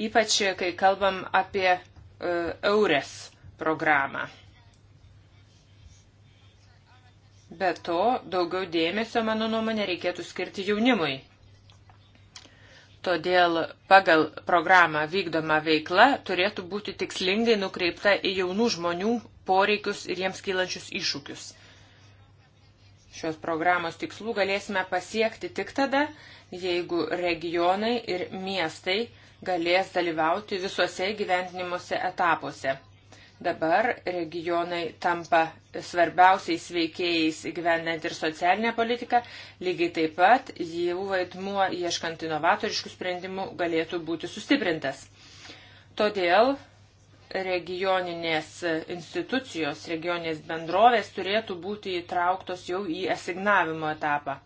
Ypač, kai kalbam apie uh, Eures programą. Be to, daugiau dėmesio, mano nuomonė, reikėtų skirti jaunimui Todėl pagal programą vykdoma veikla turėtų būti tikslingai nukreipta į jaunų žmonių poreikius ir jiems kylančius iššūkius. Šios programos tikslų galėsime pasiekti tik tada, jeigu regionai ir miestai galės dalyvauti visuose gyventinimuose etapuose. Dabar regionai tampa svarbiausiais veikėjais gyvenant ir socialinę politiką, lygiai taip pat jų vaidmuo ieškant inovatoriškų sprendimų galėtų būti sustiprintas. Todėl regioninės institucijos, regioninės bendrovės turėtų būti įtrauktos jau į asignavimo etapą.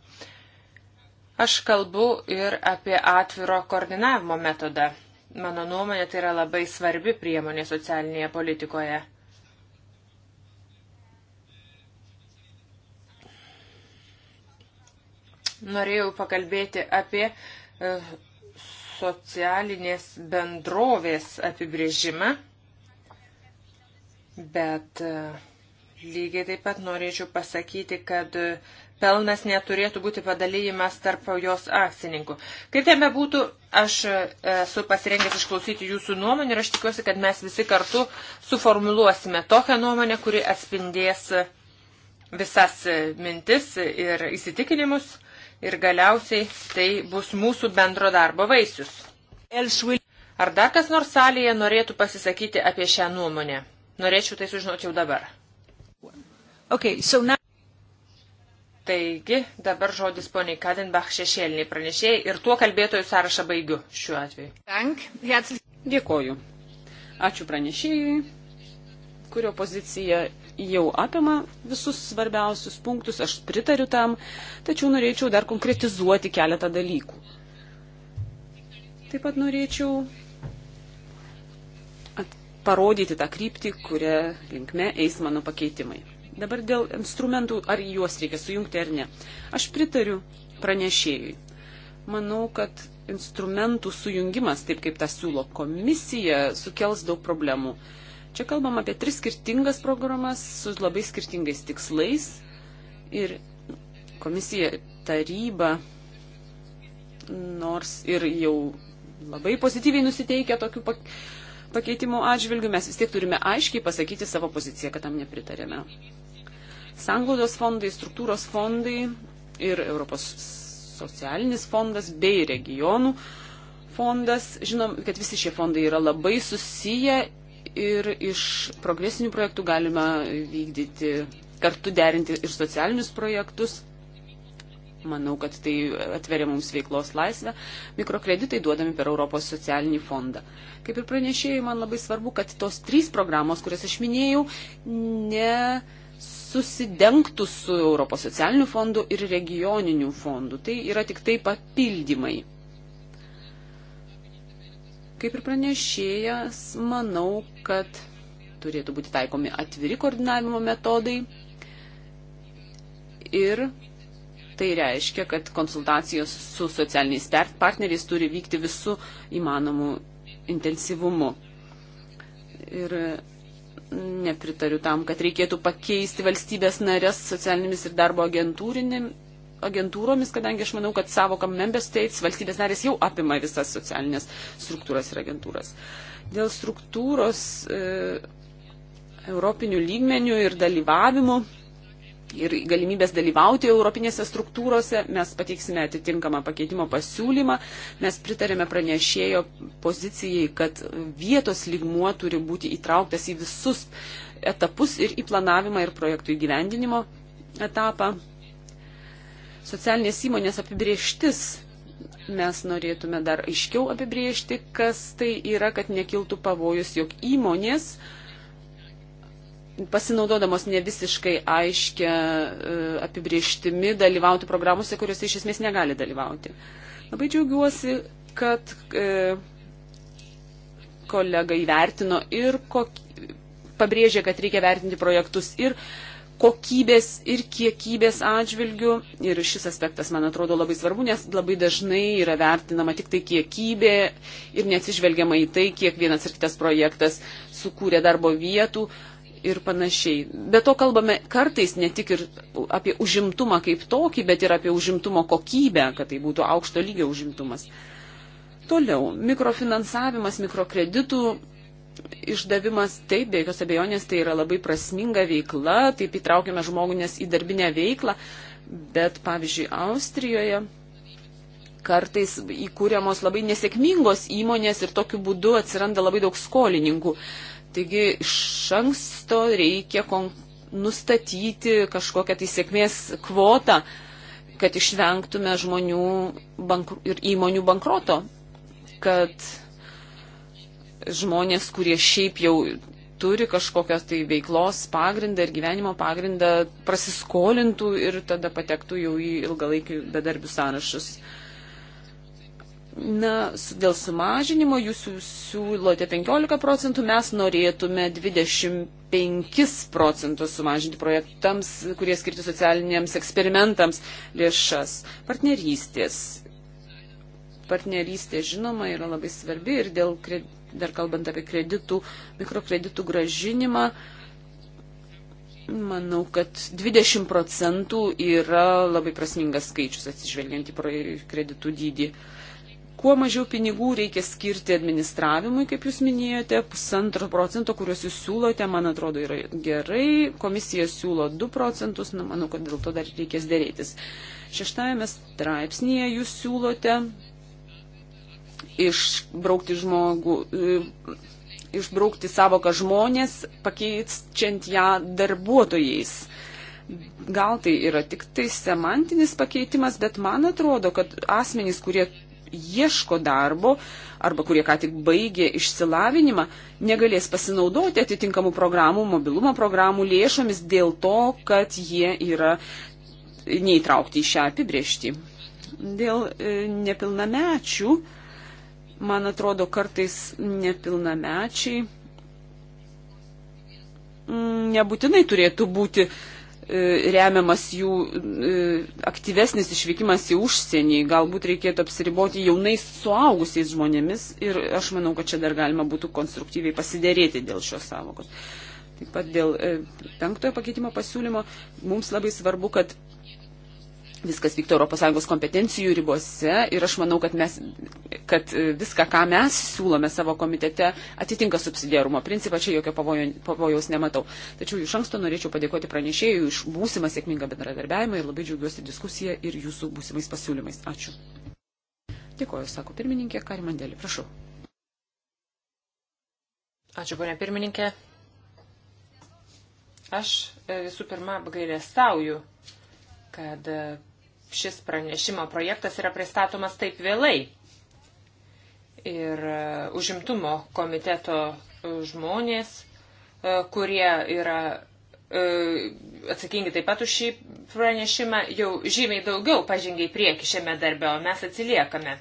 Aš kalbu ir apie atviro koordinavimo metodą. Mano nuomonė, tai yra labai svarbi priemonė socialinėje politikoje. Norėjau pakalbėti apie e, socialinės bendrovės apibrėžimą, bet e, lygiai taip pat norėčiau pasakyti, kad pelnas neturėtų būti padalyjimas tarp jos akcininkų. Kaip tame būtų, aš e, esu pasirengęs išklausyti jūsų nuomonę ir aš tikiuosi, kad mes visi kartu suformuluosime tokią nuomonę, kuri atspindės e, visas e, mintis ir įsitikinimus ir galiausiai tai bus mūsų bendro darbo vaisius. Ar dar kas nors salėje norėtų pasisakyti apie šią nuomonę? Norėčiau tai sužinoti jau dabar. Okay, so now... Taigi, dabar žodis poniai Kadenbach šešėliniai pranešėjai ir tuo kalbėtojų sąrašą baigiu šiuo atveju. Dank, Dėkoju. Ačiū pranešėjai, kurio pozicija jau apima visus svarbiausius punktus, aš pritariu tam, tačiau norėčiau dar konkretizuoti keletą dalykų. Taip pat norėčiau parodyti tą kryptį, kuria linkme eis mano pakeitimai. Dabar dėl instrumentų, ar juos reikia sujungti ar ne. Aš pritariu pranešėjui. Manau, kad instrumentų sujungimas, taip kaip tą siūlo komisija, sukels daug problemų. Čia kalbam apie tris skirtingas programas su labai skirtingais tikslais ir komisija taryba, nors ir jau labai pozityviai nusiteikia tokių pakeitimų atžvilgių, mes vis tiek turime aiškiai pasakyti savo poziciją, kad tam nepritarėme sanglaudos fondai, struktūros fondai ir Europos socialinis fondas bei regionų fondas. Žinom, kad visi šie fondai yra labai susiję ir iš progresinių projektų galima vykdyti, kartu derinti ir socialinius projektus. Manau, kad tai atveria mums veiklos laisvę. Mikrokreditai duodami per Europos socialinį fondą. Kaip ir pranešėjai, man labai svarbu, kad tos trys programos, kurias aš minėjau, ne susidengtų su Europos socialiniu fondu ir regioniniu fondu. Tai yra tik tai papildymai. Kaip ir pranešėjas, manau, kad turėtų būti taikomi atviri koordinavimo metodai ir tai reiškia, kad konsultacijos su socialiniais partneriais turi vykti visų įmanomų intensyvumu. Ir nepritariu tam, kad reikėtų pakeisti valstybės narės socialinėmis ir darbo agentūromis, kadangi aš manau, kad savokam member states valstybės narės jau apima visas socialinės struktūras ir agentūras. Dėl struktūros e, europinių lygmenių ir dalyvavimų ir galimybės dalyvauti europinėse struktūrose. Mes pateiksime atitinkamą pakeitimo pasiūlymą. Mes pritarėme pranešėjo pozicijai, kad vietos lygmuo turi būti įtrauktas į visus etapus ir į planavimą ir projektų įgyvendinimo etapą. Socialinės įmonės apibrieštis mes norėtume dar aiškiau apibriežti, kas tai yra, kad nekiltų pavojus, jog įmonės, uh, pasinaudodamos ne visiškai aiškia e, apibrieštimi dalyvauti programuose, kuriuose iš esmės negali dalyvauti. Labai džiaugiuosi, kad e, kolega įvertino ir kokį, pabrėžė, kad reikia vertinti projektus ir kokybės ir kiekybės atžvilgių. Ir šis aspektas, man atrodo, labai svarbu, nes labai dažnai yra vertinama tik tai kiekybė ir neatsižvelgiama į tai, kiek vienas ir kitas projektas sukūrė darbo vietų, ir panašiai. Be to kalbame kartais ne tik ir apie užimtumą kaip tokį, bet ir apie užimtumo kokybę, kad tai būtų aukšto lygio užimtumas. Toliau, mikrofinansavimas, mikrokreditų išdavimas, taip, be jokios abejonės, tai yra labai prasminga veikla, taip įtraukiame žmogų nes į darbinę veiklą, bet pavyzdžiui, Austrijoje kartais įkūriamos labai nesėkmingos įmonės ir tokiu būdu atsiranda labai daug skolininkų. Taigi iš anksto reikia nustatyti kažkokią tai sėkmės kvotą, kad išvengtume žmonių bankru, ir įmonių bankroto, kad žmonės, kurie šiaip jau turi kažkokią tai veiklos pagrindą ir gyvenimo pagrindą, prasiskolintų ir tada patektų jau į ilgalaikių bedarbių sąrašus. Uh, Na, dėl sumažinimo jūs siūlote 15 procentų, mes norėtume 25 procentus sumažinti projektams, kurie skirti socialiniams eksperimentams lėšas. Partnerystės. Partnerystė, žinoma, yra labai svarbi ir dėl, dar kalbant apie kreditų, mikrokreditų gražinimą, manau, kad 20 procentų yra labai prasmingas skaičius atsižvelgiant į kreditų dydį. Uh, kuo mažiau pinigų reikia skirti administravimui, kaip jūs minėjote, pusantro procento, kuriuos jūs siūlote, man atrodo, yra gerai, komisija siūlo 2 procentus, na, manau, kad dėl to dar reikės dėrėtis. Šeštajame straipsnėje jūs siūlote išbraukti žmogų, e, išbraukti savoką žmonės, pakeičiant ją darbuotojais gal tai yra tik tai semantinis pakeitimas, bet man atrodo, kad asmenys, kurie ieško darbo arba kurie ką tik baigė išsilavinimą, negalės pasinaudoti atitinkamų programų, mobilumo programų lėšomis dėl to, kad jie yra neįtraukti į šią apibriežtį. Dėl e, nepilnamečių, man atrodo, kartais nepilnamečiai mm, nebūtinai turėtų būti E, remiamas jų e, aktyvesnis išvykimas į užsienį, galbūt reikėtų apsiriboti jaunais suaugusiais žmonėmis ir aš manau, kad čia dar galima būtų konstruktyviai pasidėrėti dėl šios savokos. Taip pat dėl e, penktojo pakeitimo pasiūlymo mums labai svarbu, kad viskas vyktų ES kompetencijų ribose ir aš manau, kad, mes, kad e, viską, ką mes siūlome savo komitete, atitinka subsidiarumo principą, čia jokio pavojo, pavojaus nematau. Tačiau iš anksto norėčiau padėkoti pranešėjui už būsimą sėkmingą bendradarbiavimą ir labai džiaugiuosi diskusiją ir jūsų būsimais pasiūlymais. Ačiū. Dėkoju, sako pirmininkė Karimandėlė. Prašau. Ačiū, ponia pirmininkė. Aš e, visų pirma apgailėstauju, kad e, šis pranešimo projektas yra pristatomas taip vėlai. Ir e, užimtumo komiteto e, žmonės, e, kurie yra atsakingi taip pat už šį pranešimą, jau žymiai daugiau pažengiai prieki šiame darbe, o mes atsiliekame.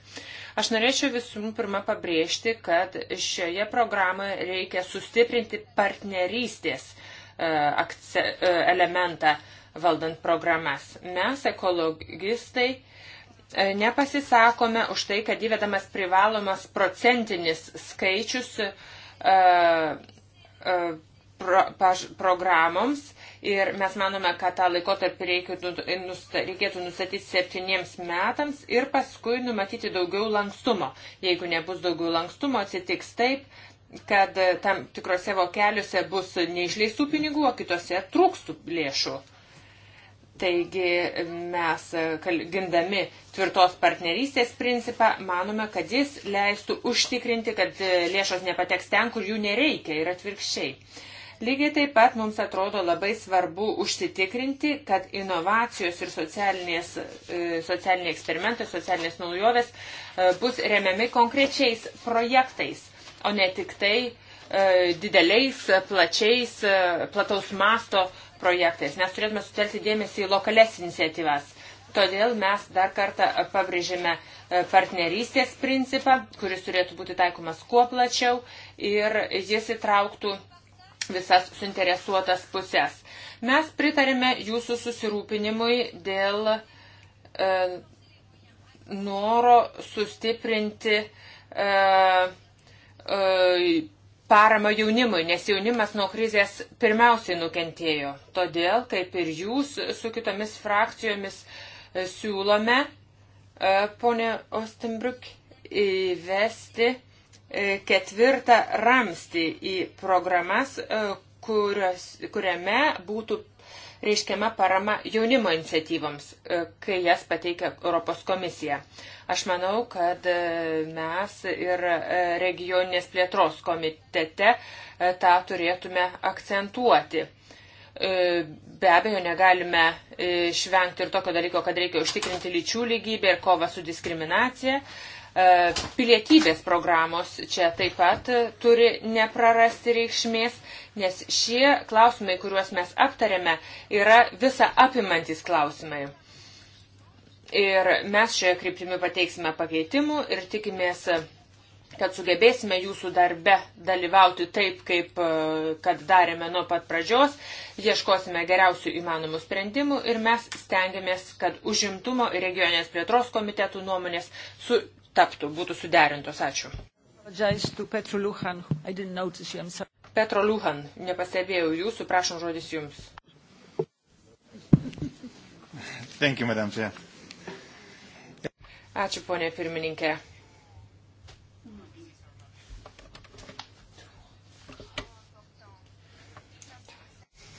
Aš norėčiau visų pirma pabrėžti, kad šioje programoje reikia sustiprinti partnerystės elementą valdant programas. Mes, ekologistai, e, nepasisakome už tai, kad įvedamas privalomas procentinis skaičius uh, uh, pro, paž, programoms ir mes manome, kad tą laikotarpį reikėtų, reikėtų nustatyti septyniems metams ir paskui numatyti daugiau lankstumo. Jeigu nebus daugiau lankstumo, atsitiks taip, kad tam tikrose vokeliuose bus neišleistų pinigų, o kitose trūkstų lėšų. Taigi mes, gindami tvirtos partnerystės principą, manome, kad jis leistų užtikrinti, kad lėšos nepateks ten, kur jų nereikia ir atvirkščiai. Lygiai taip pat mums atrodo labai svarbu užsitikrinti, kad inovacijos ir e, socialiniai eksperimentai, socialinės naujovės e, bus remiami konkrečiais projektais, o ne tik tai E, dideliais, e, plačiais, e, plataus masto projektais. Mes turėtume sutelkti dėmesį į lokales iniciatyvas. Todėl mes dar kartą pabrėžėme partnerystės principą, kuris turėtų būti taikomas kuo plačiau ir jis įtrauktų visas suinteresuotas pusės. Mes pritarėme jūsų susirūpinimui dėl e, noro sustiprinti e, e, paramą jaunimui, nes jaunimas nuo krizės pirmiausiai nukentėjo. Todėl, kaip ir jūs su kitomis frakcijomis e, siūlome, e, ponė Ostenbruk, įvesti e, ketvirtą ramstį į programas, kurios, kuriame būtų reiškiama parama jaunimo iniciatyvoms, e, kai jas pateikia Europos komisija. Aš manau, kad e, mes ir e, regioninės plėtros komitete tą turėtume akcentuoti. Be abejo, negalime išvengti ir tokio dalyko, kad reikia užtikrinti lyčių lygybę ir kovą su diskriminacija E, pilietybės programos čia taip pat turi neprarasti reikšmės, nes šie klausimai, kuriuos mes aptarėme, yra visa apimantis klausimai. Ir mes šioje kryptimi pateiksime pakeitimų ir tikimės, kad sugebėsime jūsų darbe dalyvauti taip, kaip e, kad darėme nuo pat pradžios, ieškosime geriausių įmanomų sprendimų ir mes stengiamės, kad užimtumo ir regionės plėtros komitetų nuomonės su taptų, būtų suderintos. Ačiū. Petro Luhan, nepastebėjau jūsų, prašom žodis jums. Thank you, Madam Chair. Ačiū, ponė pirmininkė.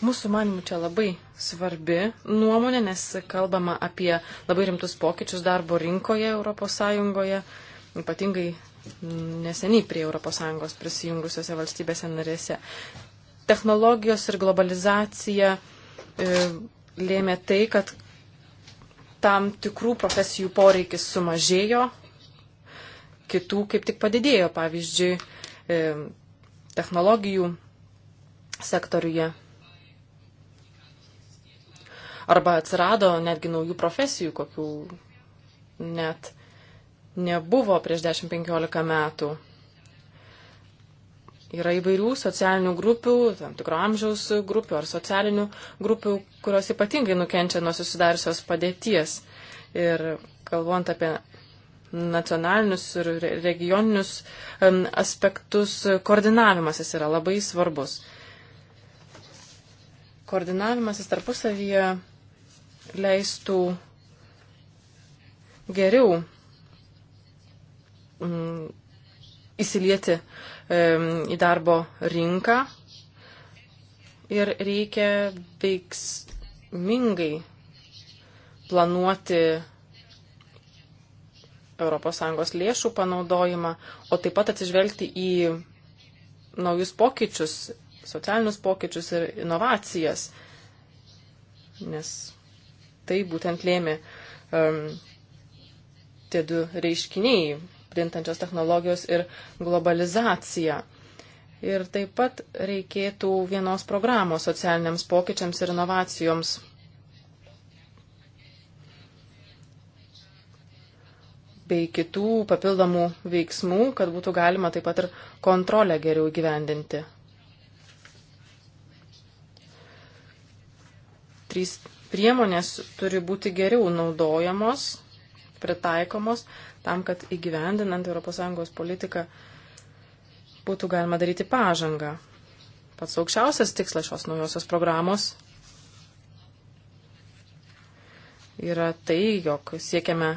Mūsų manimų čia labai svarbi nuomonė, nes kalbama apie labai rimtus pokyčius darbo rinkoje ES, ypatingai neseniai prie ES prisijungusiose valstybėse narėse. Technologijos ir globalizacija e, lėmė tai, kad tam tikrų profesijų poreikis sumažėjo, kitų kaip tik padidėjo, pavyzdžiui, e, technologijų sektoriuje arba atsirado netgi naujų profesijų, kokių net nebuvo prieš 10-15 metų. Yra įvairių socialinių grupių, tam tikro amžiaus grupių ar socialinių grupių, kurios ypatingai nukenčia nuo susidariusios padėties. Ir kalbant apie nacionalinius ir regioninius aspektus, koordinavimasis yra labai svarbus. Koordinavimasis tarpusavyje leistų geriau mm, įsilieti mm, į darbo rinką ir reikia veiksmingai planuoti ES lėšų panaudojimą, o taip pat atsižvelgti į naujus pokyčius, socialinius pokyčius ir inovacijas, nes tai būtent lėmė um, tie du reiškiniai - plintančios technologijos ir globalizacija. Ir taip pat reikėtų vienos programos socialiniams pokyčiams ir inovacijoms. bei kitų papildomų veiksmų, kad būtų galima taip pat ir kontrolę geriau gyvendinti. Trys priemonės turi būti geriau naudojamos, pritaikomos, tam, kad įgyvendinant ES politiką būtų galima daryti pažangą. Pats aukščiausias tikslas šios naujosios programos yra tai, jog siekiame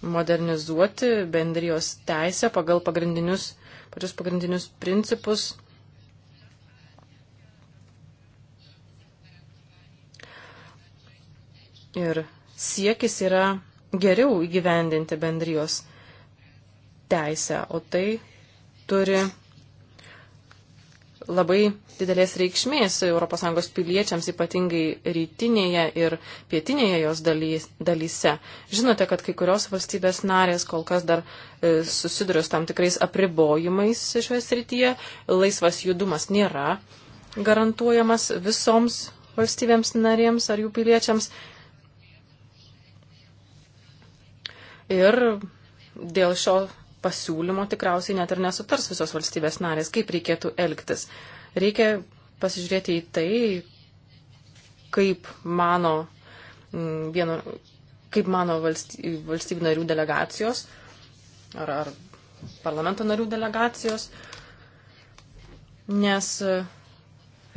modernizuoti bendrijos teisę pagal pagrindinius, pačius pagrindinius principus Ir siekis yra geriau įgyvendinti bendrijos teisę, o tai turi labai didelės reikšmės ES piliečiams, ypatingai rytinėje ir pietinėje jos dalyse. Žinote, kad kai kurios valstybės narės kol kas dar e, susiduria su tam tikrais apribojimais šioje srityje, laisvas judumas nėra garantuojamas visoms valstybėms narėms ar jų piliečiams ir dėl šio pasiūlymo tikriausiai net ir nesutars visos valstybės narės, kaip reikėtų elgtis. Reikia pasižiūrėti į tai, kaip mano, mm, vieno, kaip mano valstybių narių delegacijos ar, ar parlamento narių delegacijos, nes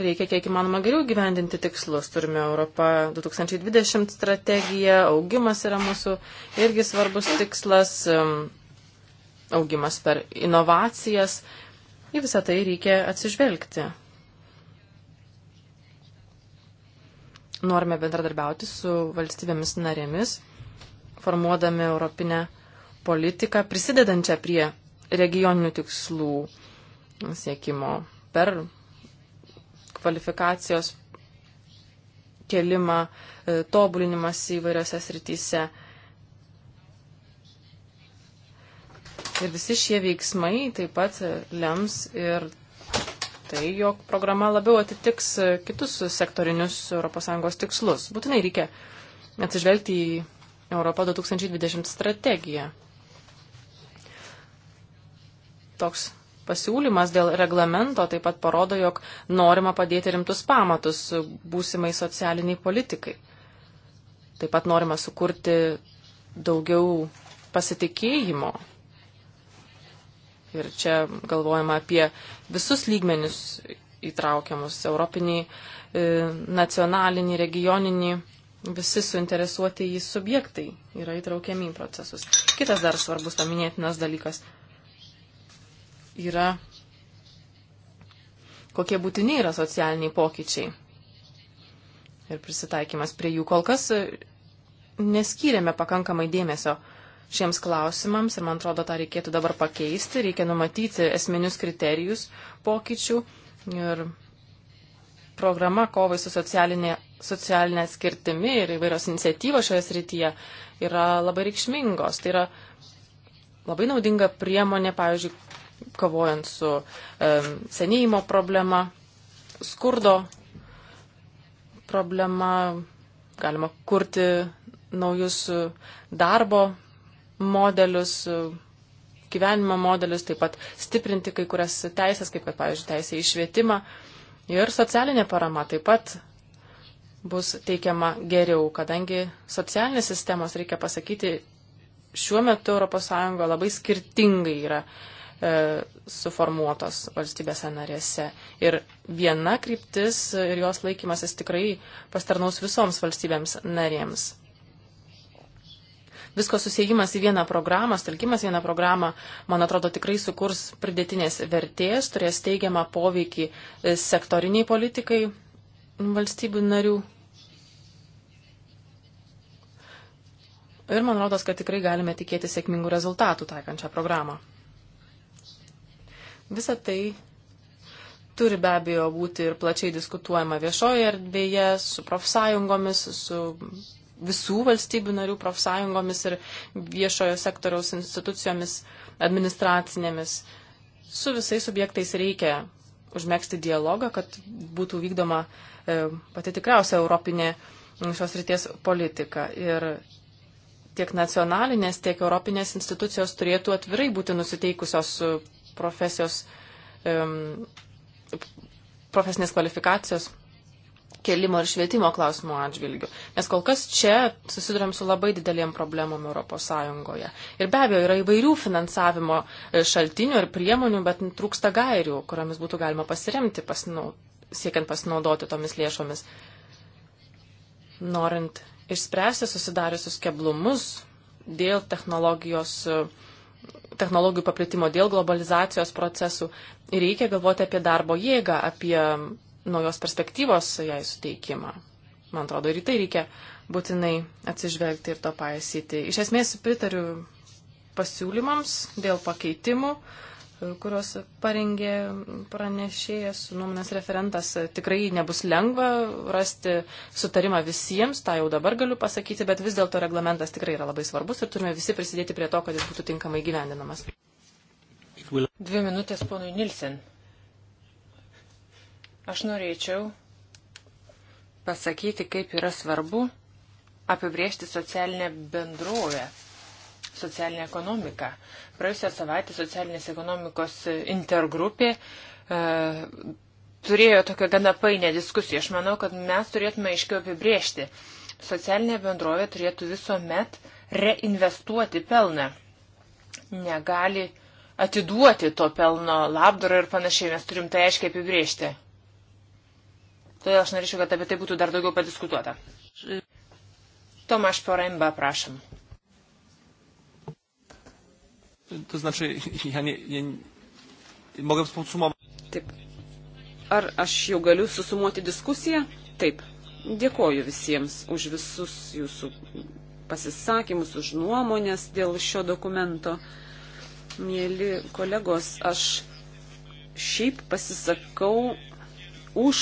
Reikia kiek įmanoma geriau gyvendinti tikslus. Turime Europą 2020 strategiją, augimas yra mūsų irgi svarbus tikslas, augimas per inovacijas. Į visą tai reikia atsižvelgti. Norime bendradarbiauti su valstybėmis narėmis, formuodami europinę politiką, prisidedančią prie regioninių tikslų siekimo per kvalifikacijos kelimą, e, tobulinimas įvairiose srityse. Ir visi šie veiksmai taip pat e, lems ir tai, jog programa labiau atitiks e, kitus sektorinius ES tikslus. Būtinai reikia atsižvelgti į Europą 2020 strategiją. Toks pasiūlymas dėl reglamento taip pat parodo, jog norima padėti rimtus pamatus būsimai socialiniai politikai. Taip pat norima sukurti daugiau pasitikėjimo. Ir čia galvojama apie visus lygmenius įtraukiamus - europinį, e, nacionalinį, regioninį. Visi suinteresuoti į subjektai yra įtraukiami į procesus. Kitas dar svarbus paminėtinas dalykas yra, kokie būtini yra socialiniai pokyčiai ir prisitaikymas prie jų. Kol kas e, neskyrėme pakankamai dėmesio šiems klausimams ir man atrodo, tą reikėtų dabar pakeisti, reikia numatyti esminius kriterijus pokyčių ir programa kovai su socialinė, socialinė skirtimi ir įvairios iniciatyvos šioje srityje yra labai reikšmingos. Tai yra labai naudinga priemonė, pavyzdžiui, kovojant su um, senėjimo problema, skurdo problema, galima kurti naujus darbo modelius, gyvenimo modelius, taip pat stiprinti kai kurias teisės, kaip kad, pavyzdžiui, teisė į švietimą. Ir socialinė parama taip pat bus teikiama geriau, kadangi socialinės sistemos, reikia pasakyti, šiuo metu ES labai skirtingai yra E, suformuotos valstybėse narėse. Ir viena kryptis ir jos laikymasis tikrai pastarnaus visoms valstybėms narėms. Visko susijimas į vieną programą, stalkimas į vieną programą, man atrodo, tikrai sukurs pridėtinės vertės, turės teigiamą poveikį e, sektoriniai politikai valstybių narių. Ir man rodos, kad tikrai galime tikėti sėkmingų rezultatų taikančią programą. Visa tai turi be abejo būti ir plačiai diskutuojama viešoje erdvėje, su profsąjungomis, su visų valstybių narių profsąjungomis ir viešojo sektoriaus institucijomis, administracinėmis. Su visais subjektais reikia užmėgsti dialogą, kad būtų vykdoma e, pati tikriausia europinė šios ryties politika. Ir tiek nacionalinės, tiek europinės institucijos turėtų atvirai būti nusiteikusios profesijos, profesinės kvalifikacijos kelimo ir švietimo klausimų atžvilgių. Nes kol kas čia susidurėm su labai didelėm problemom ES. Ir be abejo, yra įvairių finansavimo e, šaltinių ir priemonių, bet trūksta gairių, kuriomis būtų galima pasiremti, pasinau, siekiant pasinaudoti tomis lėšomis. Norint išspręsti susidariusius keblumus dėl technologijos uh, technologijų paplitimo, dėl globalizacijos procesų. Ir reikia galvoti apie darbo jėgą, apie naujos perspektyvos jai suteikimą. Man atrodo, ir į tai reikia būtinai atsižvelgti ir to paėsyti. Iš esmės pritariu pasiūlymams dėl pakeitimų. Uh, kurios parengė pranešėjas, nuomonės referentas. Tikrai nebus lengva rasti sutarimą visiems, tą jau dabar galiu pasakyti, bet vis dėlto reglamentas tikrai yra labai svarbus ir turime visi prisidėti prie to, kad jis būtų tinkamai gyvendinamas. Dvi minutės ponui Nilsen. Aš norėčiau pasakyti, kaip yra svarbu apibriežti socialinę bendrovę socialinę ekonomiką. Praėjusią savaitę socialinės ekonomikos intergrupė e, turėjo tokią gana painę diskusiją. Aš manau, kad mes turėtume aiškiau apibriežti. Socialinė bendrovė turėtų visuomet reinvestuoti pelną. Negali atiduoti to pelno labdarą ir panašiai. Mes turim tai aiškiai apibriežti. Todėl aš norėčiau, kad apie tai būtų dar daugiau padiskutuota. Tomaš Poremba, prašom. To znaczy, ja nie, nie, mogę podsumować. Taip. Ar aš jau galiu susumuoti diskusiją? Taip. Dėkoju visiems už visus jūsų pasisakymus, už nuomonės dėl šio dokumento. Mėly kolegos, aš šiaip pasisakau už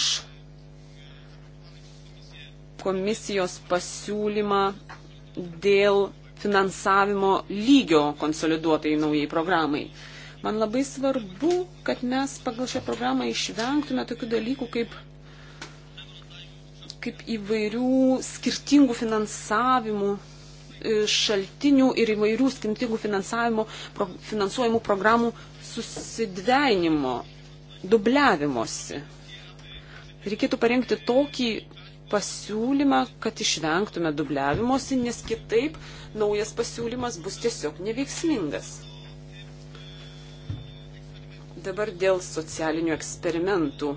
komisijos pasiūlymą dėl finansavimo lygio konsoliduotai naujai programai. Man labai svarbu, kad mes pagal šią programą išvengtume tokių dalykų kaip, kaip įvairių skirtingų finansavimų e, šaltinių ir įvairių skirtingų finansavimo, pro, finansuojamų programų susidvenimo, dubliavimosi. Reikėtų parengti tokį pasiūlymą, kad išvengtume dubliavimuose, nes kitaip naujas pasiūlymas bus tiesiog neveiksmingas. Dabar dėl socialinių eksperimentų.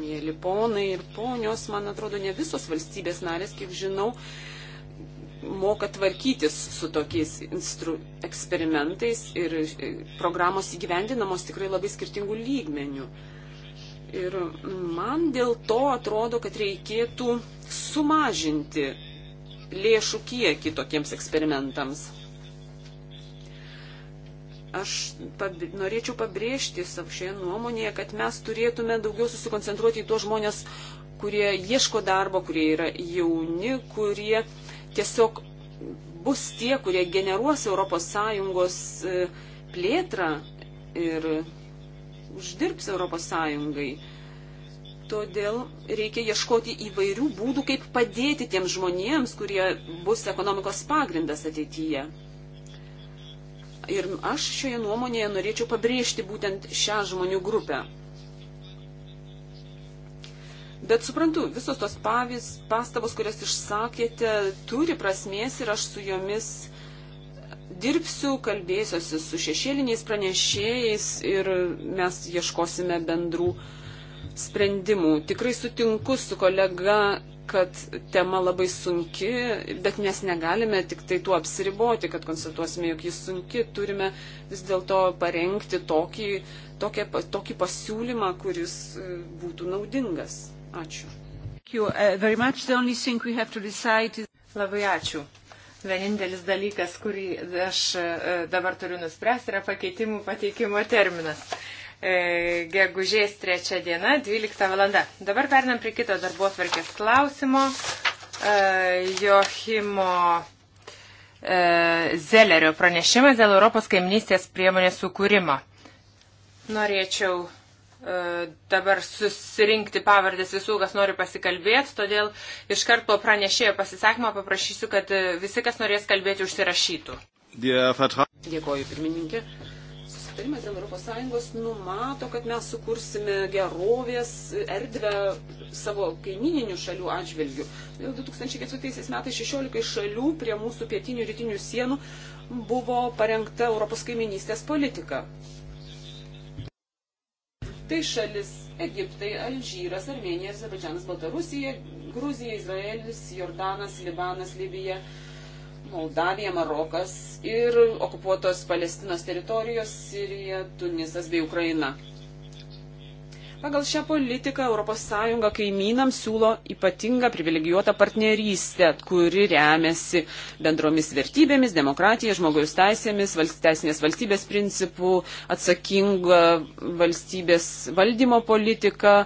Mėly ponai ir ponios, man atrodo, ne visos valstybės narės, kiek žinau, moka tvarkytis su tokiais instru, eksperimentais ir e, programos įgyvendinamos tikrai labai skirtingų lygmenių. Ir man dėl to atrodo, kad reikėtų sumažinti lėšų kiekį tokiems eksperimentams. Aš pab norėčiau pabrėžti savo šioje nuomonėje, kad mes turėtume daugiau susikoncentruoti į tuos žmonės, kurie ieško darbo, kurie yra jauni, kurie tiesiog bus tie, kurie generuos ES e, plėtrą ir uždirbs ES. Todėl reikia ieškoti įvairių būdų, kaip padėti tiems žmonėms, kurie bus ekonomikos pagrindas ateityje. Ir aš šioje nuomonėje norėčiau pabrėžti būtent šią žmonių grupę. Bet suprantu, visos tos pavyz, pastabos, kurias išsakėte, turi prasmės ir aš su jomis uh, dirbsiu, kalbėsiuosi su šešėliniais pranešėjais ir mes ieškosime bendrų sprendimų. Tikrai sutinku su kolega, kad tema labai sunki, bet mes negalime tik tai tuo apsiriboti, kad konstatuosime, jog jis sunki. Turime vis dėlto parengti tokį, tokią, tokį pasiūlymą, kuris e, būtų naudingas. Ačiū. Uh, labai ačiū vienintelis dalykas, kurį aš e, dabar turiu nuspręsti, yra pakeitimų pateikimo terminas. E, gegužės trečia diena, 12 valanda. Dabar pernam prie kito darbo atvarkės klausimo. E, Johimo Zellerio pranešimas dėl Europos kaiminystės priemonės sukūrimo. Norėčiau dabar susirinkti pavardės visų, kas nori pasikalbėti, todėl iškart po pranešėjo pasisakymo paprašysiu, kad visi, kas norės kalbėti, užsirašytų. Dėkoju, pirmininkė. Susitarimas dėl ES numato, kad mes sukursime gerovės erdvę savo kaimininių šalių atžvilgių. 2004 metais 16 šalių prie mūsų pietinių rytinių sienų buvo parengta Europos kaiminystės politika. Tai šalis Egiptai, Alžyras, Armenija, Azerbaidžanas, Baltarusija, Gruzija, Izraelis, Jordanas, Libanas, Libija, Moldavija, Marokas ir okupuotos Palestinos teritorijos Sirija, Tunisas bei Ukraina. Pagal šią politiką ES kaimynams siūlo ypatingą privilegijuotą partnerystę, kuri remiasi bendromis vertybėmis, demokratija, žmogaus teisėmis, valst, teisinės valstybės principų, atsakinga valstybės valdymo politika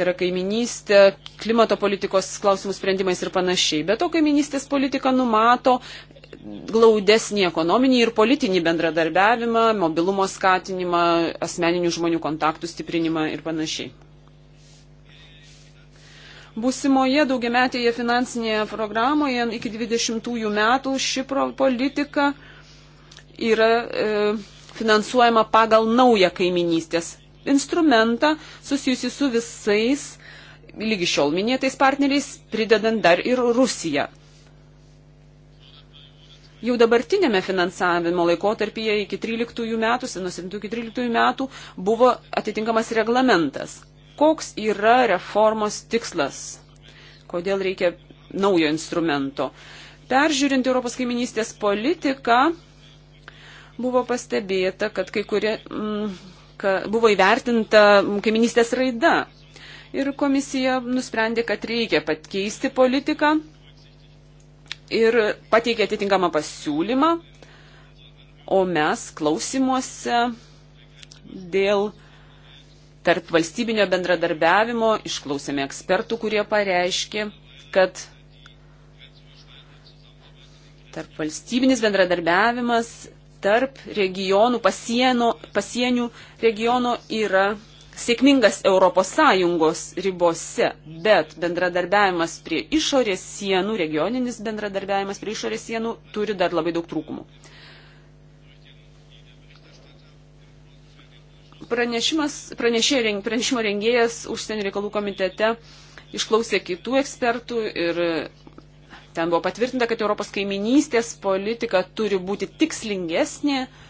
gera kaiminystė, klimato politikos klausimų sprendimais ir panašiai. Bet to kaiminystės politika numato glaudesnį ekonominį ir politinį bendradarbiavimą, mobilumo skatinimą, asmeninių žmonių kontaktų stiprinimą ir panašiai. Būsimoje daugiametėje finansinėje programoje iki 20 metų ši politika yra e, finansuojama pagal naują kaiminystės instrumentą susijusi su visais lygi šiol minėtais partneriais, pridedant dar ir Rusiją jau dabartinėme finansavimo laikotarpyje iki 13 metų, nuo 7 iki 13 metų buvo atitinkamas reglamentas. Koks yra reformos tikslas? Kodėl reikia naujo instrumento? Peržiūrint Europos kaiminystės politiką, buvo pastebėta, kad kai kurie mm, ka, buvo įvertinta kaiminystės raida. Ir komisija nusprendė, kad reikia pakeisti politiką ir pateikė atitinkamą pasiūlymą, o mes klausimuose dėl tarp valstybinio bendradarbiavimo išklausėme ekspertų, kurie pareiškė, kad tarp valstybinis bendradarbiavimas tarp regionų, pasieno, pasienių regiono yra sėkmingas ES ribose, bet bendradarbiavimas prie išorės sienų, regioninis bendradarbiavimas prie išorės sienų turi dar labai daug trūkumų. Reng, pranešimo rengėjas užsienio reikalų komitete išklausė kitų ekspertų ir ten buvo patvirtinta, kad Europos kaiminystės politika turi būti tikslingesnė, uh,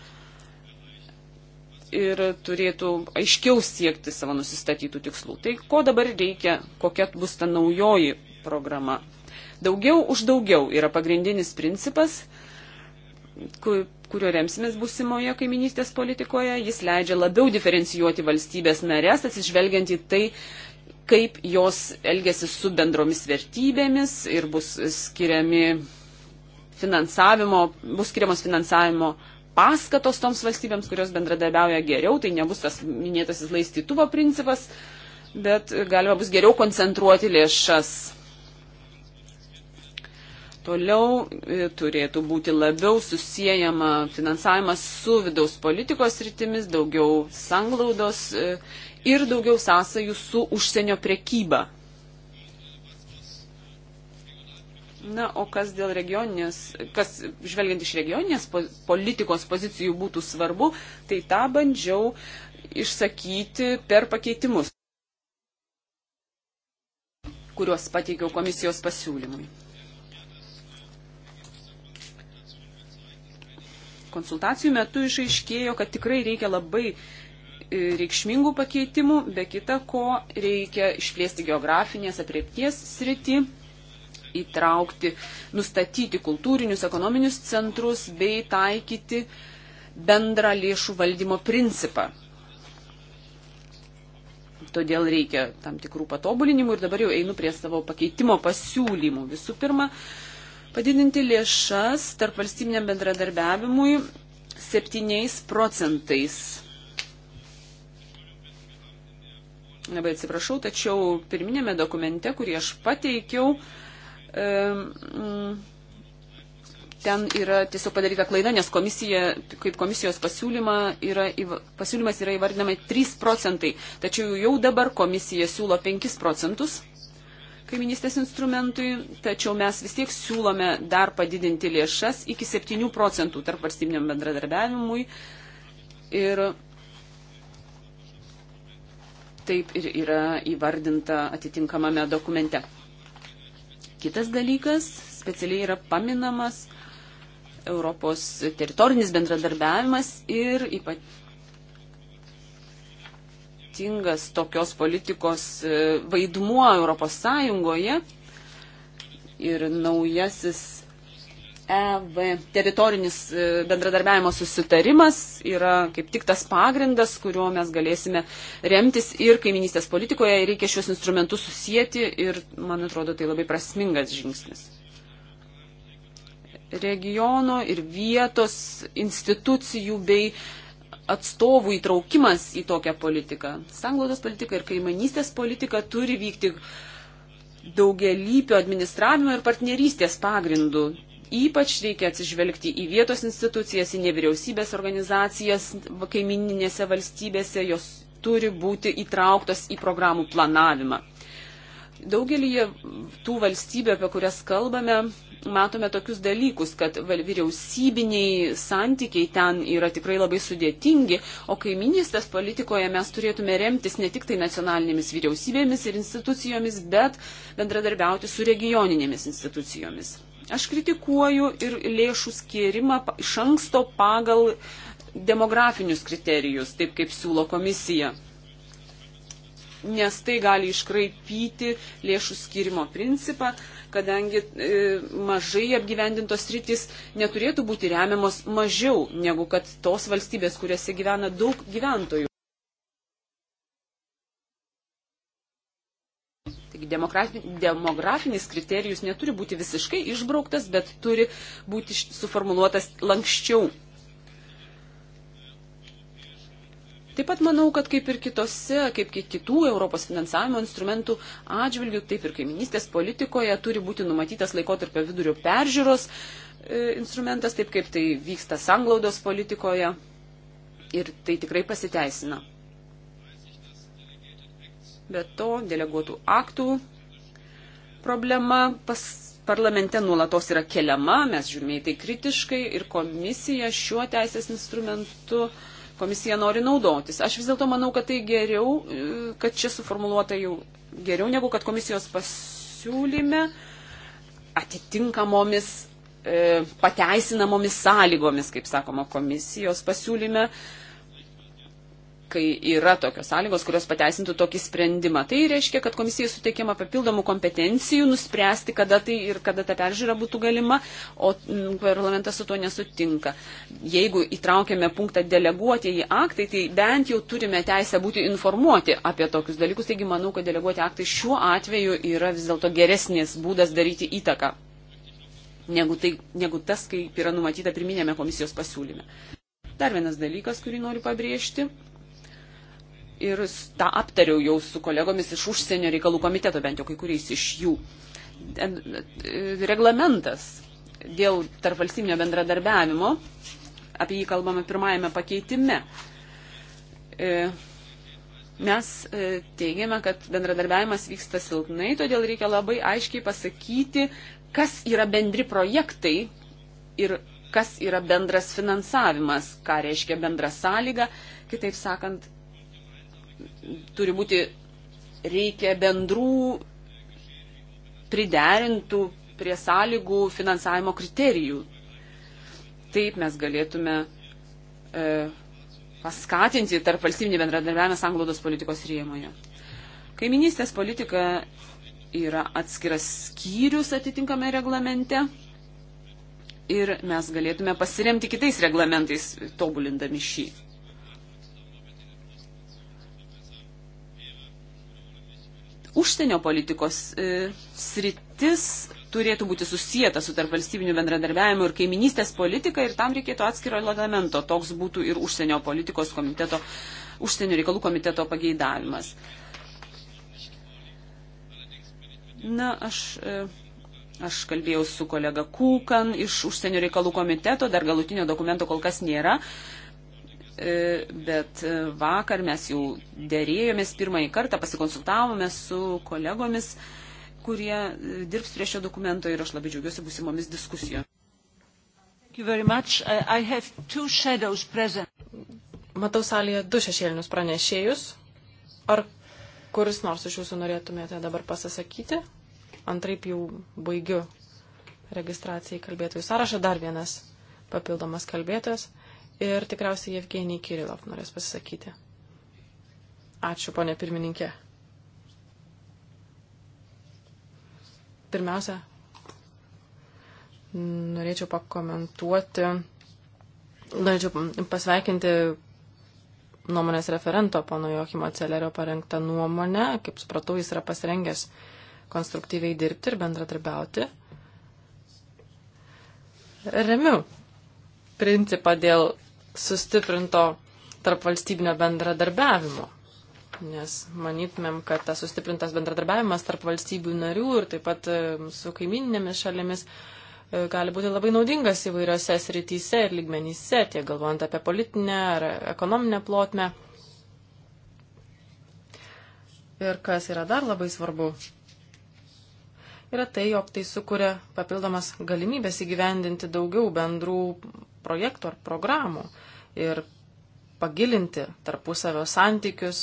ir turėtų aiškiau siekti savo nusistatytų tikslų. Tai ko dabar reikia, kokia bus ta naujoji programa. Daugiau už daugiau yra pagrindinis principas, kuriuo remsimės būsimoje kaiminystės politikoje. Jis leidžia labiau diferencijuoti valstybės narės, atsižvelgiant į tai, kaip jos elgesi su bendromis vertybėmis ir bus skiriami finansavimo, bus skiriamos finansavimo paskatos toms valstybėms, kurios bendradarbiauja geriau, tai nebus tas minėtasis laistytuvo principas, bet galima bus geriau koncentruoti lėšas. Toliau e, turėtų būti labiau susijęjama finansavimas su vidaus politikos rytimis, daugiau sanglaudos e, ir daugiau sąsajų su užsienio prekyba. Na, o kas dėl regioninės, kas žvelgiant iš regioninės politikos pozicijų būtų svarbu, tai tą bandžiau išsakyti per pakeitimus, kuriuos pateikiau komisijos pasiūlymui. Konsultacijų metu išaiškėjo, kad tikrai reikia labai e, reikšmingų pakeitimų, be kita ko reikia išplėsti geografinės apriepties sritį įtraukti, nustatyti kultūrinius, ekonominius centrus bei taikyti bendrą lėšų valdymo principą. Todėl reikia tam tikrų patobulinimų ir dabar jau einu prie savo pakeitimo pasiūlymų. Visų pirma, padidinti lėšas tarp valstybiniam bendradarbiavimui 7 procentais. Labai atsiprašau, tačiau pirminėme dokumente, kurį aš pateikiau, ten yra tiesiog padaryta klaida, nes komisija, kaip komisijos pasiūlyma yra, pasiūlymas yra įvardinama 3 procentai, tačiau jau dabar komisija siūlo 5 procentus kaiminystės instrumentui, tačiau mes vis tiek siūlome dar padidinti lėšas iki 7 procentų tarp valstybiniam bendradarbiavimui. Ir taip ir yra įvardinta atitinkamame dokumente. Kitas dalykas, specialiai yra paminamas Europos teritorinis bendradarbiavimas ir ypatingas tokios politikos e, vaidmuo Europos Sąjungoje ir naujasis EV teritorinis e, bendradarbiavimo susitarimas yra kaip tik tas pagrindas, kuriuo mes galėsime remtis ir kaiminystės politikoje. Reikia šios instrumentus susijęti ir, man atrodo, tai labai prasmingas žingsnis. Regiono ir vietos institucijų bei atstovų įtraukimas į tokią politiką. Sanglaudos politika ir kaiminystės politika turi vykti daugelypio administravimo ir partnerystės pagrindų ypač reikia atsižvelgti į vietos institucijas, į nevyriausybės organizacijas kaimininėse valstybėse, jos turi būti įtrauktos į programų planavimą. Daugelį tų valstybių, apie kurias kalbame, matome tokius dalykus, kad vyriausybiniai santykiai ten yra tikrai labai sudėtingi, o kaiminystės politikoje mes turėtume remtis ne tik tai nacionalinėmis vyriausybėmis ir institucijomis, bet bendradarbiauti su regioninėmis institucijomis. Aš kritikuoju ir lėšų skėrimą iš anksto pagal demografinius kriterijus, taip kaip siūlo komisija. Nes tai gali iškraipyti lėšų skirimo principą, kadangi e, mažai apgyvendintos rytis neturėtų būti remiamos mažiau negu kad tos valstybės, kuriuose gyvena daug gyventojų. Taigi demografinis kriterijus neturi būti visiškai išbrauktas, bet turi būti suformuluotas lankščiau. Taip pat manau, kad kaip ir kitose, kaip ir kitų Europos finansavimo instrumentų atžvilgių, taip ir kaiminystės politikoje turi būti numatytas laikotarpio vidurio peržiūros e, instrumentas, taip kaip tai vyksta sanglaudos politikoje. Ir tai tikrai pasiteisina bet to deleguotų aktų problema pas, parlamente nuolatos yra keliama, mes žiūrime į tai kritiškai ir komisija šiuo teisės instrumentu komisija nori naudotis. Aš vis dėlto manau, kad tai geriau, e, kad čia suformuoluota jau geriau negu kad komisijos pasiūlyme atitinkamomis e, pateisinamomis sąlygomis, kaip sakoma, komisijos pasiūlyme. E, kai yra tokios sąlygos, kurios pateisintų tokį sprendimą. Tai reiškia, kad komisijai suteikiama papildomų kompetencijų nuspręsti, kada tai ir kada ta peržiūra būtų galima, o mm, parlamentas su to nesutinka. Jeigu įtraukėme punktą deleguoti į aktai, tai bent jau turime teisę būti informuoti apie tokius dalykus. Taigi manau, kad deleguoti aktai šiuo atveju yra vis dėlto geresnis būdas daryti įtaką negu, tai, negu tas, kaip yra numatyta pirminėme komisijos pasiūlyme. Dar vienas dalykas, kurį noriu pabrėžti, ir tą aptariau jau su kolegomis iš užsienio reikalų komiteto, bent jau kai kuriais iš jų. E, reglamentas dėl tarpvalstybinio bendradarbiavimo, apie jį kalbame pirmajame pakeitime. E, mes e, teigiame, kad bendradarbiavimas vyksta silpnai, todėl reikia labai aiškiai pasakyti, kas yra bendri projektai ir kas yra bendras finansavimas, ką reiškia bendra sąlyga, kitaip sakant, turi būti reikia bendrų priderintų prie sąlygų finansavimo kriterijų. Taip mes galėtume e, paskatinti tarp valstybinį bendradarbiavimą sanglaudos politikos rėmoje. Kaiminystės politika yra atskiras skyrius atitinkame reglamente ir mes galėtume pasiremti kitais reglamentais, tobulindami šį. užsienio politikos e, sritis turėtų būti susijęta su tarpvalstybiniu bendradarbiavimu ir kaiminystės politika ir tam reikėtų atskiro reglamento. Toks būtų ir užsienio politikos komiteto, užsienio reikalų komiteto pageidavimas. Na, aš, e, aš kalbėjau su kolega Kūkan iš užsienio reikalų komiteto, dar galutinio dokumento kol kas nėra, E, bet e, vakar mes jau dėrėjomės pirmąjį kartą, pasikonsultavome su kolegomis, kurie e, dirbs prie šio dokumento ir aš labai džiaugiuosi busimomis diskusijomis. Matau salėje du šešėlinius pranešėjus. Ar kuris nors iš jūsų norėtumėte dabar pasisakyti? Antraip jau baigiu registracijai kalbėtojų sąrašą. Dar vienas papildomas kalbėtojas ir tikriausiai Jevgenijai Kirilov norės pasisakyti. Ačiū, ponė pirmininkė. Pirmiausia, norėčiau pakomentuoti, norėčiau pasveikinti nuomonės referento, pono Jochimo Celerio parengtą nuomonę. Kaip supratau, jis yra pasirengęs konstruktyviai dirbti ir bendradarbiauti. Remiu principą dėl sustiprinto tarp valstybinio bendradarbiavimo. Nes manytumėm, kad tas sustiprintas bendradarbiavimas tarp valstybių narių ir taip pat e, su kaimininėmis šalimis e, gali būti labai naudingas įvairiose srityse ir lygmenyse, tiek galvojant apie politinę ar ekonominę plotmę. Ir kas yra dar labai svarbu, yra tai, jog tai sukuria papildomas galimybės įgyvendinti daugiau bendrų projektų ar programų ir pagilinti tarpusavio santykius,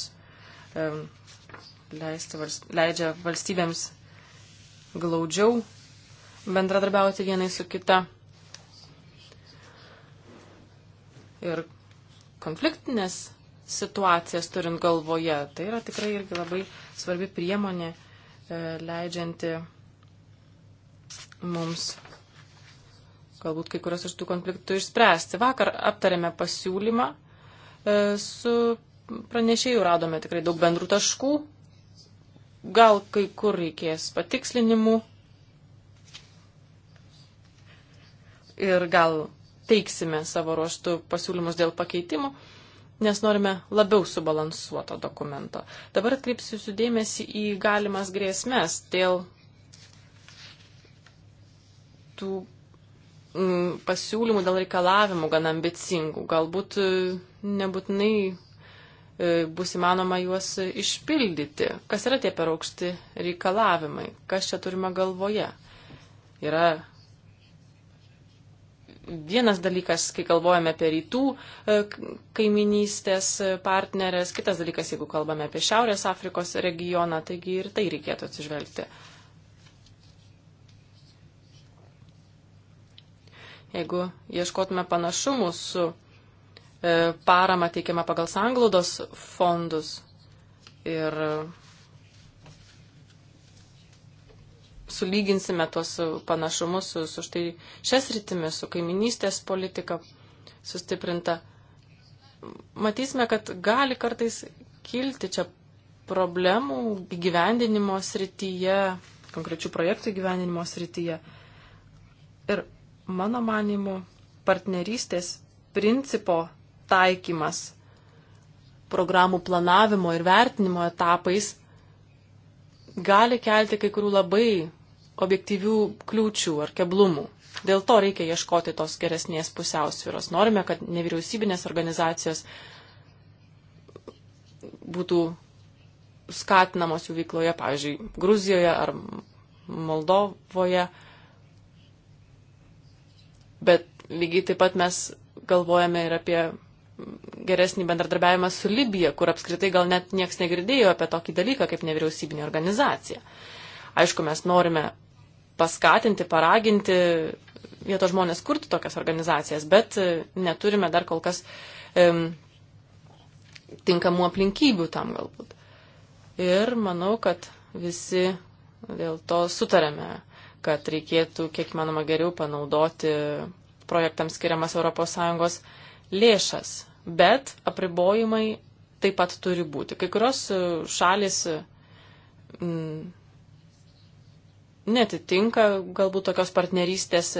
leisti, leidžia valstybėms glaudžiau bendradarbiauti vienai su kita. Ir konfliktinės situacijas turint galvoje, tai yra tikrai irgi labai svarbi priemonė e, leidžianti mums galbūt kai kurios iš tų konfliktų išspręsti. Vakar aptarėme pasiūlymą, e, su pranešėjų radome tikrai daug bendrų taškų, gal kai kur reikės patikslinimų ir gal teiksime savo ruoštų pasiūlymus dėl pakeitimų nes norime labiau subalansuoto dokumento. Dabar atkreipsiu jūsų dėmesį į galimas grėsmės dėl tų Mm, pasiūlymų dėl reikalavimų gan ambicingų. Galbūt e, nebūtinai e, bus įmanoma juos išpildyti. Kas yra tie per aukšti reikalavimai? Kas čia turime galvoje? Yra vienas dalykas, kai galvojame apie rytų e, kaiminystės partnerės, kitas dalykas, jeigu kalbame apie Šiaurės Afrikos regioną, taigi ir tai reikėtų atsižvelgti. Jeigu ieškotume panašumų su e, parama teikiama pagal sanglaudos fondus ir e, sulyginsime tuos panašumus su, su štai šias rytimis, su kaiminystės politika sustiprinta, matysime, kad gali kartais kilti čia problemų gyvendinimo srityje, konkrečių projektų gyvendinimo srityje. Ir Mano manimu, partnerystės principo taikymas programų planavimo ir vertinimo etapais gali kelti kai kurių labai objektyvių kliūčių ar keblumų. Dėl to reikia ieškoti tos geresnės pusiausvyros. Norime, kad nevyriausybinės organizacijos būtų skatinamos jų veikloje, pavyzdžiui, Gruzijoje ar Moldovoje bet lygiai taip pat mes galvojame ir apie geresnį bendradarbiavimą su Libija, kur apskritai gal net nieks negirdėjo apie tokį dalyką kaip nevyriausybinė organizacija. Aišku, mes norime paskatinti, paraginti vietos žmonės kurti tokias organizacijas, bet e, neturime dar kol kas um, tinkamų aplinkybių tam galbūt. Ir manau, kad visi dėl to sutarėme kad reikėtų kiek manoma geriau panaudoti projektams skiriamas ES lėšas. Bet apribojimai taip pat turi būti. Kai kurios šalis mm, netitinka galbūt tokios partnerystės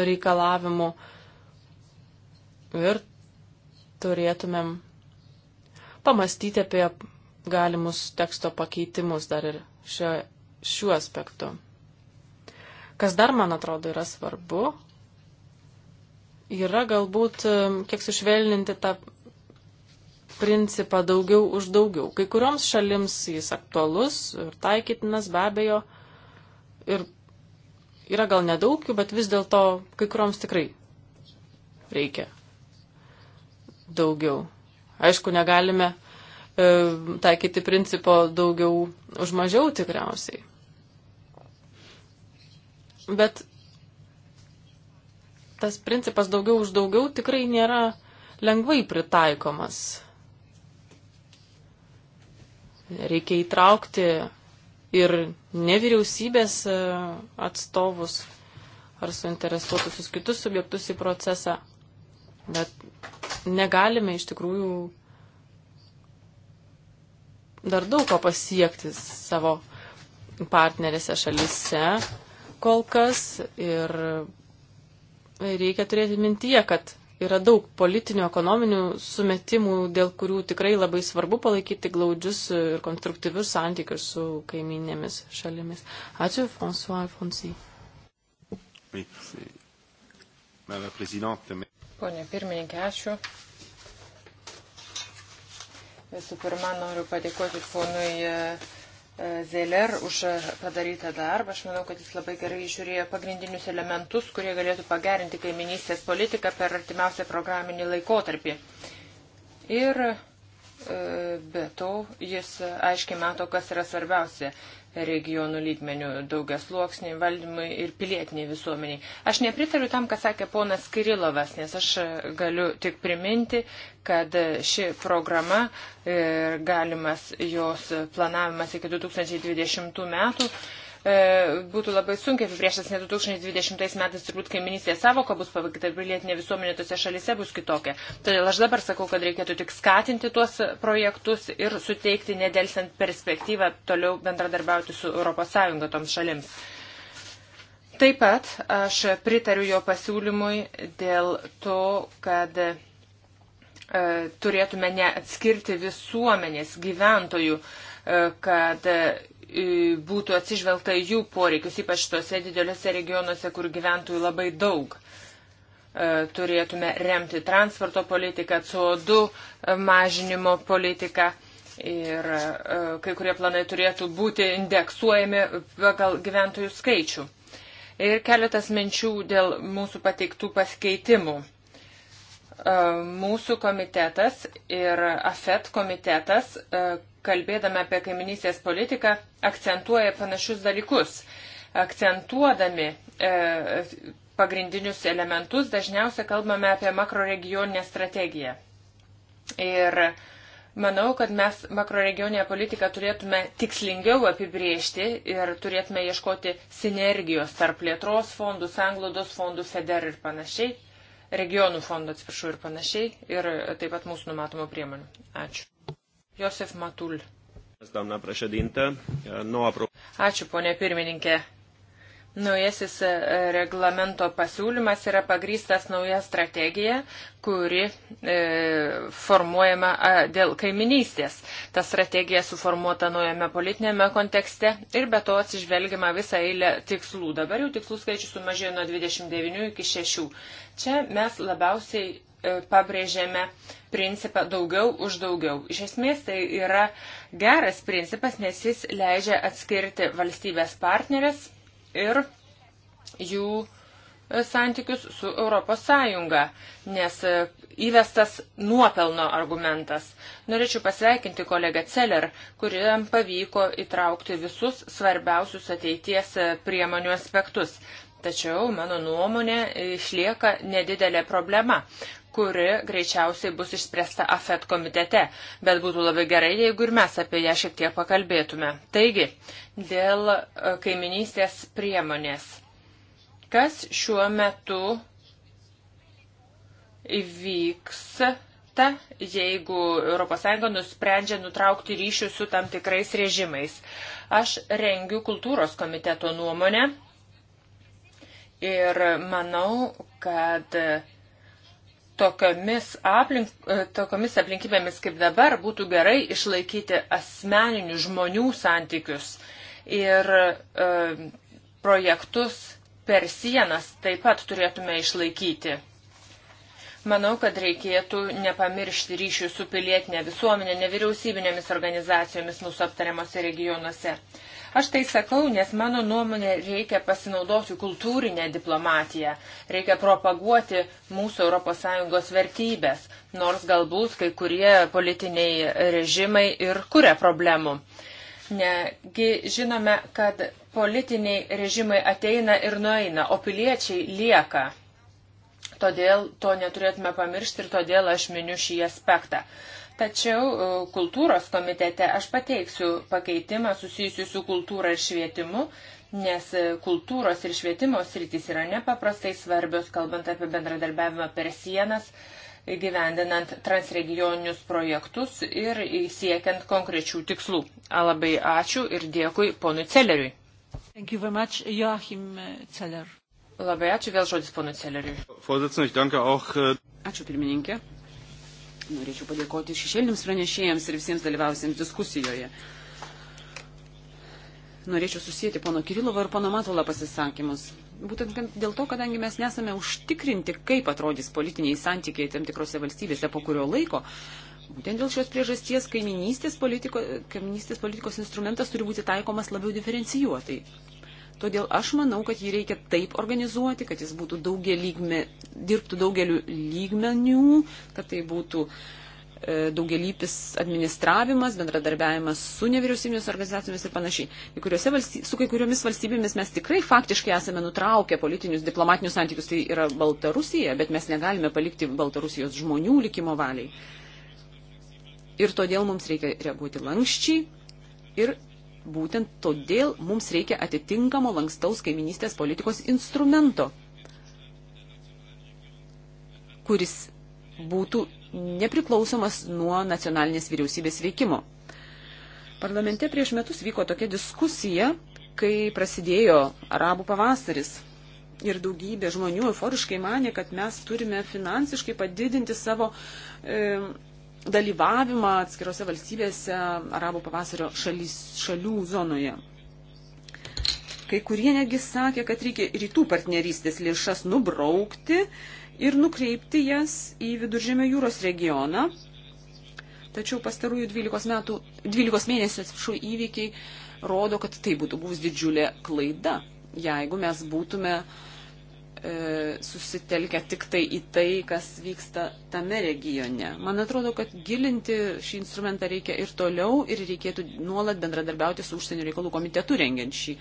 reikalavimų ir turėtumėm pamastyti apie galimus teksto pakeitimus dar ir šio, šiuo aspektu. Kas dar, man atrodo, yra svarbu, yra galbūt kiek sušvelninti tą principą daugiau už daugiau. Kai kurioms šalims jis aktualus ir taikytinas be abejo. Ir yra gal nedaug, bet vis dėlto kai kurioms tikrai reikia daugiau. Aišku, negalime e, taikyti principo daugiau už mažiau tikriausiai. Bet tas principas daugiau už daugiau tikrai nėra lengvai pritaikomas. Reikia įtraukti ir nevyriausybės e, atstovus ar suinteresuotusius kitus subjektus į procesą. Bet negalime iš tikrųjų dar daug ko pasiekti savo partnerėse šalise, kol kas ir reikia turėti mintyje, kad yra daug politinių, ekonominių sumetimų, dėl kurių tikrai labai svarbu palaikyti glaudžius ir konstruktyvius santykius su kaiminėmis šalimis. Ačiū, François Alfonsy. Pone pirmininkė, ačiū. Visų pirma, noriu padėkoti ponui Zeller už padarytą darbą. Aš manau, kad jis labai gerai žiūrėjo pagrindinius elementus, kurie galėtų pagerinti kaiminystės politiką per artimiausią programinį laikotarpį. Ir e, be to jis aiškiai mato, kas yra svarbiausia regionų lygmenių, daugias luoksniai valdymui ir pilietiniai visuomeniai. Aš nepritariu tam, ką sakė ponas Kirilovas, nes aš galiu tik priminti, kad ši programa ir galimas jos planavimas iki 2020 metų E, būtų labai sunkiai apibriešęs, net 2020 metais turbūt kaiminystė savoka bus pavakita, pilietinė visuomenė tose šalise bus kitokia. Todėl aš dabar sakau, kad reikėtų tik skatinti tuos projektus ir suteikti nedelsiant perspektyvą toliau bendradarbiauti su ES toms šalims. Taip pat aš pritariu jo pasiūlymui dėl to, kad e, turėtume neatskirti visuomenės gyventojų, e, kad būtų atsižvelgta į jų poreikius, ypač tose dideliuose regionuose, kur gyventojų labai daug. E, turėtume remti transporto politiką, CO2 e, mažinimo politiką ir e, kai kurie planai turėtų būti indeksuojami pagal gyventojų skaičių. Ir keletas minčių dėl mūsų pateiktų pasikeitimų. Mūsų komitetas ir AFET komitetas kalbėdami apie kaiminystės politiką, akcentuoja panašius dalykus. Akcentuodami e, pagrindinius elementus dažniausiai kalbame apie makroregioninę strategiją. Ir manau, kad mes makroregioninę politiką turėtume tikslingiau apibriežti ir turėtume ieškoti sinergijos tarp plėtros fondų, sanglodos fondų, FEDER ir panašiai, regionų fondų, atsiprašau, ir panašiai, ir taip pat mūsų numatomų priemonių. Ačiū. Josef Matul. Ačiū, ponė pirmininkė. Naujasis e, reglamento pasiūlymas yra pagrystas nauja strategija, kuri e, formuojama a, dėl kaiminystės. Ta strategija suformuota naujame politinėme kontekste ir be to atsižvelgiama visą eilę tikslų. Dabar jau tikslų skaičius sumažėjo nuo 29 iki 6. Čia mes labiausiai E, pabrėžėme principą daugiau už daugiau. Iš esmės tai yra geras principas, nes jis leidžia atskirti valstybės partnerės ir jų santykius su Europos Sąjunga, nes e, įvestas nuopelno argumentas. Norėčiau pasveikinti kolegą Celler, kuriam pavyko įtraukti visus svarbiausius ateities e, priemonių aspektus. Tačiau, mano nuomonė, išlieka nedidelė problema kuri greičiausiai bus išspręsta AFET komitete, bet būtų labai gerai, jeigu ir mes apie ją šiek tiek pakalbėtume. Taigi, dėl e, kaiminystės priemonės. Kas šiuo metu įvyks, ta, jeigu ES nusprendžia nutraukti ryšius su tam tikrais režimais? Aš rengiu kultūros komiteto nuomonę ir manau, kad tokiamis, aplink, e, tokiamis aplinkybėmis kaip dabar būtų gerai išlaikyti asmeninių žmonių santykius ir e, projektus per sienas taip pat turėtume išlaikyti. Manau, kad reikėtų nepamiršti ryšių su pilietinė visuomenė, nevyriausybinėmis organizacijomis mūsų aptariamose regionuose. Aš tai sakau, nes mano nuomonė reikia pasinaudoti kultūrinę diplomatiją, reikia propaguoti mūsų ES vertybės, nors galbūt kai kurie politiniai režimai ir kuria problemų. Negi žinome, kad politiniai režimai ateina ir nueina, o piliečiai lieka. Todėl to neturėtume pamiršti ir todėl aš miniu šį aspektą. Tačiau e, kultūros komitete aš pateiksiu pakeitimą susijusiu su kultūra ir švietimu, nes e, kultūros ir švietimo sritys yra nepaprastai svarbios, kalbant apie bendradarbiavimą per sienas, gyvendinant transregioninius projektus ir siekiant konkrečių tikslų. Labai ačiū ir dėkui ponui Celeriui. Labai ačiū vėl žodis ponui Celeriui. Äh, ačiū pirmininkė. Norėčiau padėkoti šešėlinims pranešėjams ir visiems dalyvausiems diskusijoje. Norėčiau susijęti pono Kirilovo ir pono Matulą pasisakymus. Būtent dėl to, kadangi mes nesame užtikrinti, kaip atrodys politiniai santykiai tam tikrose valstybėse po kurio laiko, Būtent dėl šios priežasties kaiminystės, politiko, kaiminystės politikos instrumentas turi būti taikomas labiau diferencijuotai. Todėl aš manau, kad jį reikia taip organizuoti, kad jis būtų daugia lygme, dirbtų daugeliu lygmenių, kad tai būtų e, daugialypis administravimas, bendradarbiavimas su nevyriausybinės organizacijomis ir panašiai. Valsty... Su kai kuriomis valstybėmis mes tikrai faktiškai esame nutraukę politinius diplomatinius santykius, tai yra Baltarusija, bet mes negalime palikti Baltarusijos žmonių likimo valiai. Ir todėl mums reikia reaguoti lankščiai ir būtent todėl mums reikia atitinkamo lankstaus kaiminystės politikos instrumento, kuris būtų nepriklausomas nuo nacionalinės vyriausybės veikimo. Parlamente prieš metus vyko tokia diskusija, kai prasidėjo arabų pavasaris. Ir daugybė žmonių euforiškai mane, kad mes turime finansiškai padidinti savo e, dalyvavimą atskirose valstybėse arabų pavasario šalys, šalių zonoje. Kai kurie netgi sakė, kad reikia rytų partnerystės lėšas nubraukti ir nukreipti jas į viduržėmio jūros regioną. Tačiau pastarųjų 12, metų, 12 mėnesių atsiprašau įvykiai rodo, kad tai būtų buvus didžiulė klaida, jeigu mes būtume uh, E, susitelkia tik tai į tai, kas vyksta tame regione. Man atrodo, kad gilinti šį instrumentą reikia ir toliau ir reikėtų nuolat bendradarbiauti su užsienio reikalų komitetu rengiant, šį,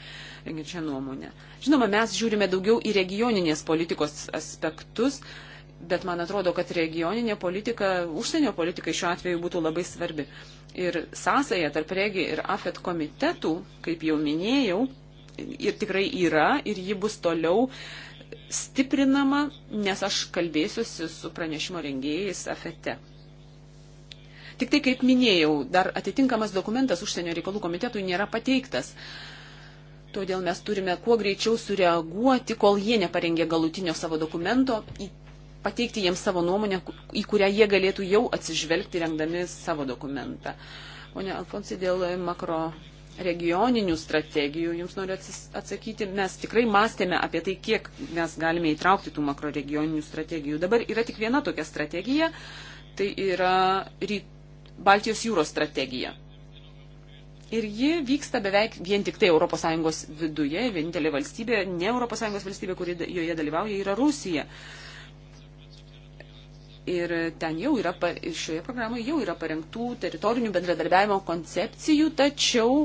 rengiant šią nuomonę. Žinoma, mes žiūrime daugiau į regioninės politikos aspektus, bet man atrodo, kad regioninė politika, užsienio politika šiuo atveju būtų labai svarbi. Ir sąsaja tarp regi ir AFET komitetų, kaip jau minėjau, ir tikrai yra ir ji bus toliau stiprinama, nes aš kalbėsiuosi su pranešimo rengėjais afete. Tik tai, kaip minėjau, dar atitinkamas dokumentas užsienio reikalų komitetui nėra pateiktas. Todėl mes turime kuo greičiau sureaguoti, kol jie neparengė galutinio savo dokumento, pateikti jiems savo nuomonę, į kurią jie galėtų jau atsižvelgti rengdami savo dokumentą. Pone Alfonsai, dėl makro regioninių strategijų, jums noriu atsakyti, mes tikrai mąstėme apie tai, kiek mes galime įtraukti tų makroregioninių strategijų. Dabar yra tik viena tokia strategija, tai yra Baltijos jūros strategija. Ir ji vyksta beveik vien tik tai ES viduje, vienintelė valstybė, ne ES valstybė, kuri joje dalyvauja, yra Rusija. Ir ten jau yra, šioje programoje jau yra parengtų teritorinių bendradarbiavimo koncepcijų, tačiau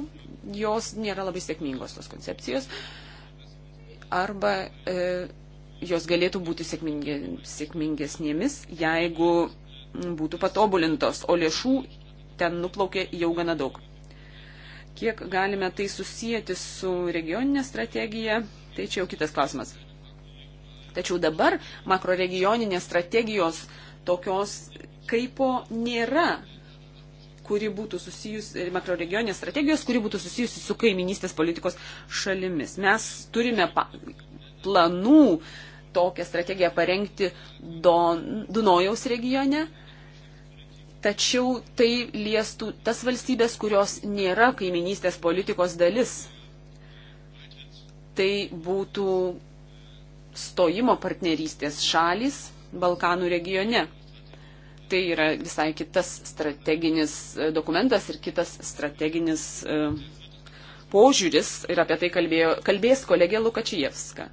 jos nėra labai sėkmingos, tos koncepcijos. Arba e, jos galėtų būti sėkmingi, sėkmingesnėmis, jeigu būtų patobulintos, o lėšų ten nuplaukė jau gana daug. Kiek galime tai susijęti su regioninė strategija, tai čia jau kitas klausimas. Tačiau dabar makroregioninės strategijos tokios kaipo nėra kuri būtų susijusi, e, makroregioninės strategijos, kuri būtų susijusi su kaiminystės politikos šalimis. Mes turime planų tokią strategiją parengti Don, Dunojaus regione, tačiau tai liestų tas valstybės, kurios nėra kaiminystės politikos dalis. Tai būtų stojimo partnerystės šalis Balkanų regione tai yra visai kitas strateginis e, dokumentas ir kitas strateginis e, požiūris ir apie tai kalbėjo, kalbės kolegė Lukačievska.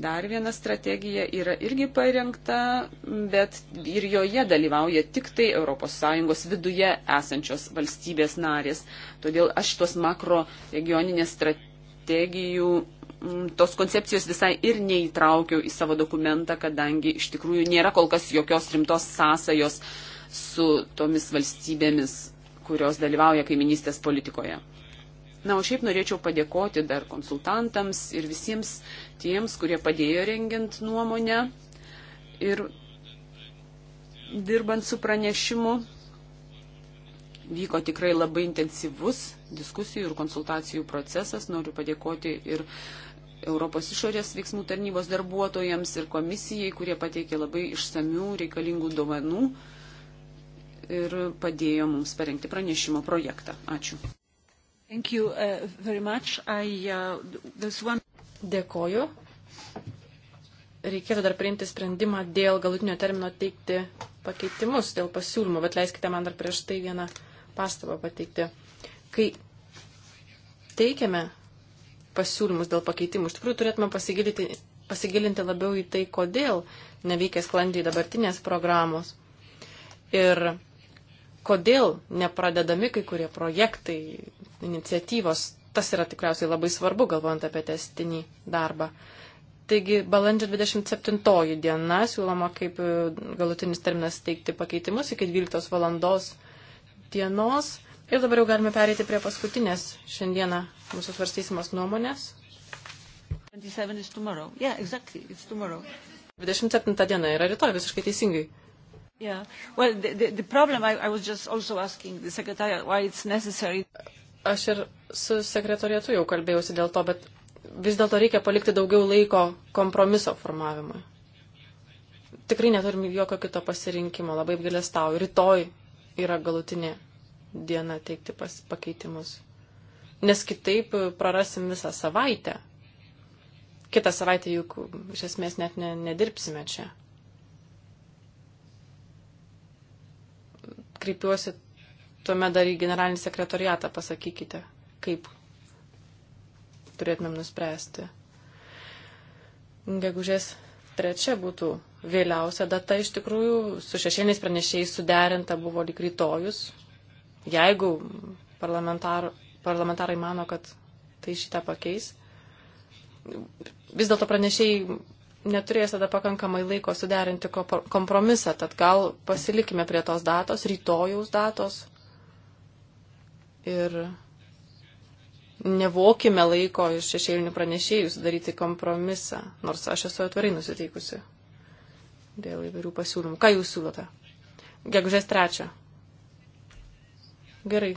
Dar viena strategija yra irgi parengta, bet ir joje dalyvauja tik tai ES viduje esančios valstybės narės. Todėl aš tuos makro regioninės strategijų Mm, tos koncepcijos visai ir neįtraukiau į savo dokumentą, kadangi iš tikrųjų nėra kol kas jokios rimtos sąsajos su tomis valstybėmis, kurios dalyvauja kaiminystės politikoje. Na, o šiaip norėčiau padėkoti dar konsultantams ir visiems tiems, kurie padėjo rengiant nuomonę ir dirbant su pranešimu. Vyko tikrai labai intensyvus diskusijų ir konsultacijų procesas. Noriu padėkoti ir uh, Europos išorės veiksmų tarnybos darbuotojams ir komisijai, kurie pateikė labai išsamių reikalingų duomenų ir padėjo mums parengti pranešimo projektą. Ačiū. Thank you, uh, I, uh, one... Dėkoju. Reikėtų dar priimti sprendimą dėl galutinio termino teikti pakeitimus, dėl pasiūlymų, bet leiskite man dar prieš tai vieną pastabą pateikti. Kai teikiame pasiūlymus dėl pakeitimų. Iš tikrųjų, turėtume pasigilinti, pasigilinti labiau į tai, kodėl neveikia sklandžiai dabartinės programos ir kodėl nepradedami kai kurie projektai, iniciatyvos. Tas yra tikriausiai labai svarbu, galvojant apie testinį darbą. Taigi, balandžio 27 diena siūloma kaip e, galutinis terminas teikti pakeitimus iki 12 valandos dienos. Ir dabar jau galime pereiti prie paskutinės šiandieną mūsų svarstysimas nuomonės. 27 is tomorrow. Yeah, exactly. It's tomorrow. 27 diena yra rytoj, visiškai teisingai. Yeah. Well, the, the, the problem I, I was just also asking the secretary why it's necessary. Aš ir su sekretorietu jau kalbėjausi dėl to, bet vis dėlto reikia palikti daugiau laiko kompromiso formavimui. Tikrai neturim jokio kito pasirinkimo, labai apgailestauju. Rytoj yra galutinė diena teikti pas, pakeitimus nes kitaip prarasim visą savaitę. Kitą savaitę juk iš esmės net ne, nedirbsime čia. Kreipiuosi tuomet dar į generalinį sekretoriatą, pasakykite, kaip turėtumėm nuspręsti. Gegužės trečia būtų vėliausia data, iš tikrųjų, su šešėliniais pranešėjais suderinta buvo lyg rytojus. Jeigu parlamentarų parlamentarai mano, kad tai šitą pakeis. Vis dėlto pranešėjai neturės tada pakankamai laiko suderinti kompromisą, tad gal pasilikime prie tos datos, rytojaus datos ir nevokime laiko iš šešėlinių pranešėjų sudaryti kompromisą, nors aš esu atvarai nusiteikusi dėl įvairių pasiūlymų. Ką jūs siūlote? Gegužės trečią. Gerai,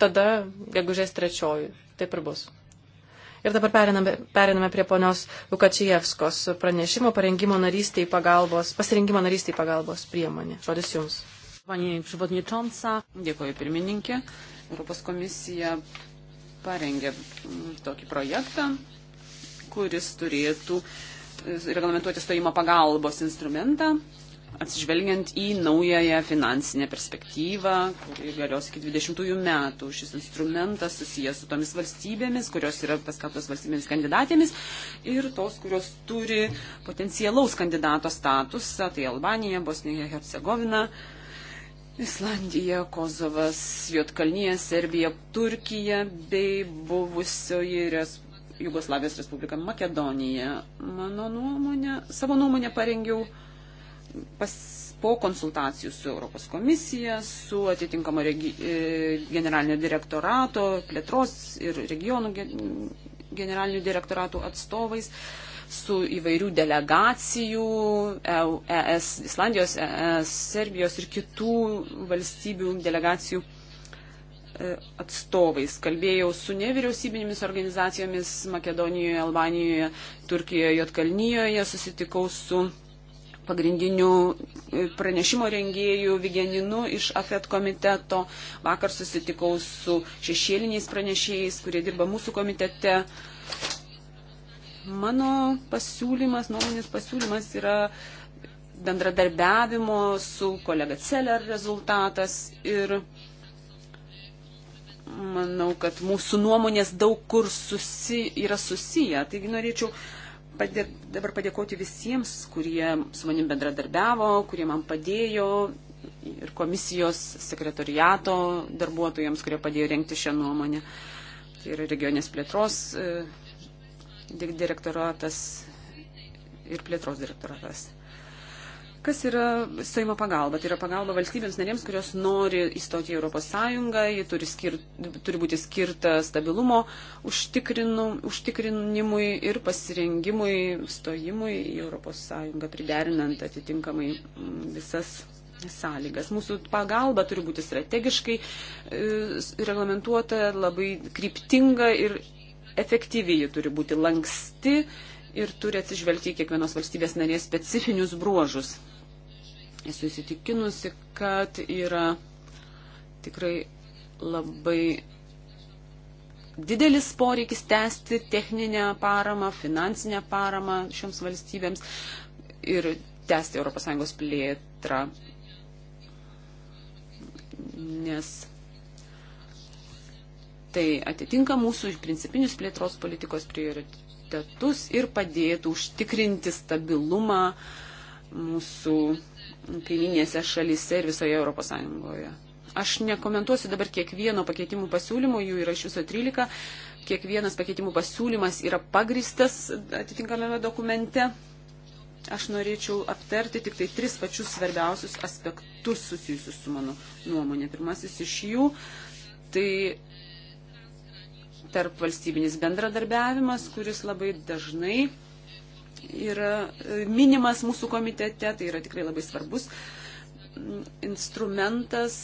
tada gegužės trečioji. Taip ir bus. Ir dabar periname, periname prie ponios Lukačijevskos pranešimo parengimo narystiai pagalbos, pasirengimo narystiai pagalbos priemonė. Žodis Jums. Panie Przewodnicząca, dėkoju pirmininkė. Europos komisija parengė mm, tokį projektą, kuris turėtų e, reglamentuoti stojimo pagalbos instrumentą atsižvelgiant į naująją finansinę perspektyvą, kuri galios iki 20 metų. Šis instrumentas susijęs su tomis valstybėmis, kurios yra paskelbtos valstybėmis kandidatėmis ir tos, kurios turi potencialaus kandidato statusą, tai Albanija, Bosnija, Hercegovina. Islandija, Kosovas, Jotkalnyje, Serbija, Turkija bei buvusioji Res... Jugoslavijos Respublika Makedonija. Mano nuomonė, savo nuomonę parengiau pas, po konsultacijų su Europos komisija, su atitinkamo regi, e, generalinio direktorato, plėtros ir regionų generalinių direktoratų atstovais, su įvairių delegacijų, ES, e Islandijos, ES, Serbijos ir kitų valstybių delegacijų e, atstovais. Kalbėjau su nevyriausybinėmis organizacijomis Makedonijoje, Albanijoje, Turkijoje, Jotkalnyjoje, susitikau su pagrindinių e, pranešimo rengėjų Vigeninu iš AFET komiteto. Vakar susitikau su šešėliniais pranešėjais, kurie dirba mūsų komitete. Mano pasiūlymas, nuomonės pasiūlymas yra bendradarbiavimo su kolega Celer rezultatas ir manau, kad mūsų nuomonės daug kur susi, yra susiję. Taigi norėčiau padė, dabar padėkoti visiems, kurie su manim bendradarbiavo, kurie man padėjo ir komisijos sekretoriato darbuotojams, kurie padėjo renkti šią nuomonę. Tai yra regionės plėtros e, direktoratas ir plėtros direktoratas. Kas yra stojimo pagalba? Tai yra pagalba valstybėms narėms, kurios nori įstoti į Europos Sąjungą, ji turi, skir, turi būti skirta stabilumo užtikrinimui ir pasirengimui stojimui į Europos Sąjungą, priderinant atitinkamai mm, visas sąlygas. Mūsų pagalba turi būti strategiškai e, reglamentuota, labai kryptinga ir efektyviai ji turi būti lanksti ir turi atsižvelgti į kiekvienos valstybės narės specifinius bruožus. Esu įsitikinusi, kad yra tikrai labai didelis poreikis tęsti techninę paramą, finansinę paramą šioms valstybėms ir tęsti ES plėtrą. Nes tai atitinka mūsų principinius plėtros politikos prioritetus ir padėtų užtikrinti stabilumą mūsų kaiminėse šalise ir visoje Europos Sąjungoje. Aš nekomentuosiu dabar kiekvieno pakeitimų pasiūlymo, jų yra iš viso 13. Kiekvienas pakeitimų pasiūlymas yra pagristas atitinkamame dokumente. Aš norėčiau aptarti tik tai tris pačius svarbiausius aspektus susijusius su mano nuomonė. Pirmasis iš jų tai tarp valstybinis bendradarbiavimas, kuris labai dažnai yra e, minimas mūsų komitete, tai yra tikrai labai svarbus mm, instrumentas,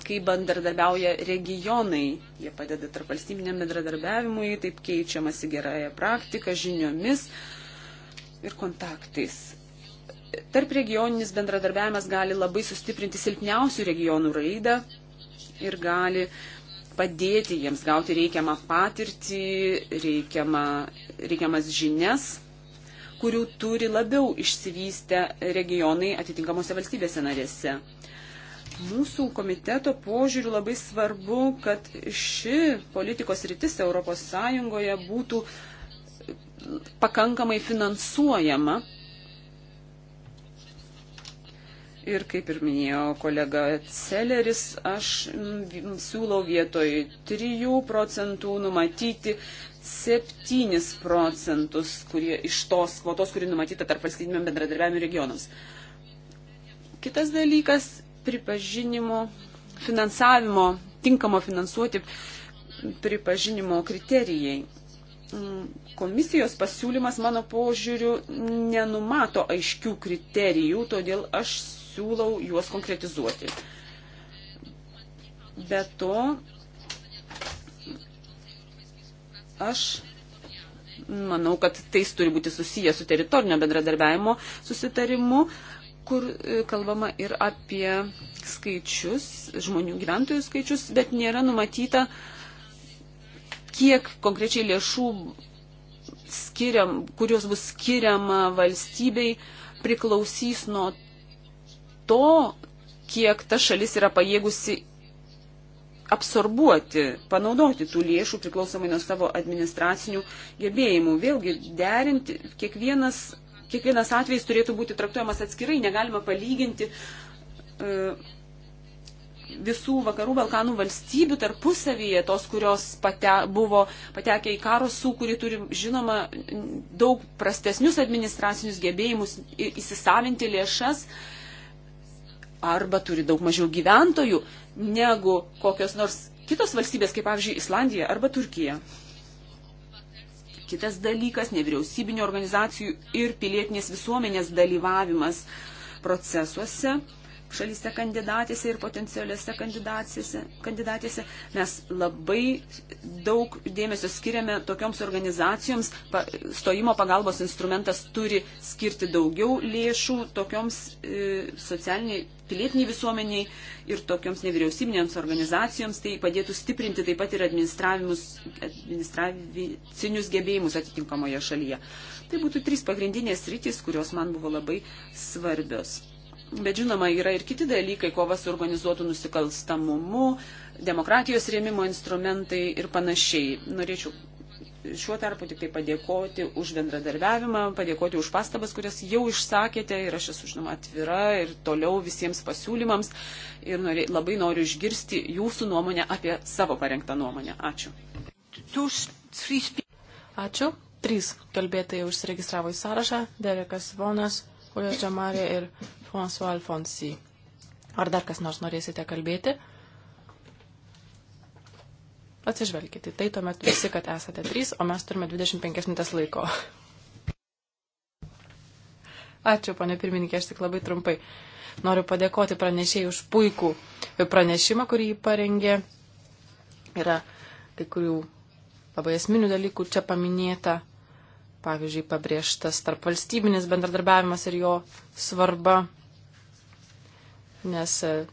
kai bandardarbiauja regionai, jie padeda tarp valstybiniam bendradarbiavimui, taip keičiamasi gerąją praktiką, žiniomis ir kontaktais. Tarp regioninis bendradarbiavimas gali labai sustiprinti silpniausių regionų raidą ir gali uh, padėti jiems gauti reikiamą patirtį, reikiamą, reikiamas žinias, kurių turi labiau išsivystę regionai atitinkamose valstybėse narėse. Mūsų komiteto požiūriu labai svarbu, kad ši politikos rytis ES būtų pakankamai finansuojama Ir kaip ir minėjo kolega Celeris, aš siūlau vietoj 3 procentų numatyti 7 procentus kurie, iš tos kvotos, kuri numatyta tarp valstybiniam bendradarbiavimui regionams. Kitas dalykas - pripažinimo, finansavimo, tinkamo finansuoti pripažinimo kriterijai mm, komisijos pasiūlymas, mano požiūriu, nenumato aiškių kriterijų, todėl aš siūlau juos konkretizuoti. Be to, aš manau, kad tais turi būti susiję su teritorinio bendradarbiavimo susitarimu, kur e, kalbama ir apie skaičius, žmonių gyventojų skaičius, bet nėra numatyta, kiek konkrečiai lėšų skiriam, kurios bus skiriama valstybei, priklausys nuo to, kiek ta šalis yra pajėgusi absorbuoti, panaudoti tų lėšų priklausomai nuo savo administracinių gebėjimų. Vėlgi, derinti, kiekvienas, kiekvienas atvejis turėtų būti traktuojamas atskirai, negalima palyginti e, visų vakarų Balkanų valstybių tarpusavyje, tos, kurios pate, buvo patekę į karo sūkurį, turi, žinoma, daug prastesnius administracinius gebėjimus įsisavinti lėšas. E, arba turi daug mažiau gyventojų negu kokios nors kitos valstybės, kaip pavyzdžiui Islandija arba Turkija. Kitas dalykas - nevyriausybinio organizacijų ir pilietinės visuomenės dalyvavimas procesuose šalyse kandidatėse ir potencialiuose kandidatėse, kandidatėse. Mes labai daug dėmesio skiriame tokioms organizacijoms. Pa, stojimo pagalbos instrumentas turi skirti daugiau lėšų tokioms e, socialiniai pilietiniai visuomeniai ir tokioms nevyriausybinėms organizacijoms, tai padėtų stiprinti taip pat ir administravicinius gebėjimus atitinkamoje šalyje. Tai būtų trys pagrindinės rytis, kurios man buvo labai svarbios. Bet žinoma, yra ir kiti dalykai, kova su organizuotu nusikalstamumu, demokratijos rėmimo instrumentai ir panašiai. Norėčiau šiuo tarpu tik tai padėkoti už bendradarbiavimą, padėkoti už pastabas, kurias jau išsakėte ir aš esu, žinoma, atvira ir toliau visiems pasiūlymams ir norė, labai noriu išgirsti jūsų nuomonę apie savo parengtą nuomonę. Ačiū. Ačiū. Trys kalbėtojai užsiregistravo į sąrašą - Derekas Vonas, Ulias Džamarė ir François Alfonsi. Ar dar kas nors norėsite kalbėti? Atsižvelkite, tai tuomet visi, kad esate trys, o mes turime 25 minutės laiko. Ačiū, ponė pirmininkė, aš tik labai trumpai. Noriu padėkoti pranešėjai už puikų pranešimą, kurį jį parengė. Yra kai kurių labai esminių dalykų čia paminėta. Pavyzdžiui, pabrėžtas tarp valstybinis bendradarbiavimas ir jo svarba nes e,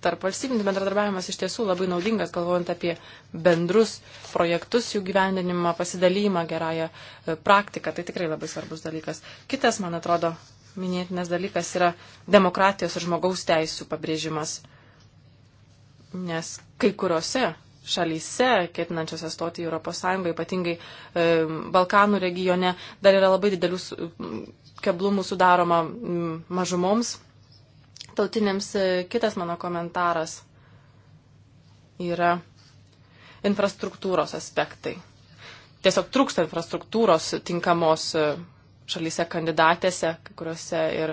tarp valstybinis bendradarbiavimas iš tiesų labai naudingas, galvojant apie bendrus projektus, jų gyvendinimą, pasidalymą gerąją e, praktiką. Tai tikrai labai svarbus dalykas. Kitas, man atrodo, minėtinas dalykas yra demokratijos ir žmogaus teisų pabrėžimas. Nes kai kuriuose šalyse, ketinančiose stoti į Europos Sąjungą, ypatingai e, Balkanų regione, dar yra labai didelius keblumų sudaroma mažumoms tarptautinėms e, kitas mano komentaras yra infrastruktūros aspektai. Tiesiog trūksta infrastruktūros tinkamos e, šalyse kandidatėse, kai kuriuose ir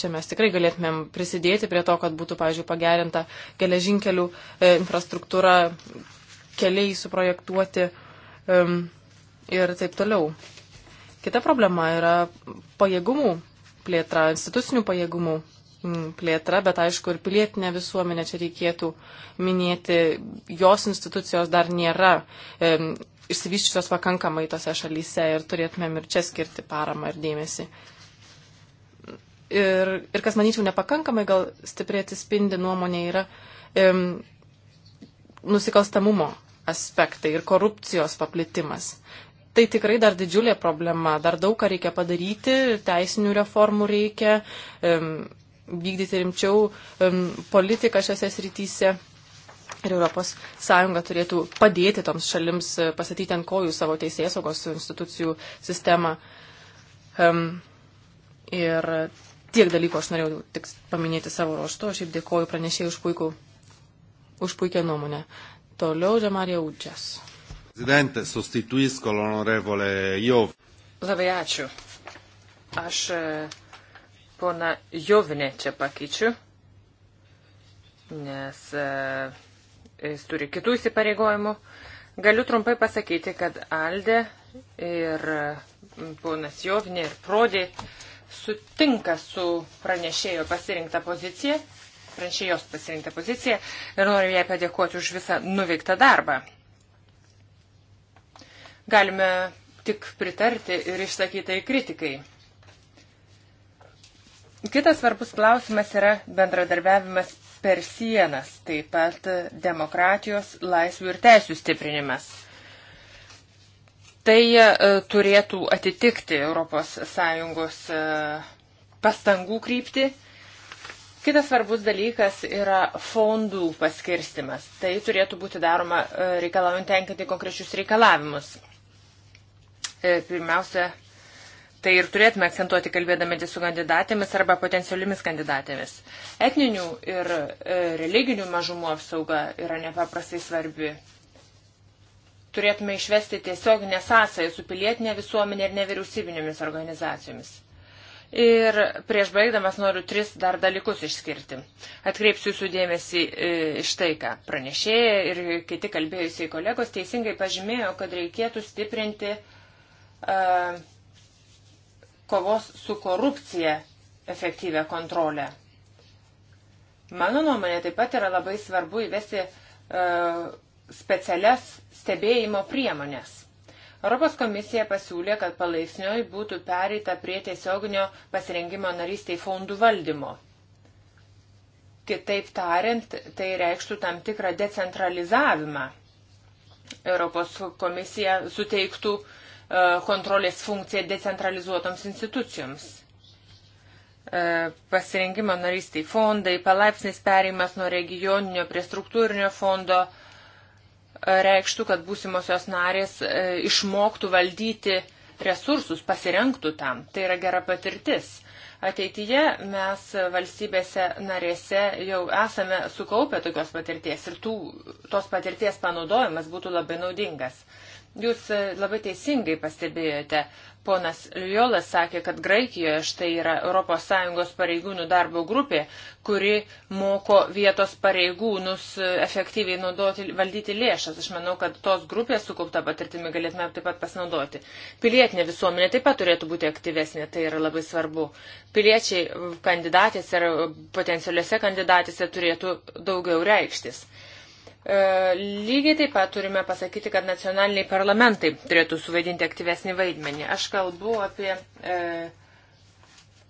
čia mes tikrai galėtumėm prisidėti prie to, kad būtų, pavyzdžiui, pagerinta geležinkelių e, infrastruktūra, keliai suprojektuoti um, ir taip toliau. Kita problema yra pajėgumų plėtra, institucinių pajėgumų plėtra, bet aišku ir pilietinė visuomenė čia reikėtų minėti, jos institucijos dar nėra e, išsivyščiusios pakankamai tose šalyse ir turėtumėm ir čia skirti paramą ir dėmesį. Ir, ir kas, manyčiau, nepakankamai gal stipriai atsispindi nuomonė yra e, nusikalstamumo aspektai ir korupcijos paplitimas. Tai tikrai dar didžiulė problema, dar daug ką reikia padaryti, teisinių reformų reikia, e, vykdyti rimčiau politiką šiose srityse. Ir ES turėtų padėti toms šalims e, pasatyti ant kojų savo teisėsaugos institucijų sistemą. Um, ir tiek dalykų aš norėjau tik paminėti savo ruoštu. Aš šiaip dėkoju pranešėjai už, puikų, už puikią nuomonę. Toliau Žemarija Udžias. Prezidentė, sustituisko l'onorevole Jov. Labai ačiū. Aš uh pona Jovinė čia pakeičiu, nes e, jis turi kitų įsipareigojimų. Galiu trumpai pasakyti, kad Aldė ir e, ponas Jovinė ir Prodė sutinka su pranešėjo pasirinktą poziciją, pranešėjos pasirinktą poziciją ir noriu jai padėkoti už visą nuveiktą darbą. Galime tik pritarti ir išsakytai kritikai. Kitas svarbus klausimas yra bendradarbiavimas per sienas, taip pat demokratijos, laisvių ir teisų stiprinimas. Tai e, turėtų atitikti ES e, pastangų krypti. Kitas svarbus dalykas yra fondų paskirstimas. Tai turėtų būti daroma e, reikalaujant tenkinti konkrečius reikalavimus. Pirmiausia, Tai ir turėtume akcentuoti kalbėdami su kandidatėmis arba potencialiomis kandidatėmis. Etninių ir e, religinių mažumų apsauga yra nepaprastai svarbi turėtume išvesti tiesioginę sąsąją su pilietinė visuomenė ir nevyriausybinėmis organizacijomis. Ir prieš baigdamas noriu tris dar dalykus išskirti. Atkreipsiu jūsų dėmesį e, iš tai, ką pranešėja ir kiti kalbėjusiai kolegos teisingai pažymėjo, kad reikėtų stiprinti uh, kovos su korupcija efektyvę kontrolę. Mano nuomonė taip pat yra labai svarbu įvesti uh, specialias stebėjimo priemonės. Europos komisija pasiūlė, kad palaipsniui būtų pereita prie tiesioginio pasirengimo narystiai fondų valdymo. Kitaip tariant, tai reikštų tam tikrą decentralizavimą. Europos komisija suteiktų uh, E, kontrolės funkciją decentralizuotoms institucijoms. E, pasirengimo narystiai fondai, palaipsnis pereimas nuo regioninio prie struktūrinio fondo e, reikštų, kad būsimosios narės išmoktų valdyti resursus, pasirenktų tam. Tai yra gera patirtis. Ateityje mes valstybėse narėse jau esame sukaupę tokios patirties ir tų, tos patirties panaudojimas būtų labai naudingas. Uh, Jūs e, labai teisingai pastebėjote, ponas Liolas sakė, kad Graikijoje štai yra ES pareigūnų darbo grupė, kuri moko vietos pareigūnus e, efektyviai naudoti, valdyti lėšas. Aš manau, kad tos grupės sukaupta patirtimi galėtume taip pat pasinaudoti. Pilietinė visuomenė taip pat turėtų būti aktyvesnė, tai yra labai svarbu. Piliečiai kandidatėse ir potencialiuose kandidatėse turėtų daugiau reikštis. E, lygiai taip pat turime pasakyti, kad nacionaliniai parlamentai turėtų suvaidinti aktyvesnį vaidmenį. Aš kalbu apie e,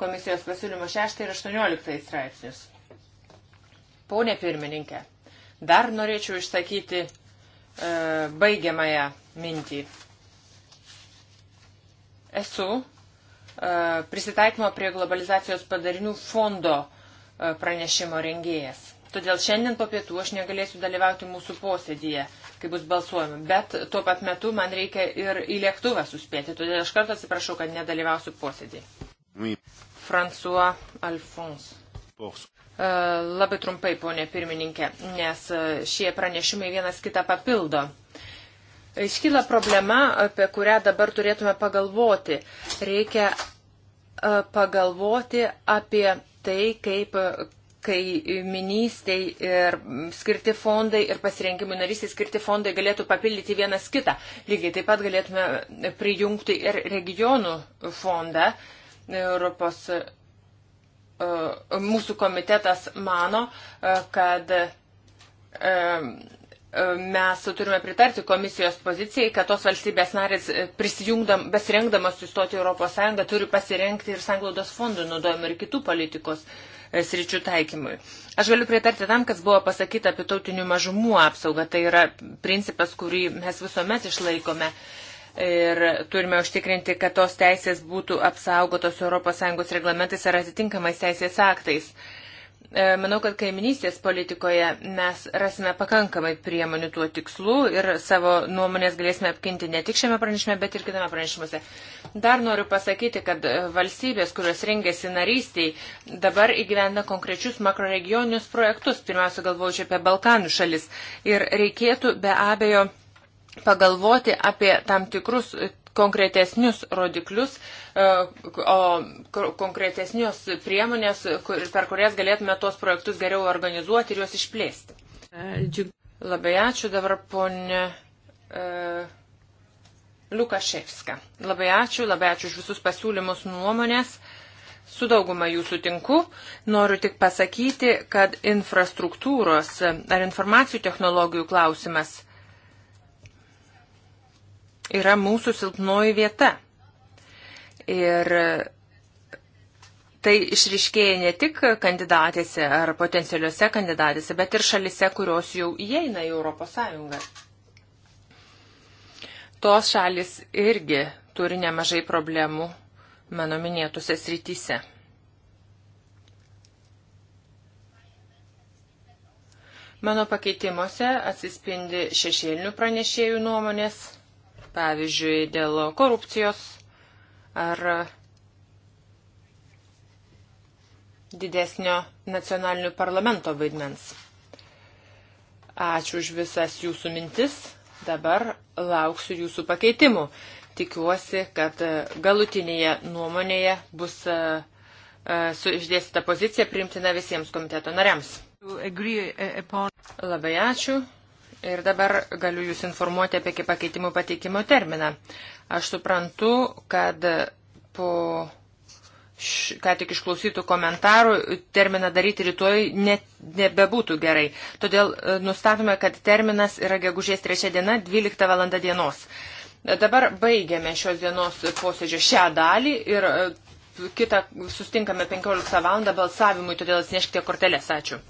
komisijos pasiūlymo 6 ir 18 straipsnius. Pone pirmininkė, dar norėčiau išsakyti e, baigiamąją mintį. Esu e, prisitaikymo prie globalizacijos padarinių fondo e, pranešimo rengėjas Todėl šiandien po pietų aš negalėsiu dalyvauti mūsų posėdėje, kai bus balsuojama. Bet tuo pat metu man reikia ir į lėktuvą suspėti. Todėl aš kartą atsiprašau, kad nedalyvausiu posėdėje. Oui. François Alphonse. Pors. E, labai trumpai, ponė pirmininkė, nes e, šie pranešimai vienas kitą papildo. Iškyla problema, apie kurią dabar turėtume pagalvoti. Reikia e, pagalvoti apie tai, kaip kai ministei ir skirti fondai ir pasirengimui narysiai skirti fondai galėtų papildyti vienas kitą. Lygiai taip pat galėtume prijungti ir regionų fondą. Europos e, mūsų komitetas mano, e, kad e, mes turime pritarti komisijos pozicijai, kad tos valstybės narės prisijungdam, besirengdamas įstoti Europos Sąjungą turi pasirengti ir sanglaudos fondų naudojimą ir kitų politikos uh, sričių taikymui. Aš galiu pritarti tam, kas buvo pasakyta apie tautinių mažumų apsaugą. Tai yra principas, kurį mes visuomet išlaikome. Ir turime užtikrinti, kad tos teisės būtų apsaugotos ES reglamentais ar atitinkamais teisės aktais. E, manau, kad kaiminystės politikoje mes rasime pakankamai priemonių tuo tikslu ir savo nuomonės galėsime apginti ne tik šiame pranešime, bet ir kitame pranešimuose. Dar noriu pasakyti, kad e, valstybės, kurios rengėsi narystiai, dabar įgyvenda konkrečius makroregioninius projektus. Pirmiausia, galvoju čia apie Balkanų šalis. Ir reikėtų be abejo pagalvoti apie tam tikrus e, konkretesnius rodiklius, e, o konkretesnius priemonės, per kurias galėtume tuos projektus geriau organizuoti ir juos išplėsti. Labai ačiū dabar ponė. Uh... Lukaševska. Labai ačiū, labai ačiū už visus pasiūlymus nuomonės. Su dauguma jų sutinku. Noriu tik pasakyti, kad infrastruktūros ar informacijų technologijų klausimas yra mūsų silpnoji vieta. Ir tai išriškėja ne tik kandidatėse ar potencialiuose kandidatėse, bet ir šalise, kurios jau įeina į Europos Sąjungą tos šalis irgi turi nemažai problemų mano minėtose srityse. Mano pakeitimuose atsispindi šešėlinių pranešėjų nuomonės, pavyzdžiui, dėl korupcijos ar didesnio nacionalinių parlamento vaidmens. Ačiū už visas jūsų mintis, Dabar lauksiu jūsų pakeitimų. Tikiuosi, kad galutinėje nuomonėje bus e, e, su išdėstyta pozicija priimtina visiems komiteto nariams. Labai ačiū. Ir dabar galiu Jūs informuoti apie pakeitimų pateikimo terminą. Aš suprantu, kad po š, ką tik išklausytų komentarų, terminą daryti rytoj ne, nebebūtų gerai. Todėl e, nustatome, kad terminas yra gegužės 3 diena, 12 val. dienos. Dabar baigiame šios dienos posėdžio šią dalį ir e, kitą sustinkame 15 val. balsavimui, todėl atsineškite korteles. Ačiū.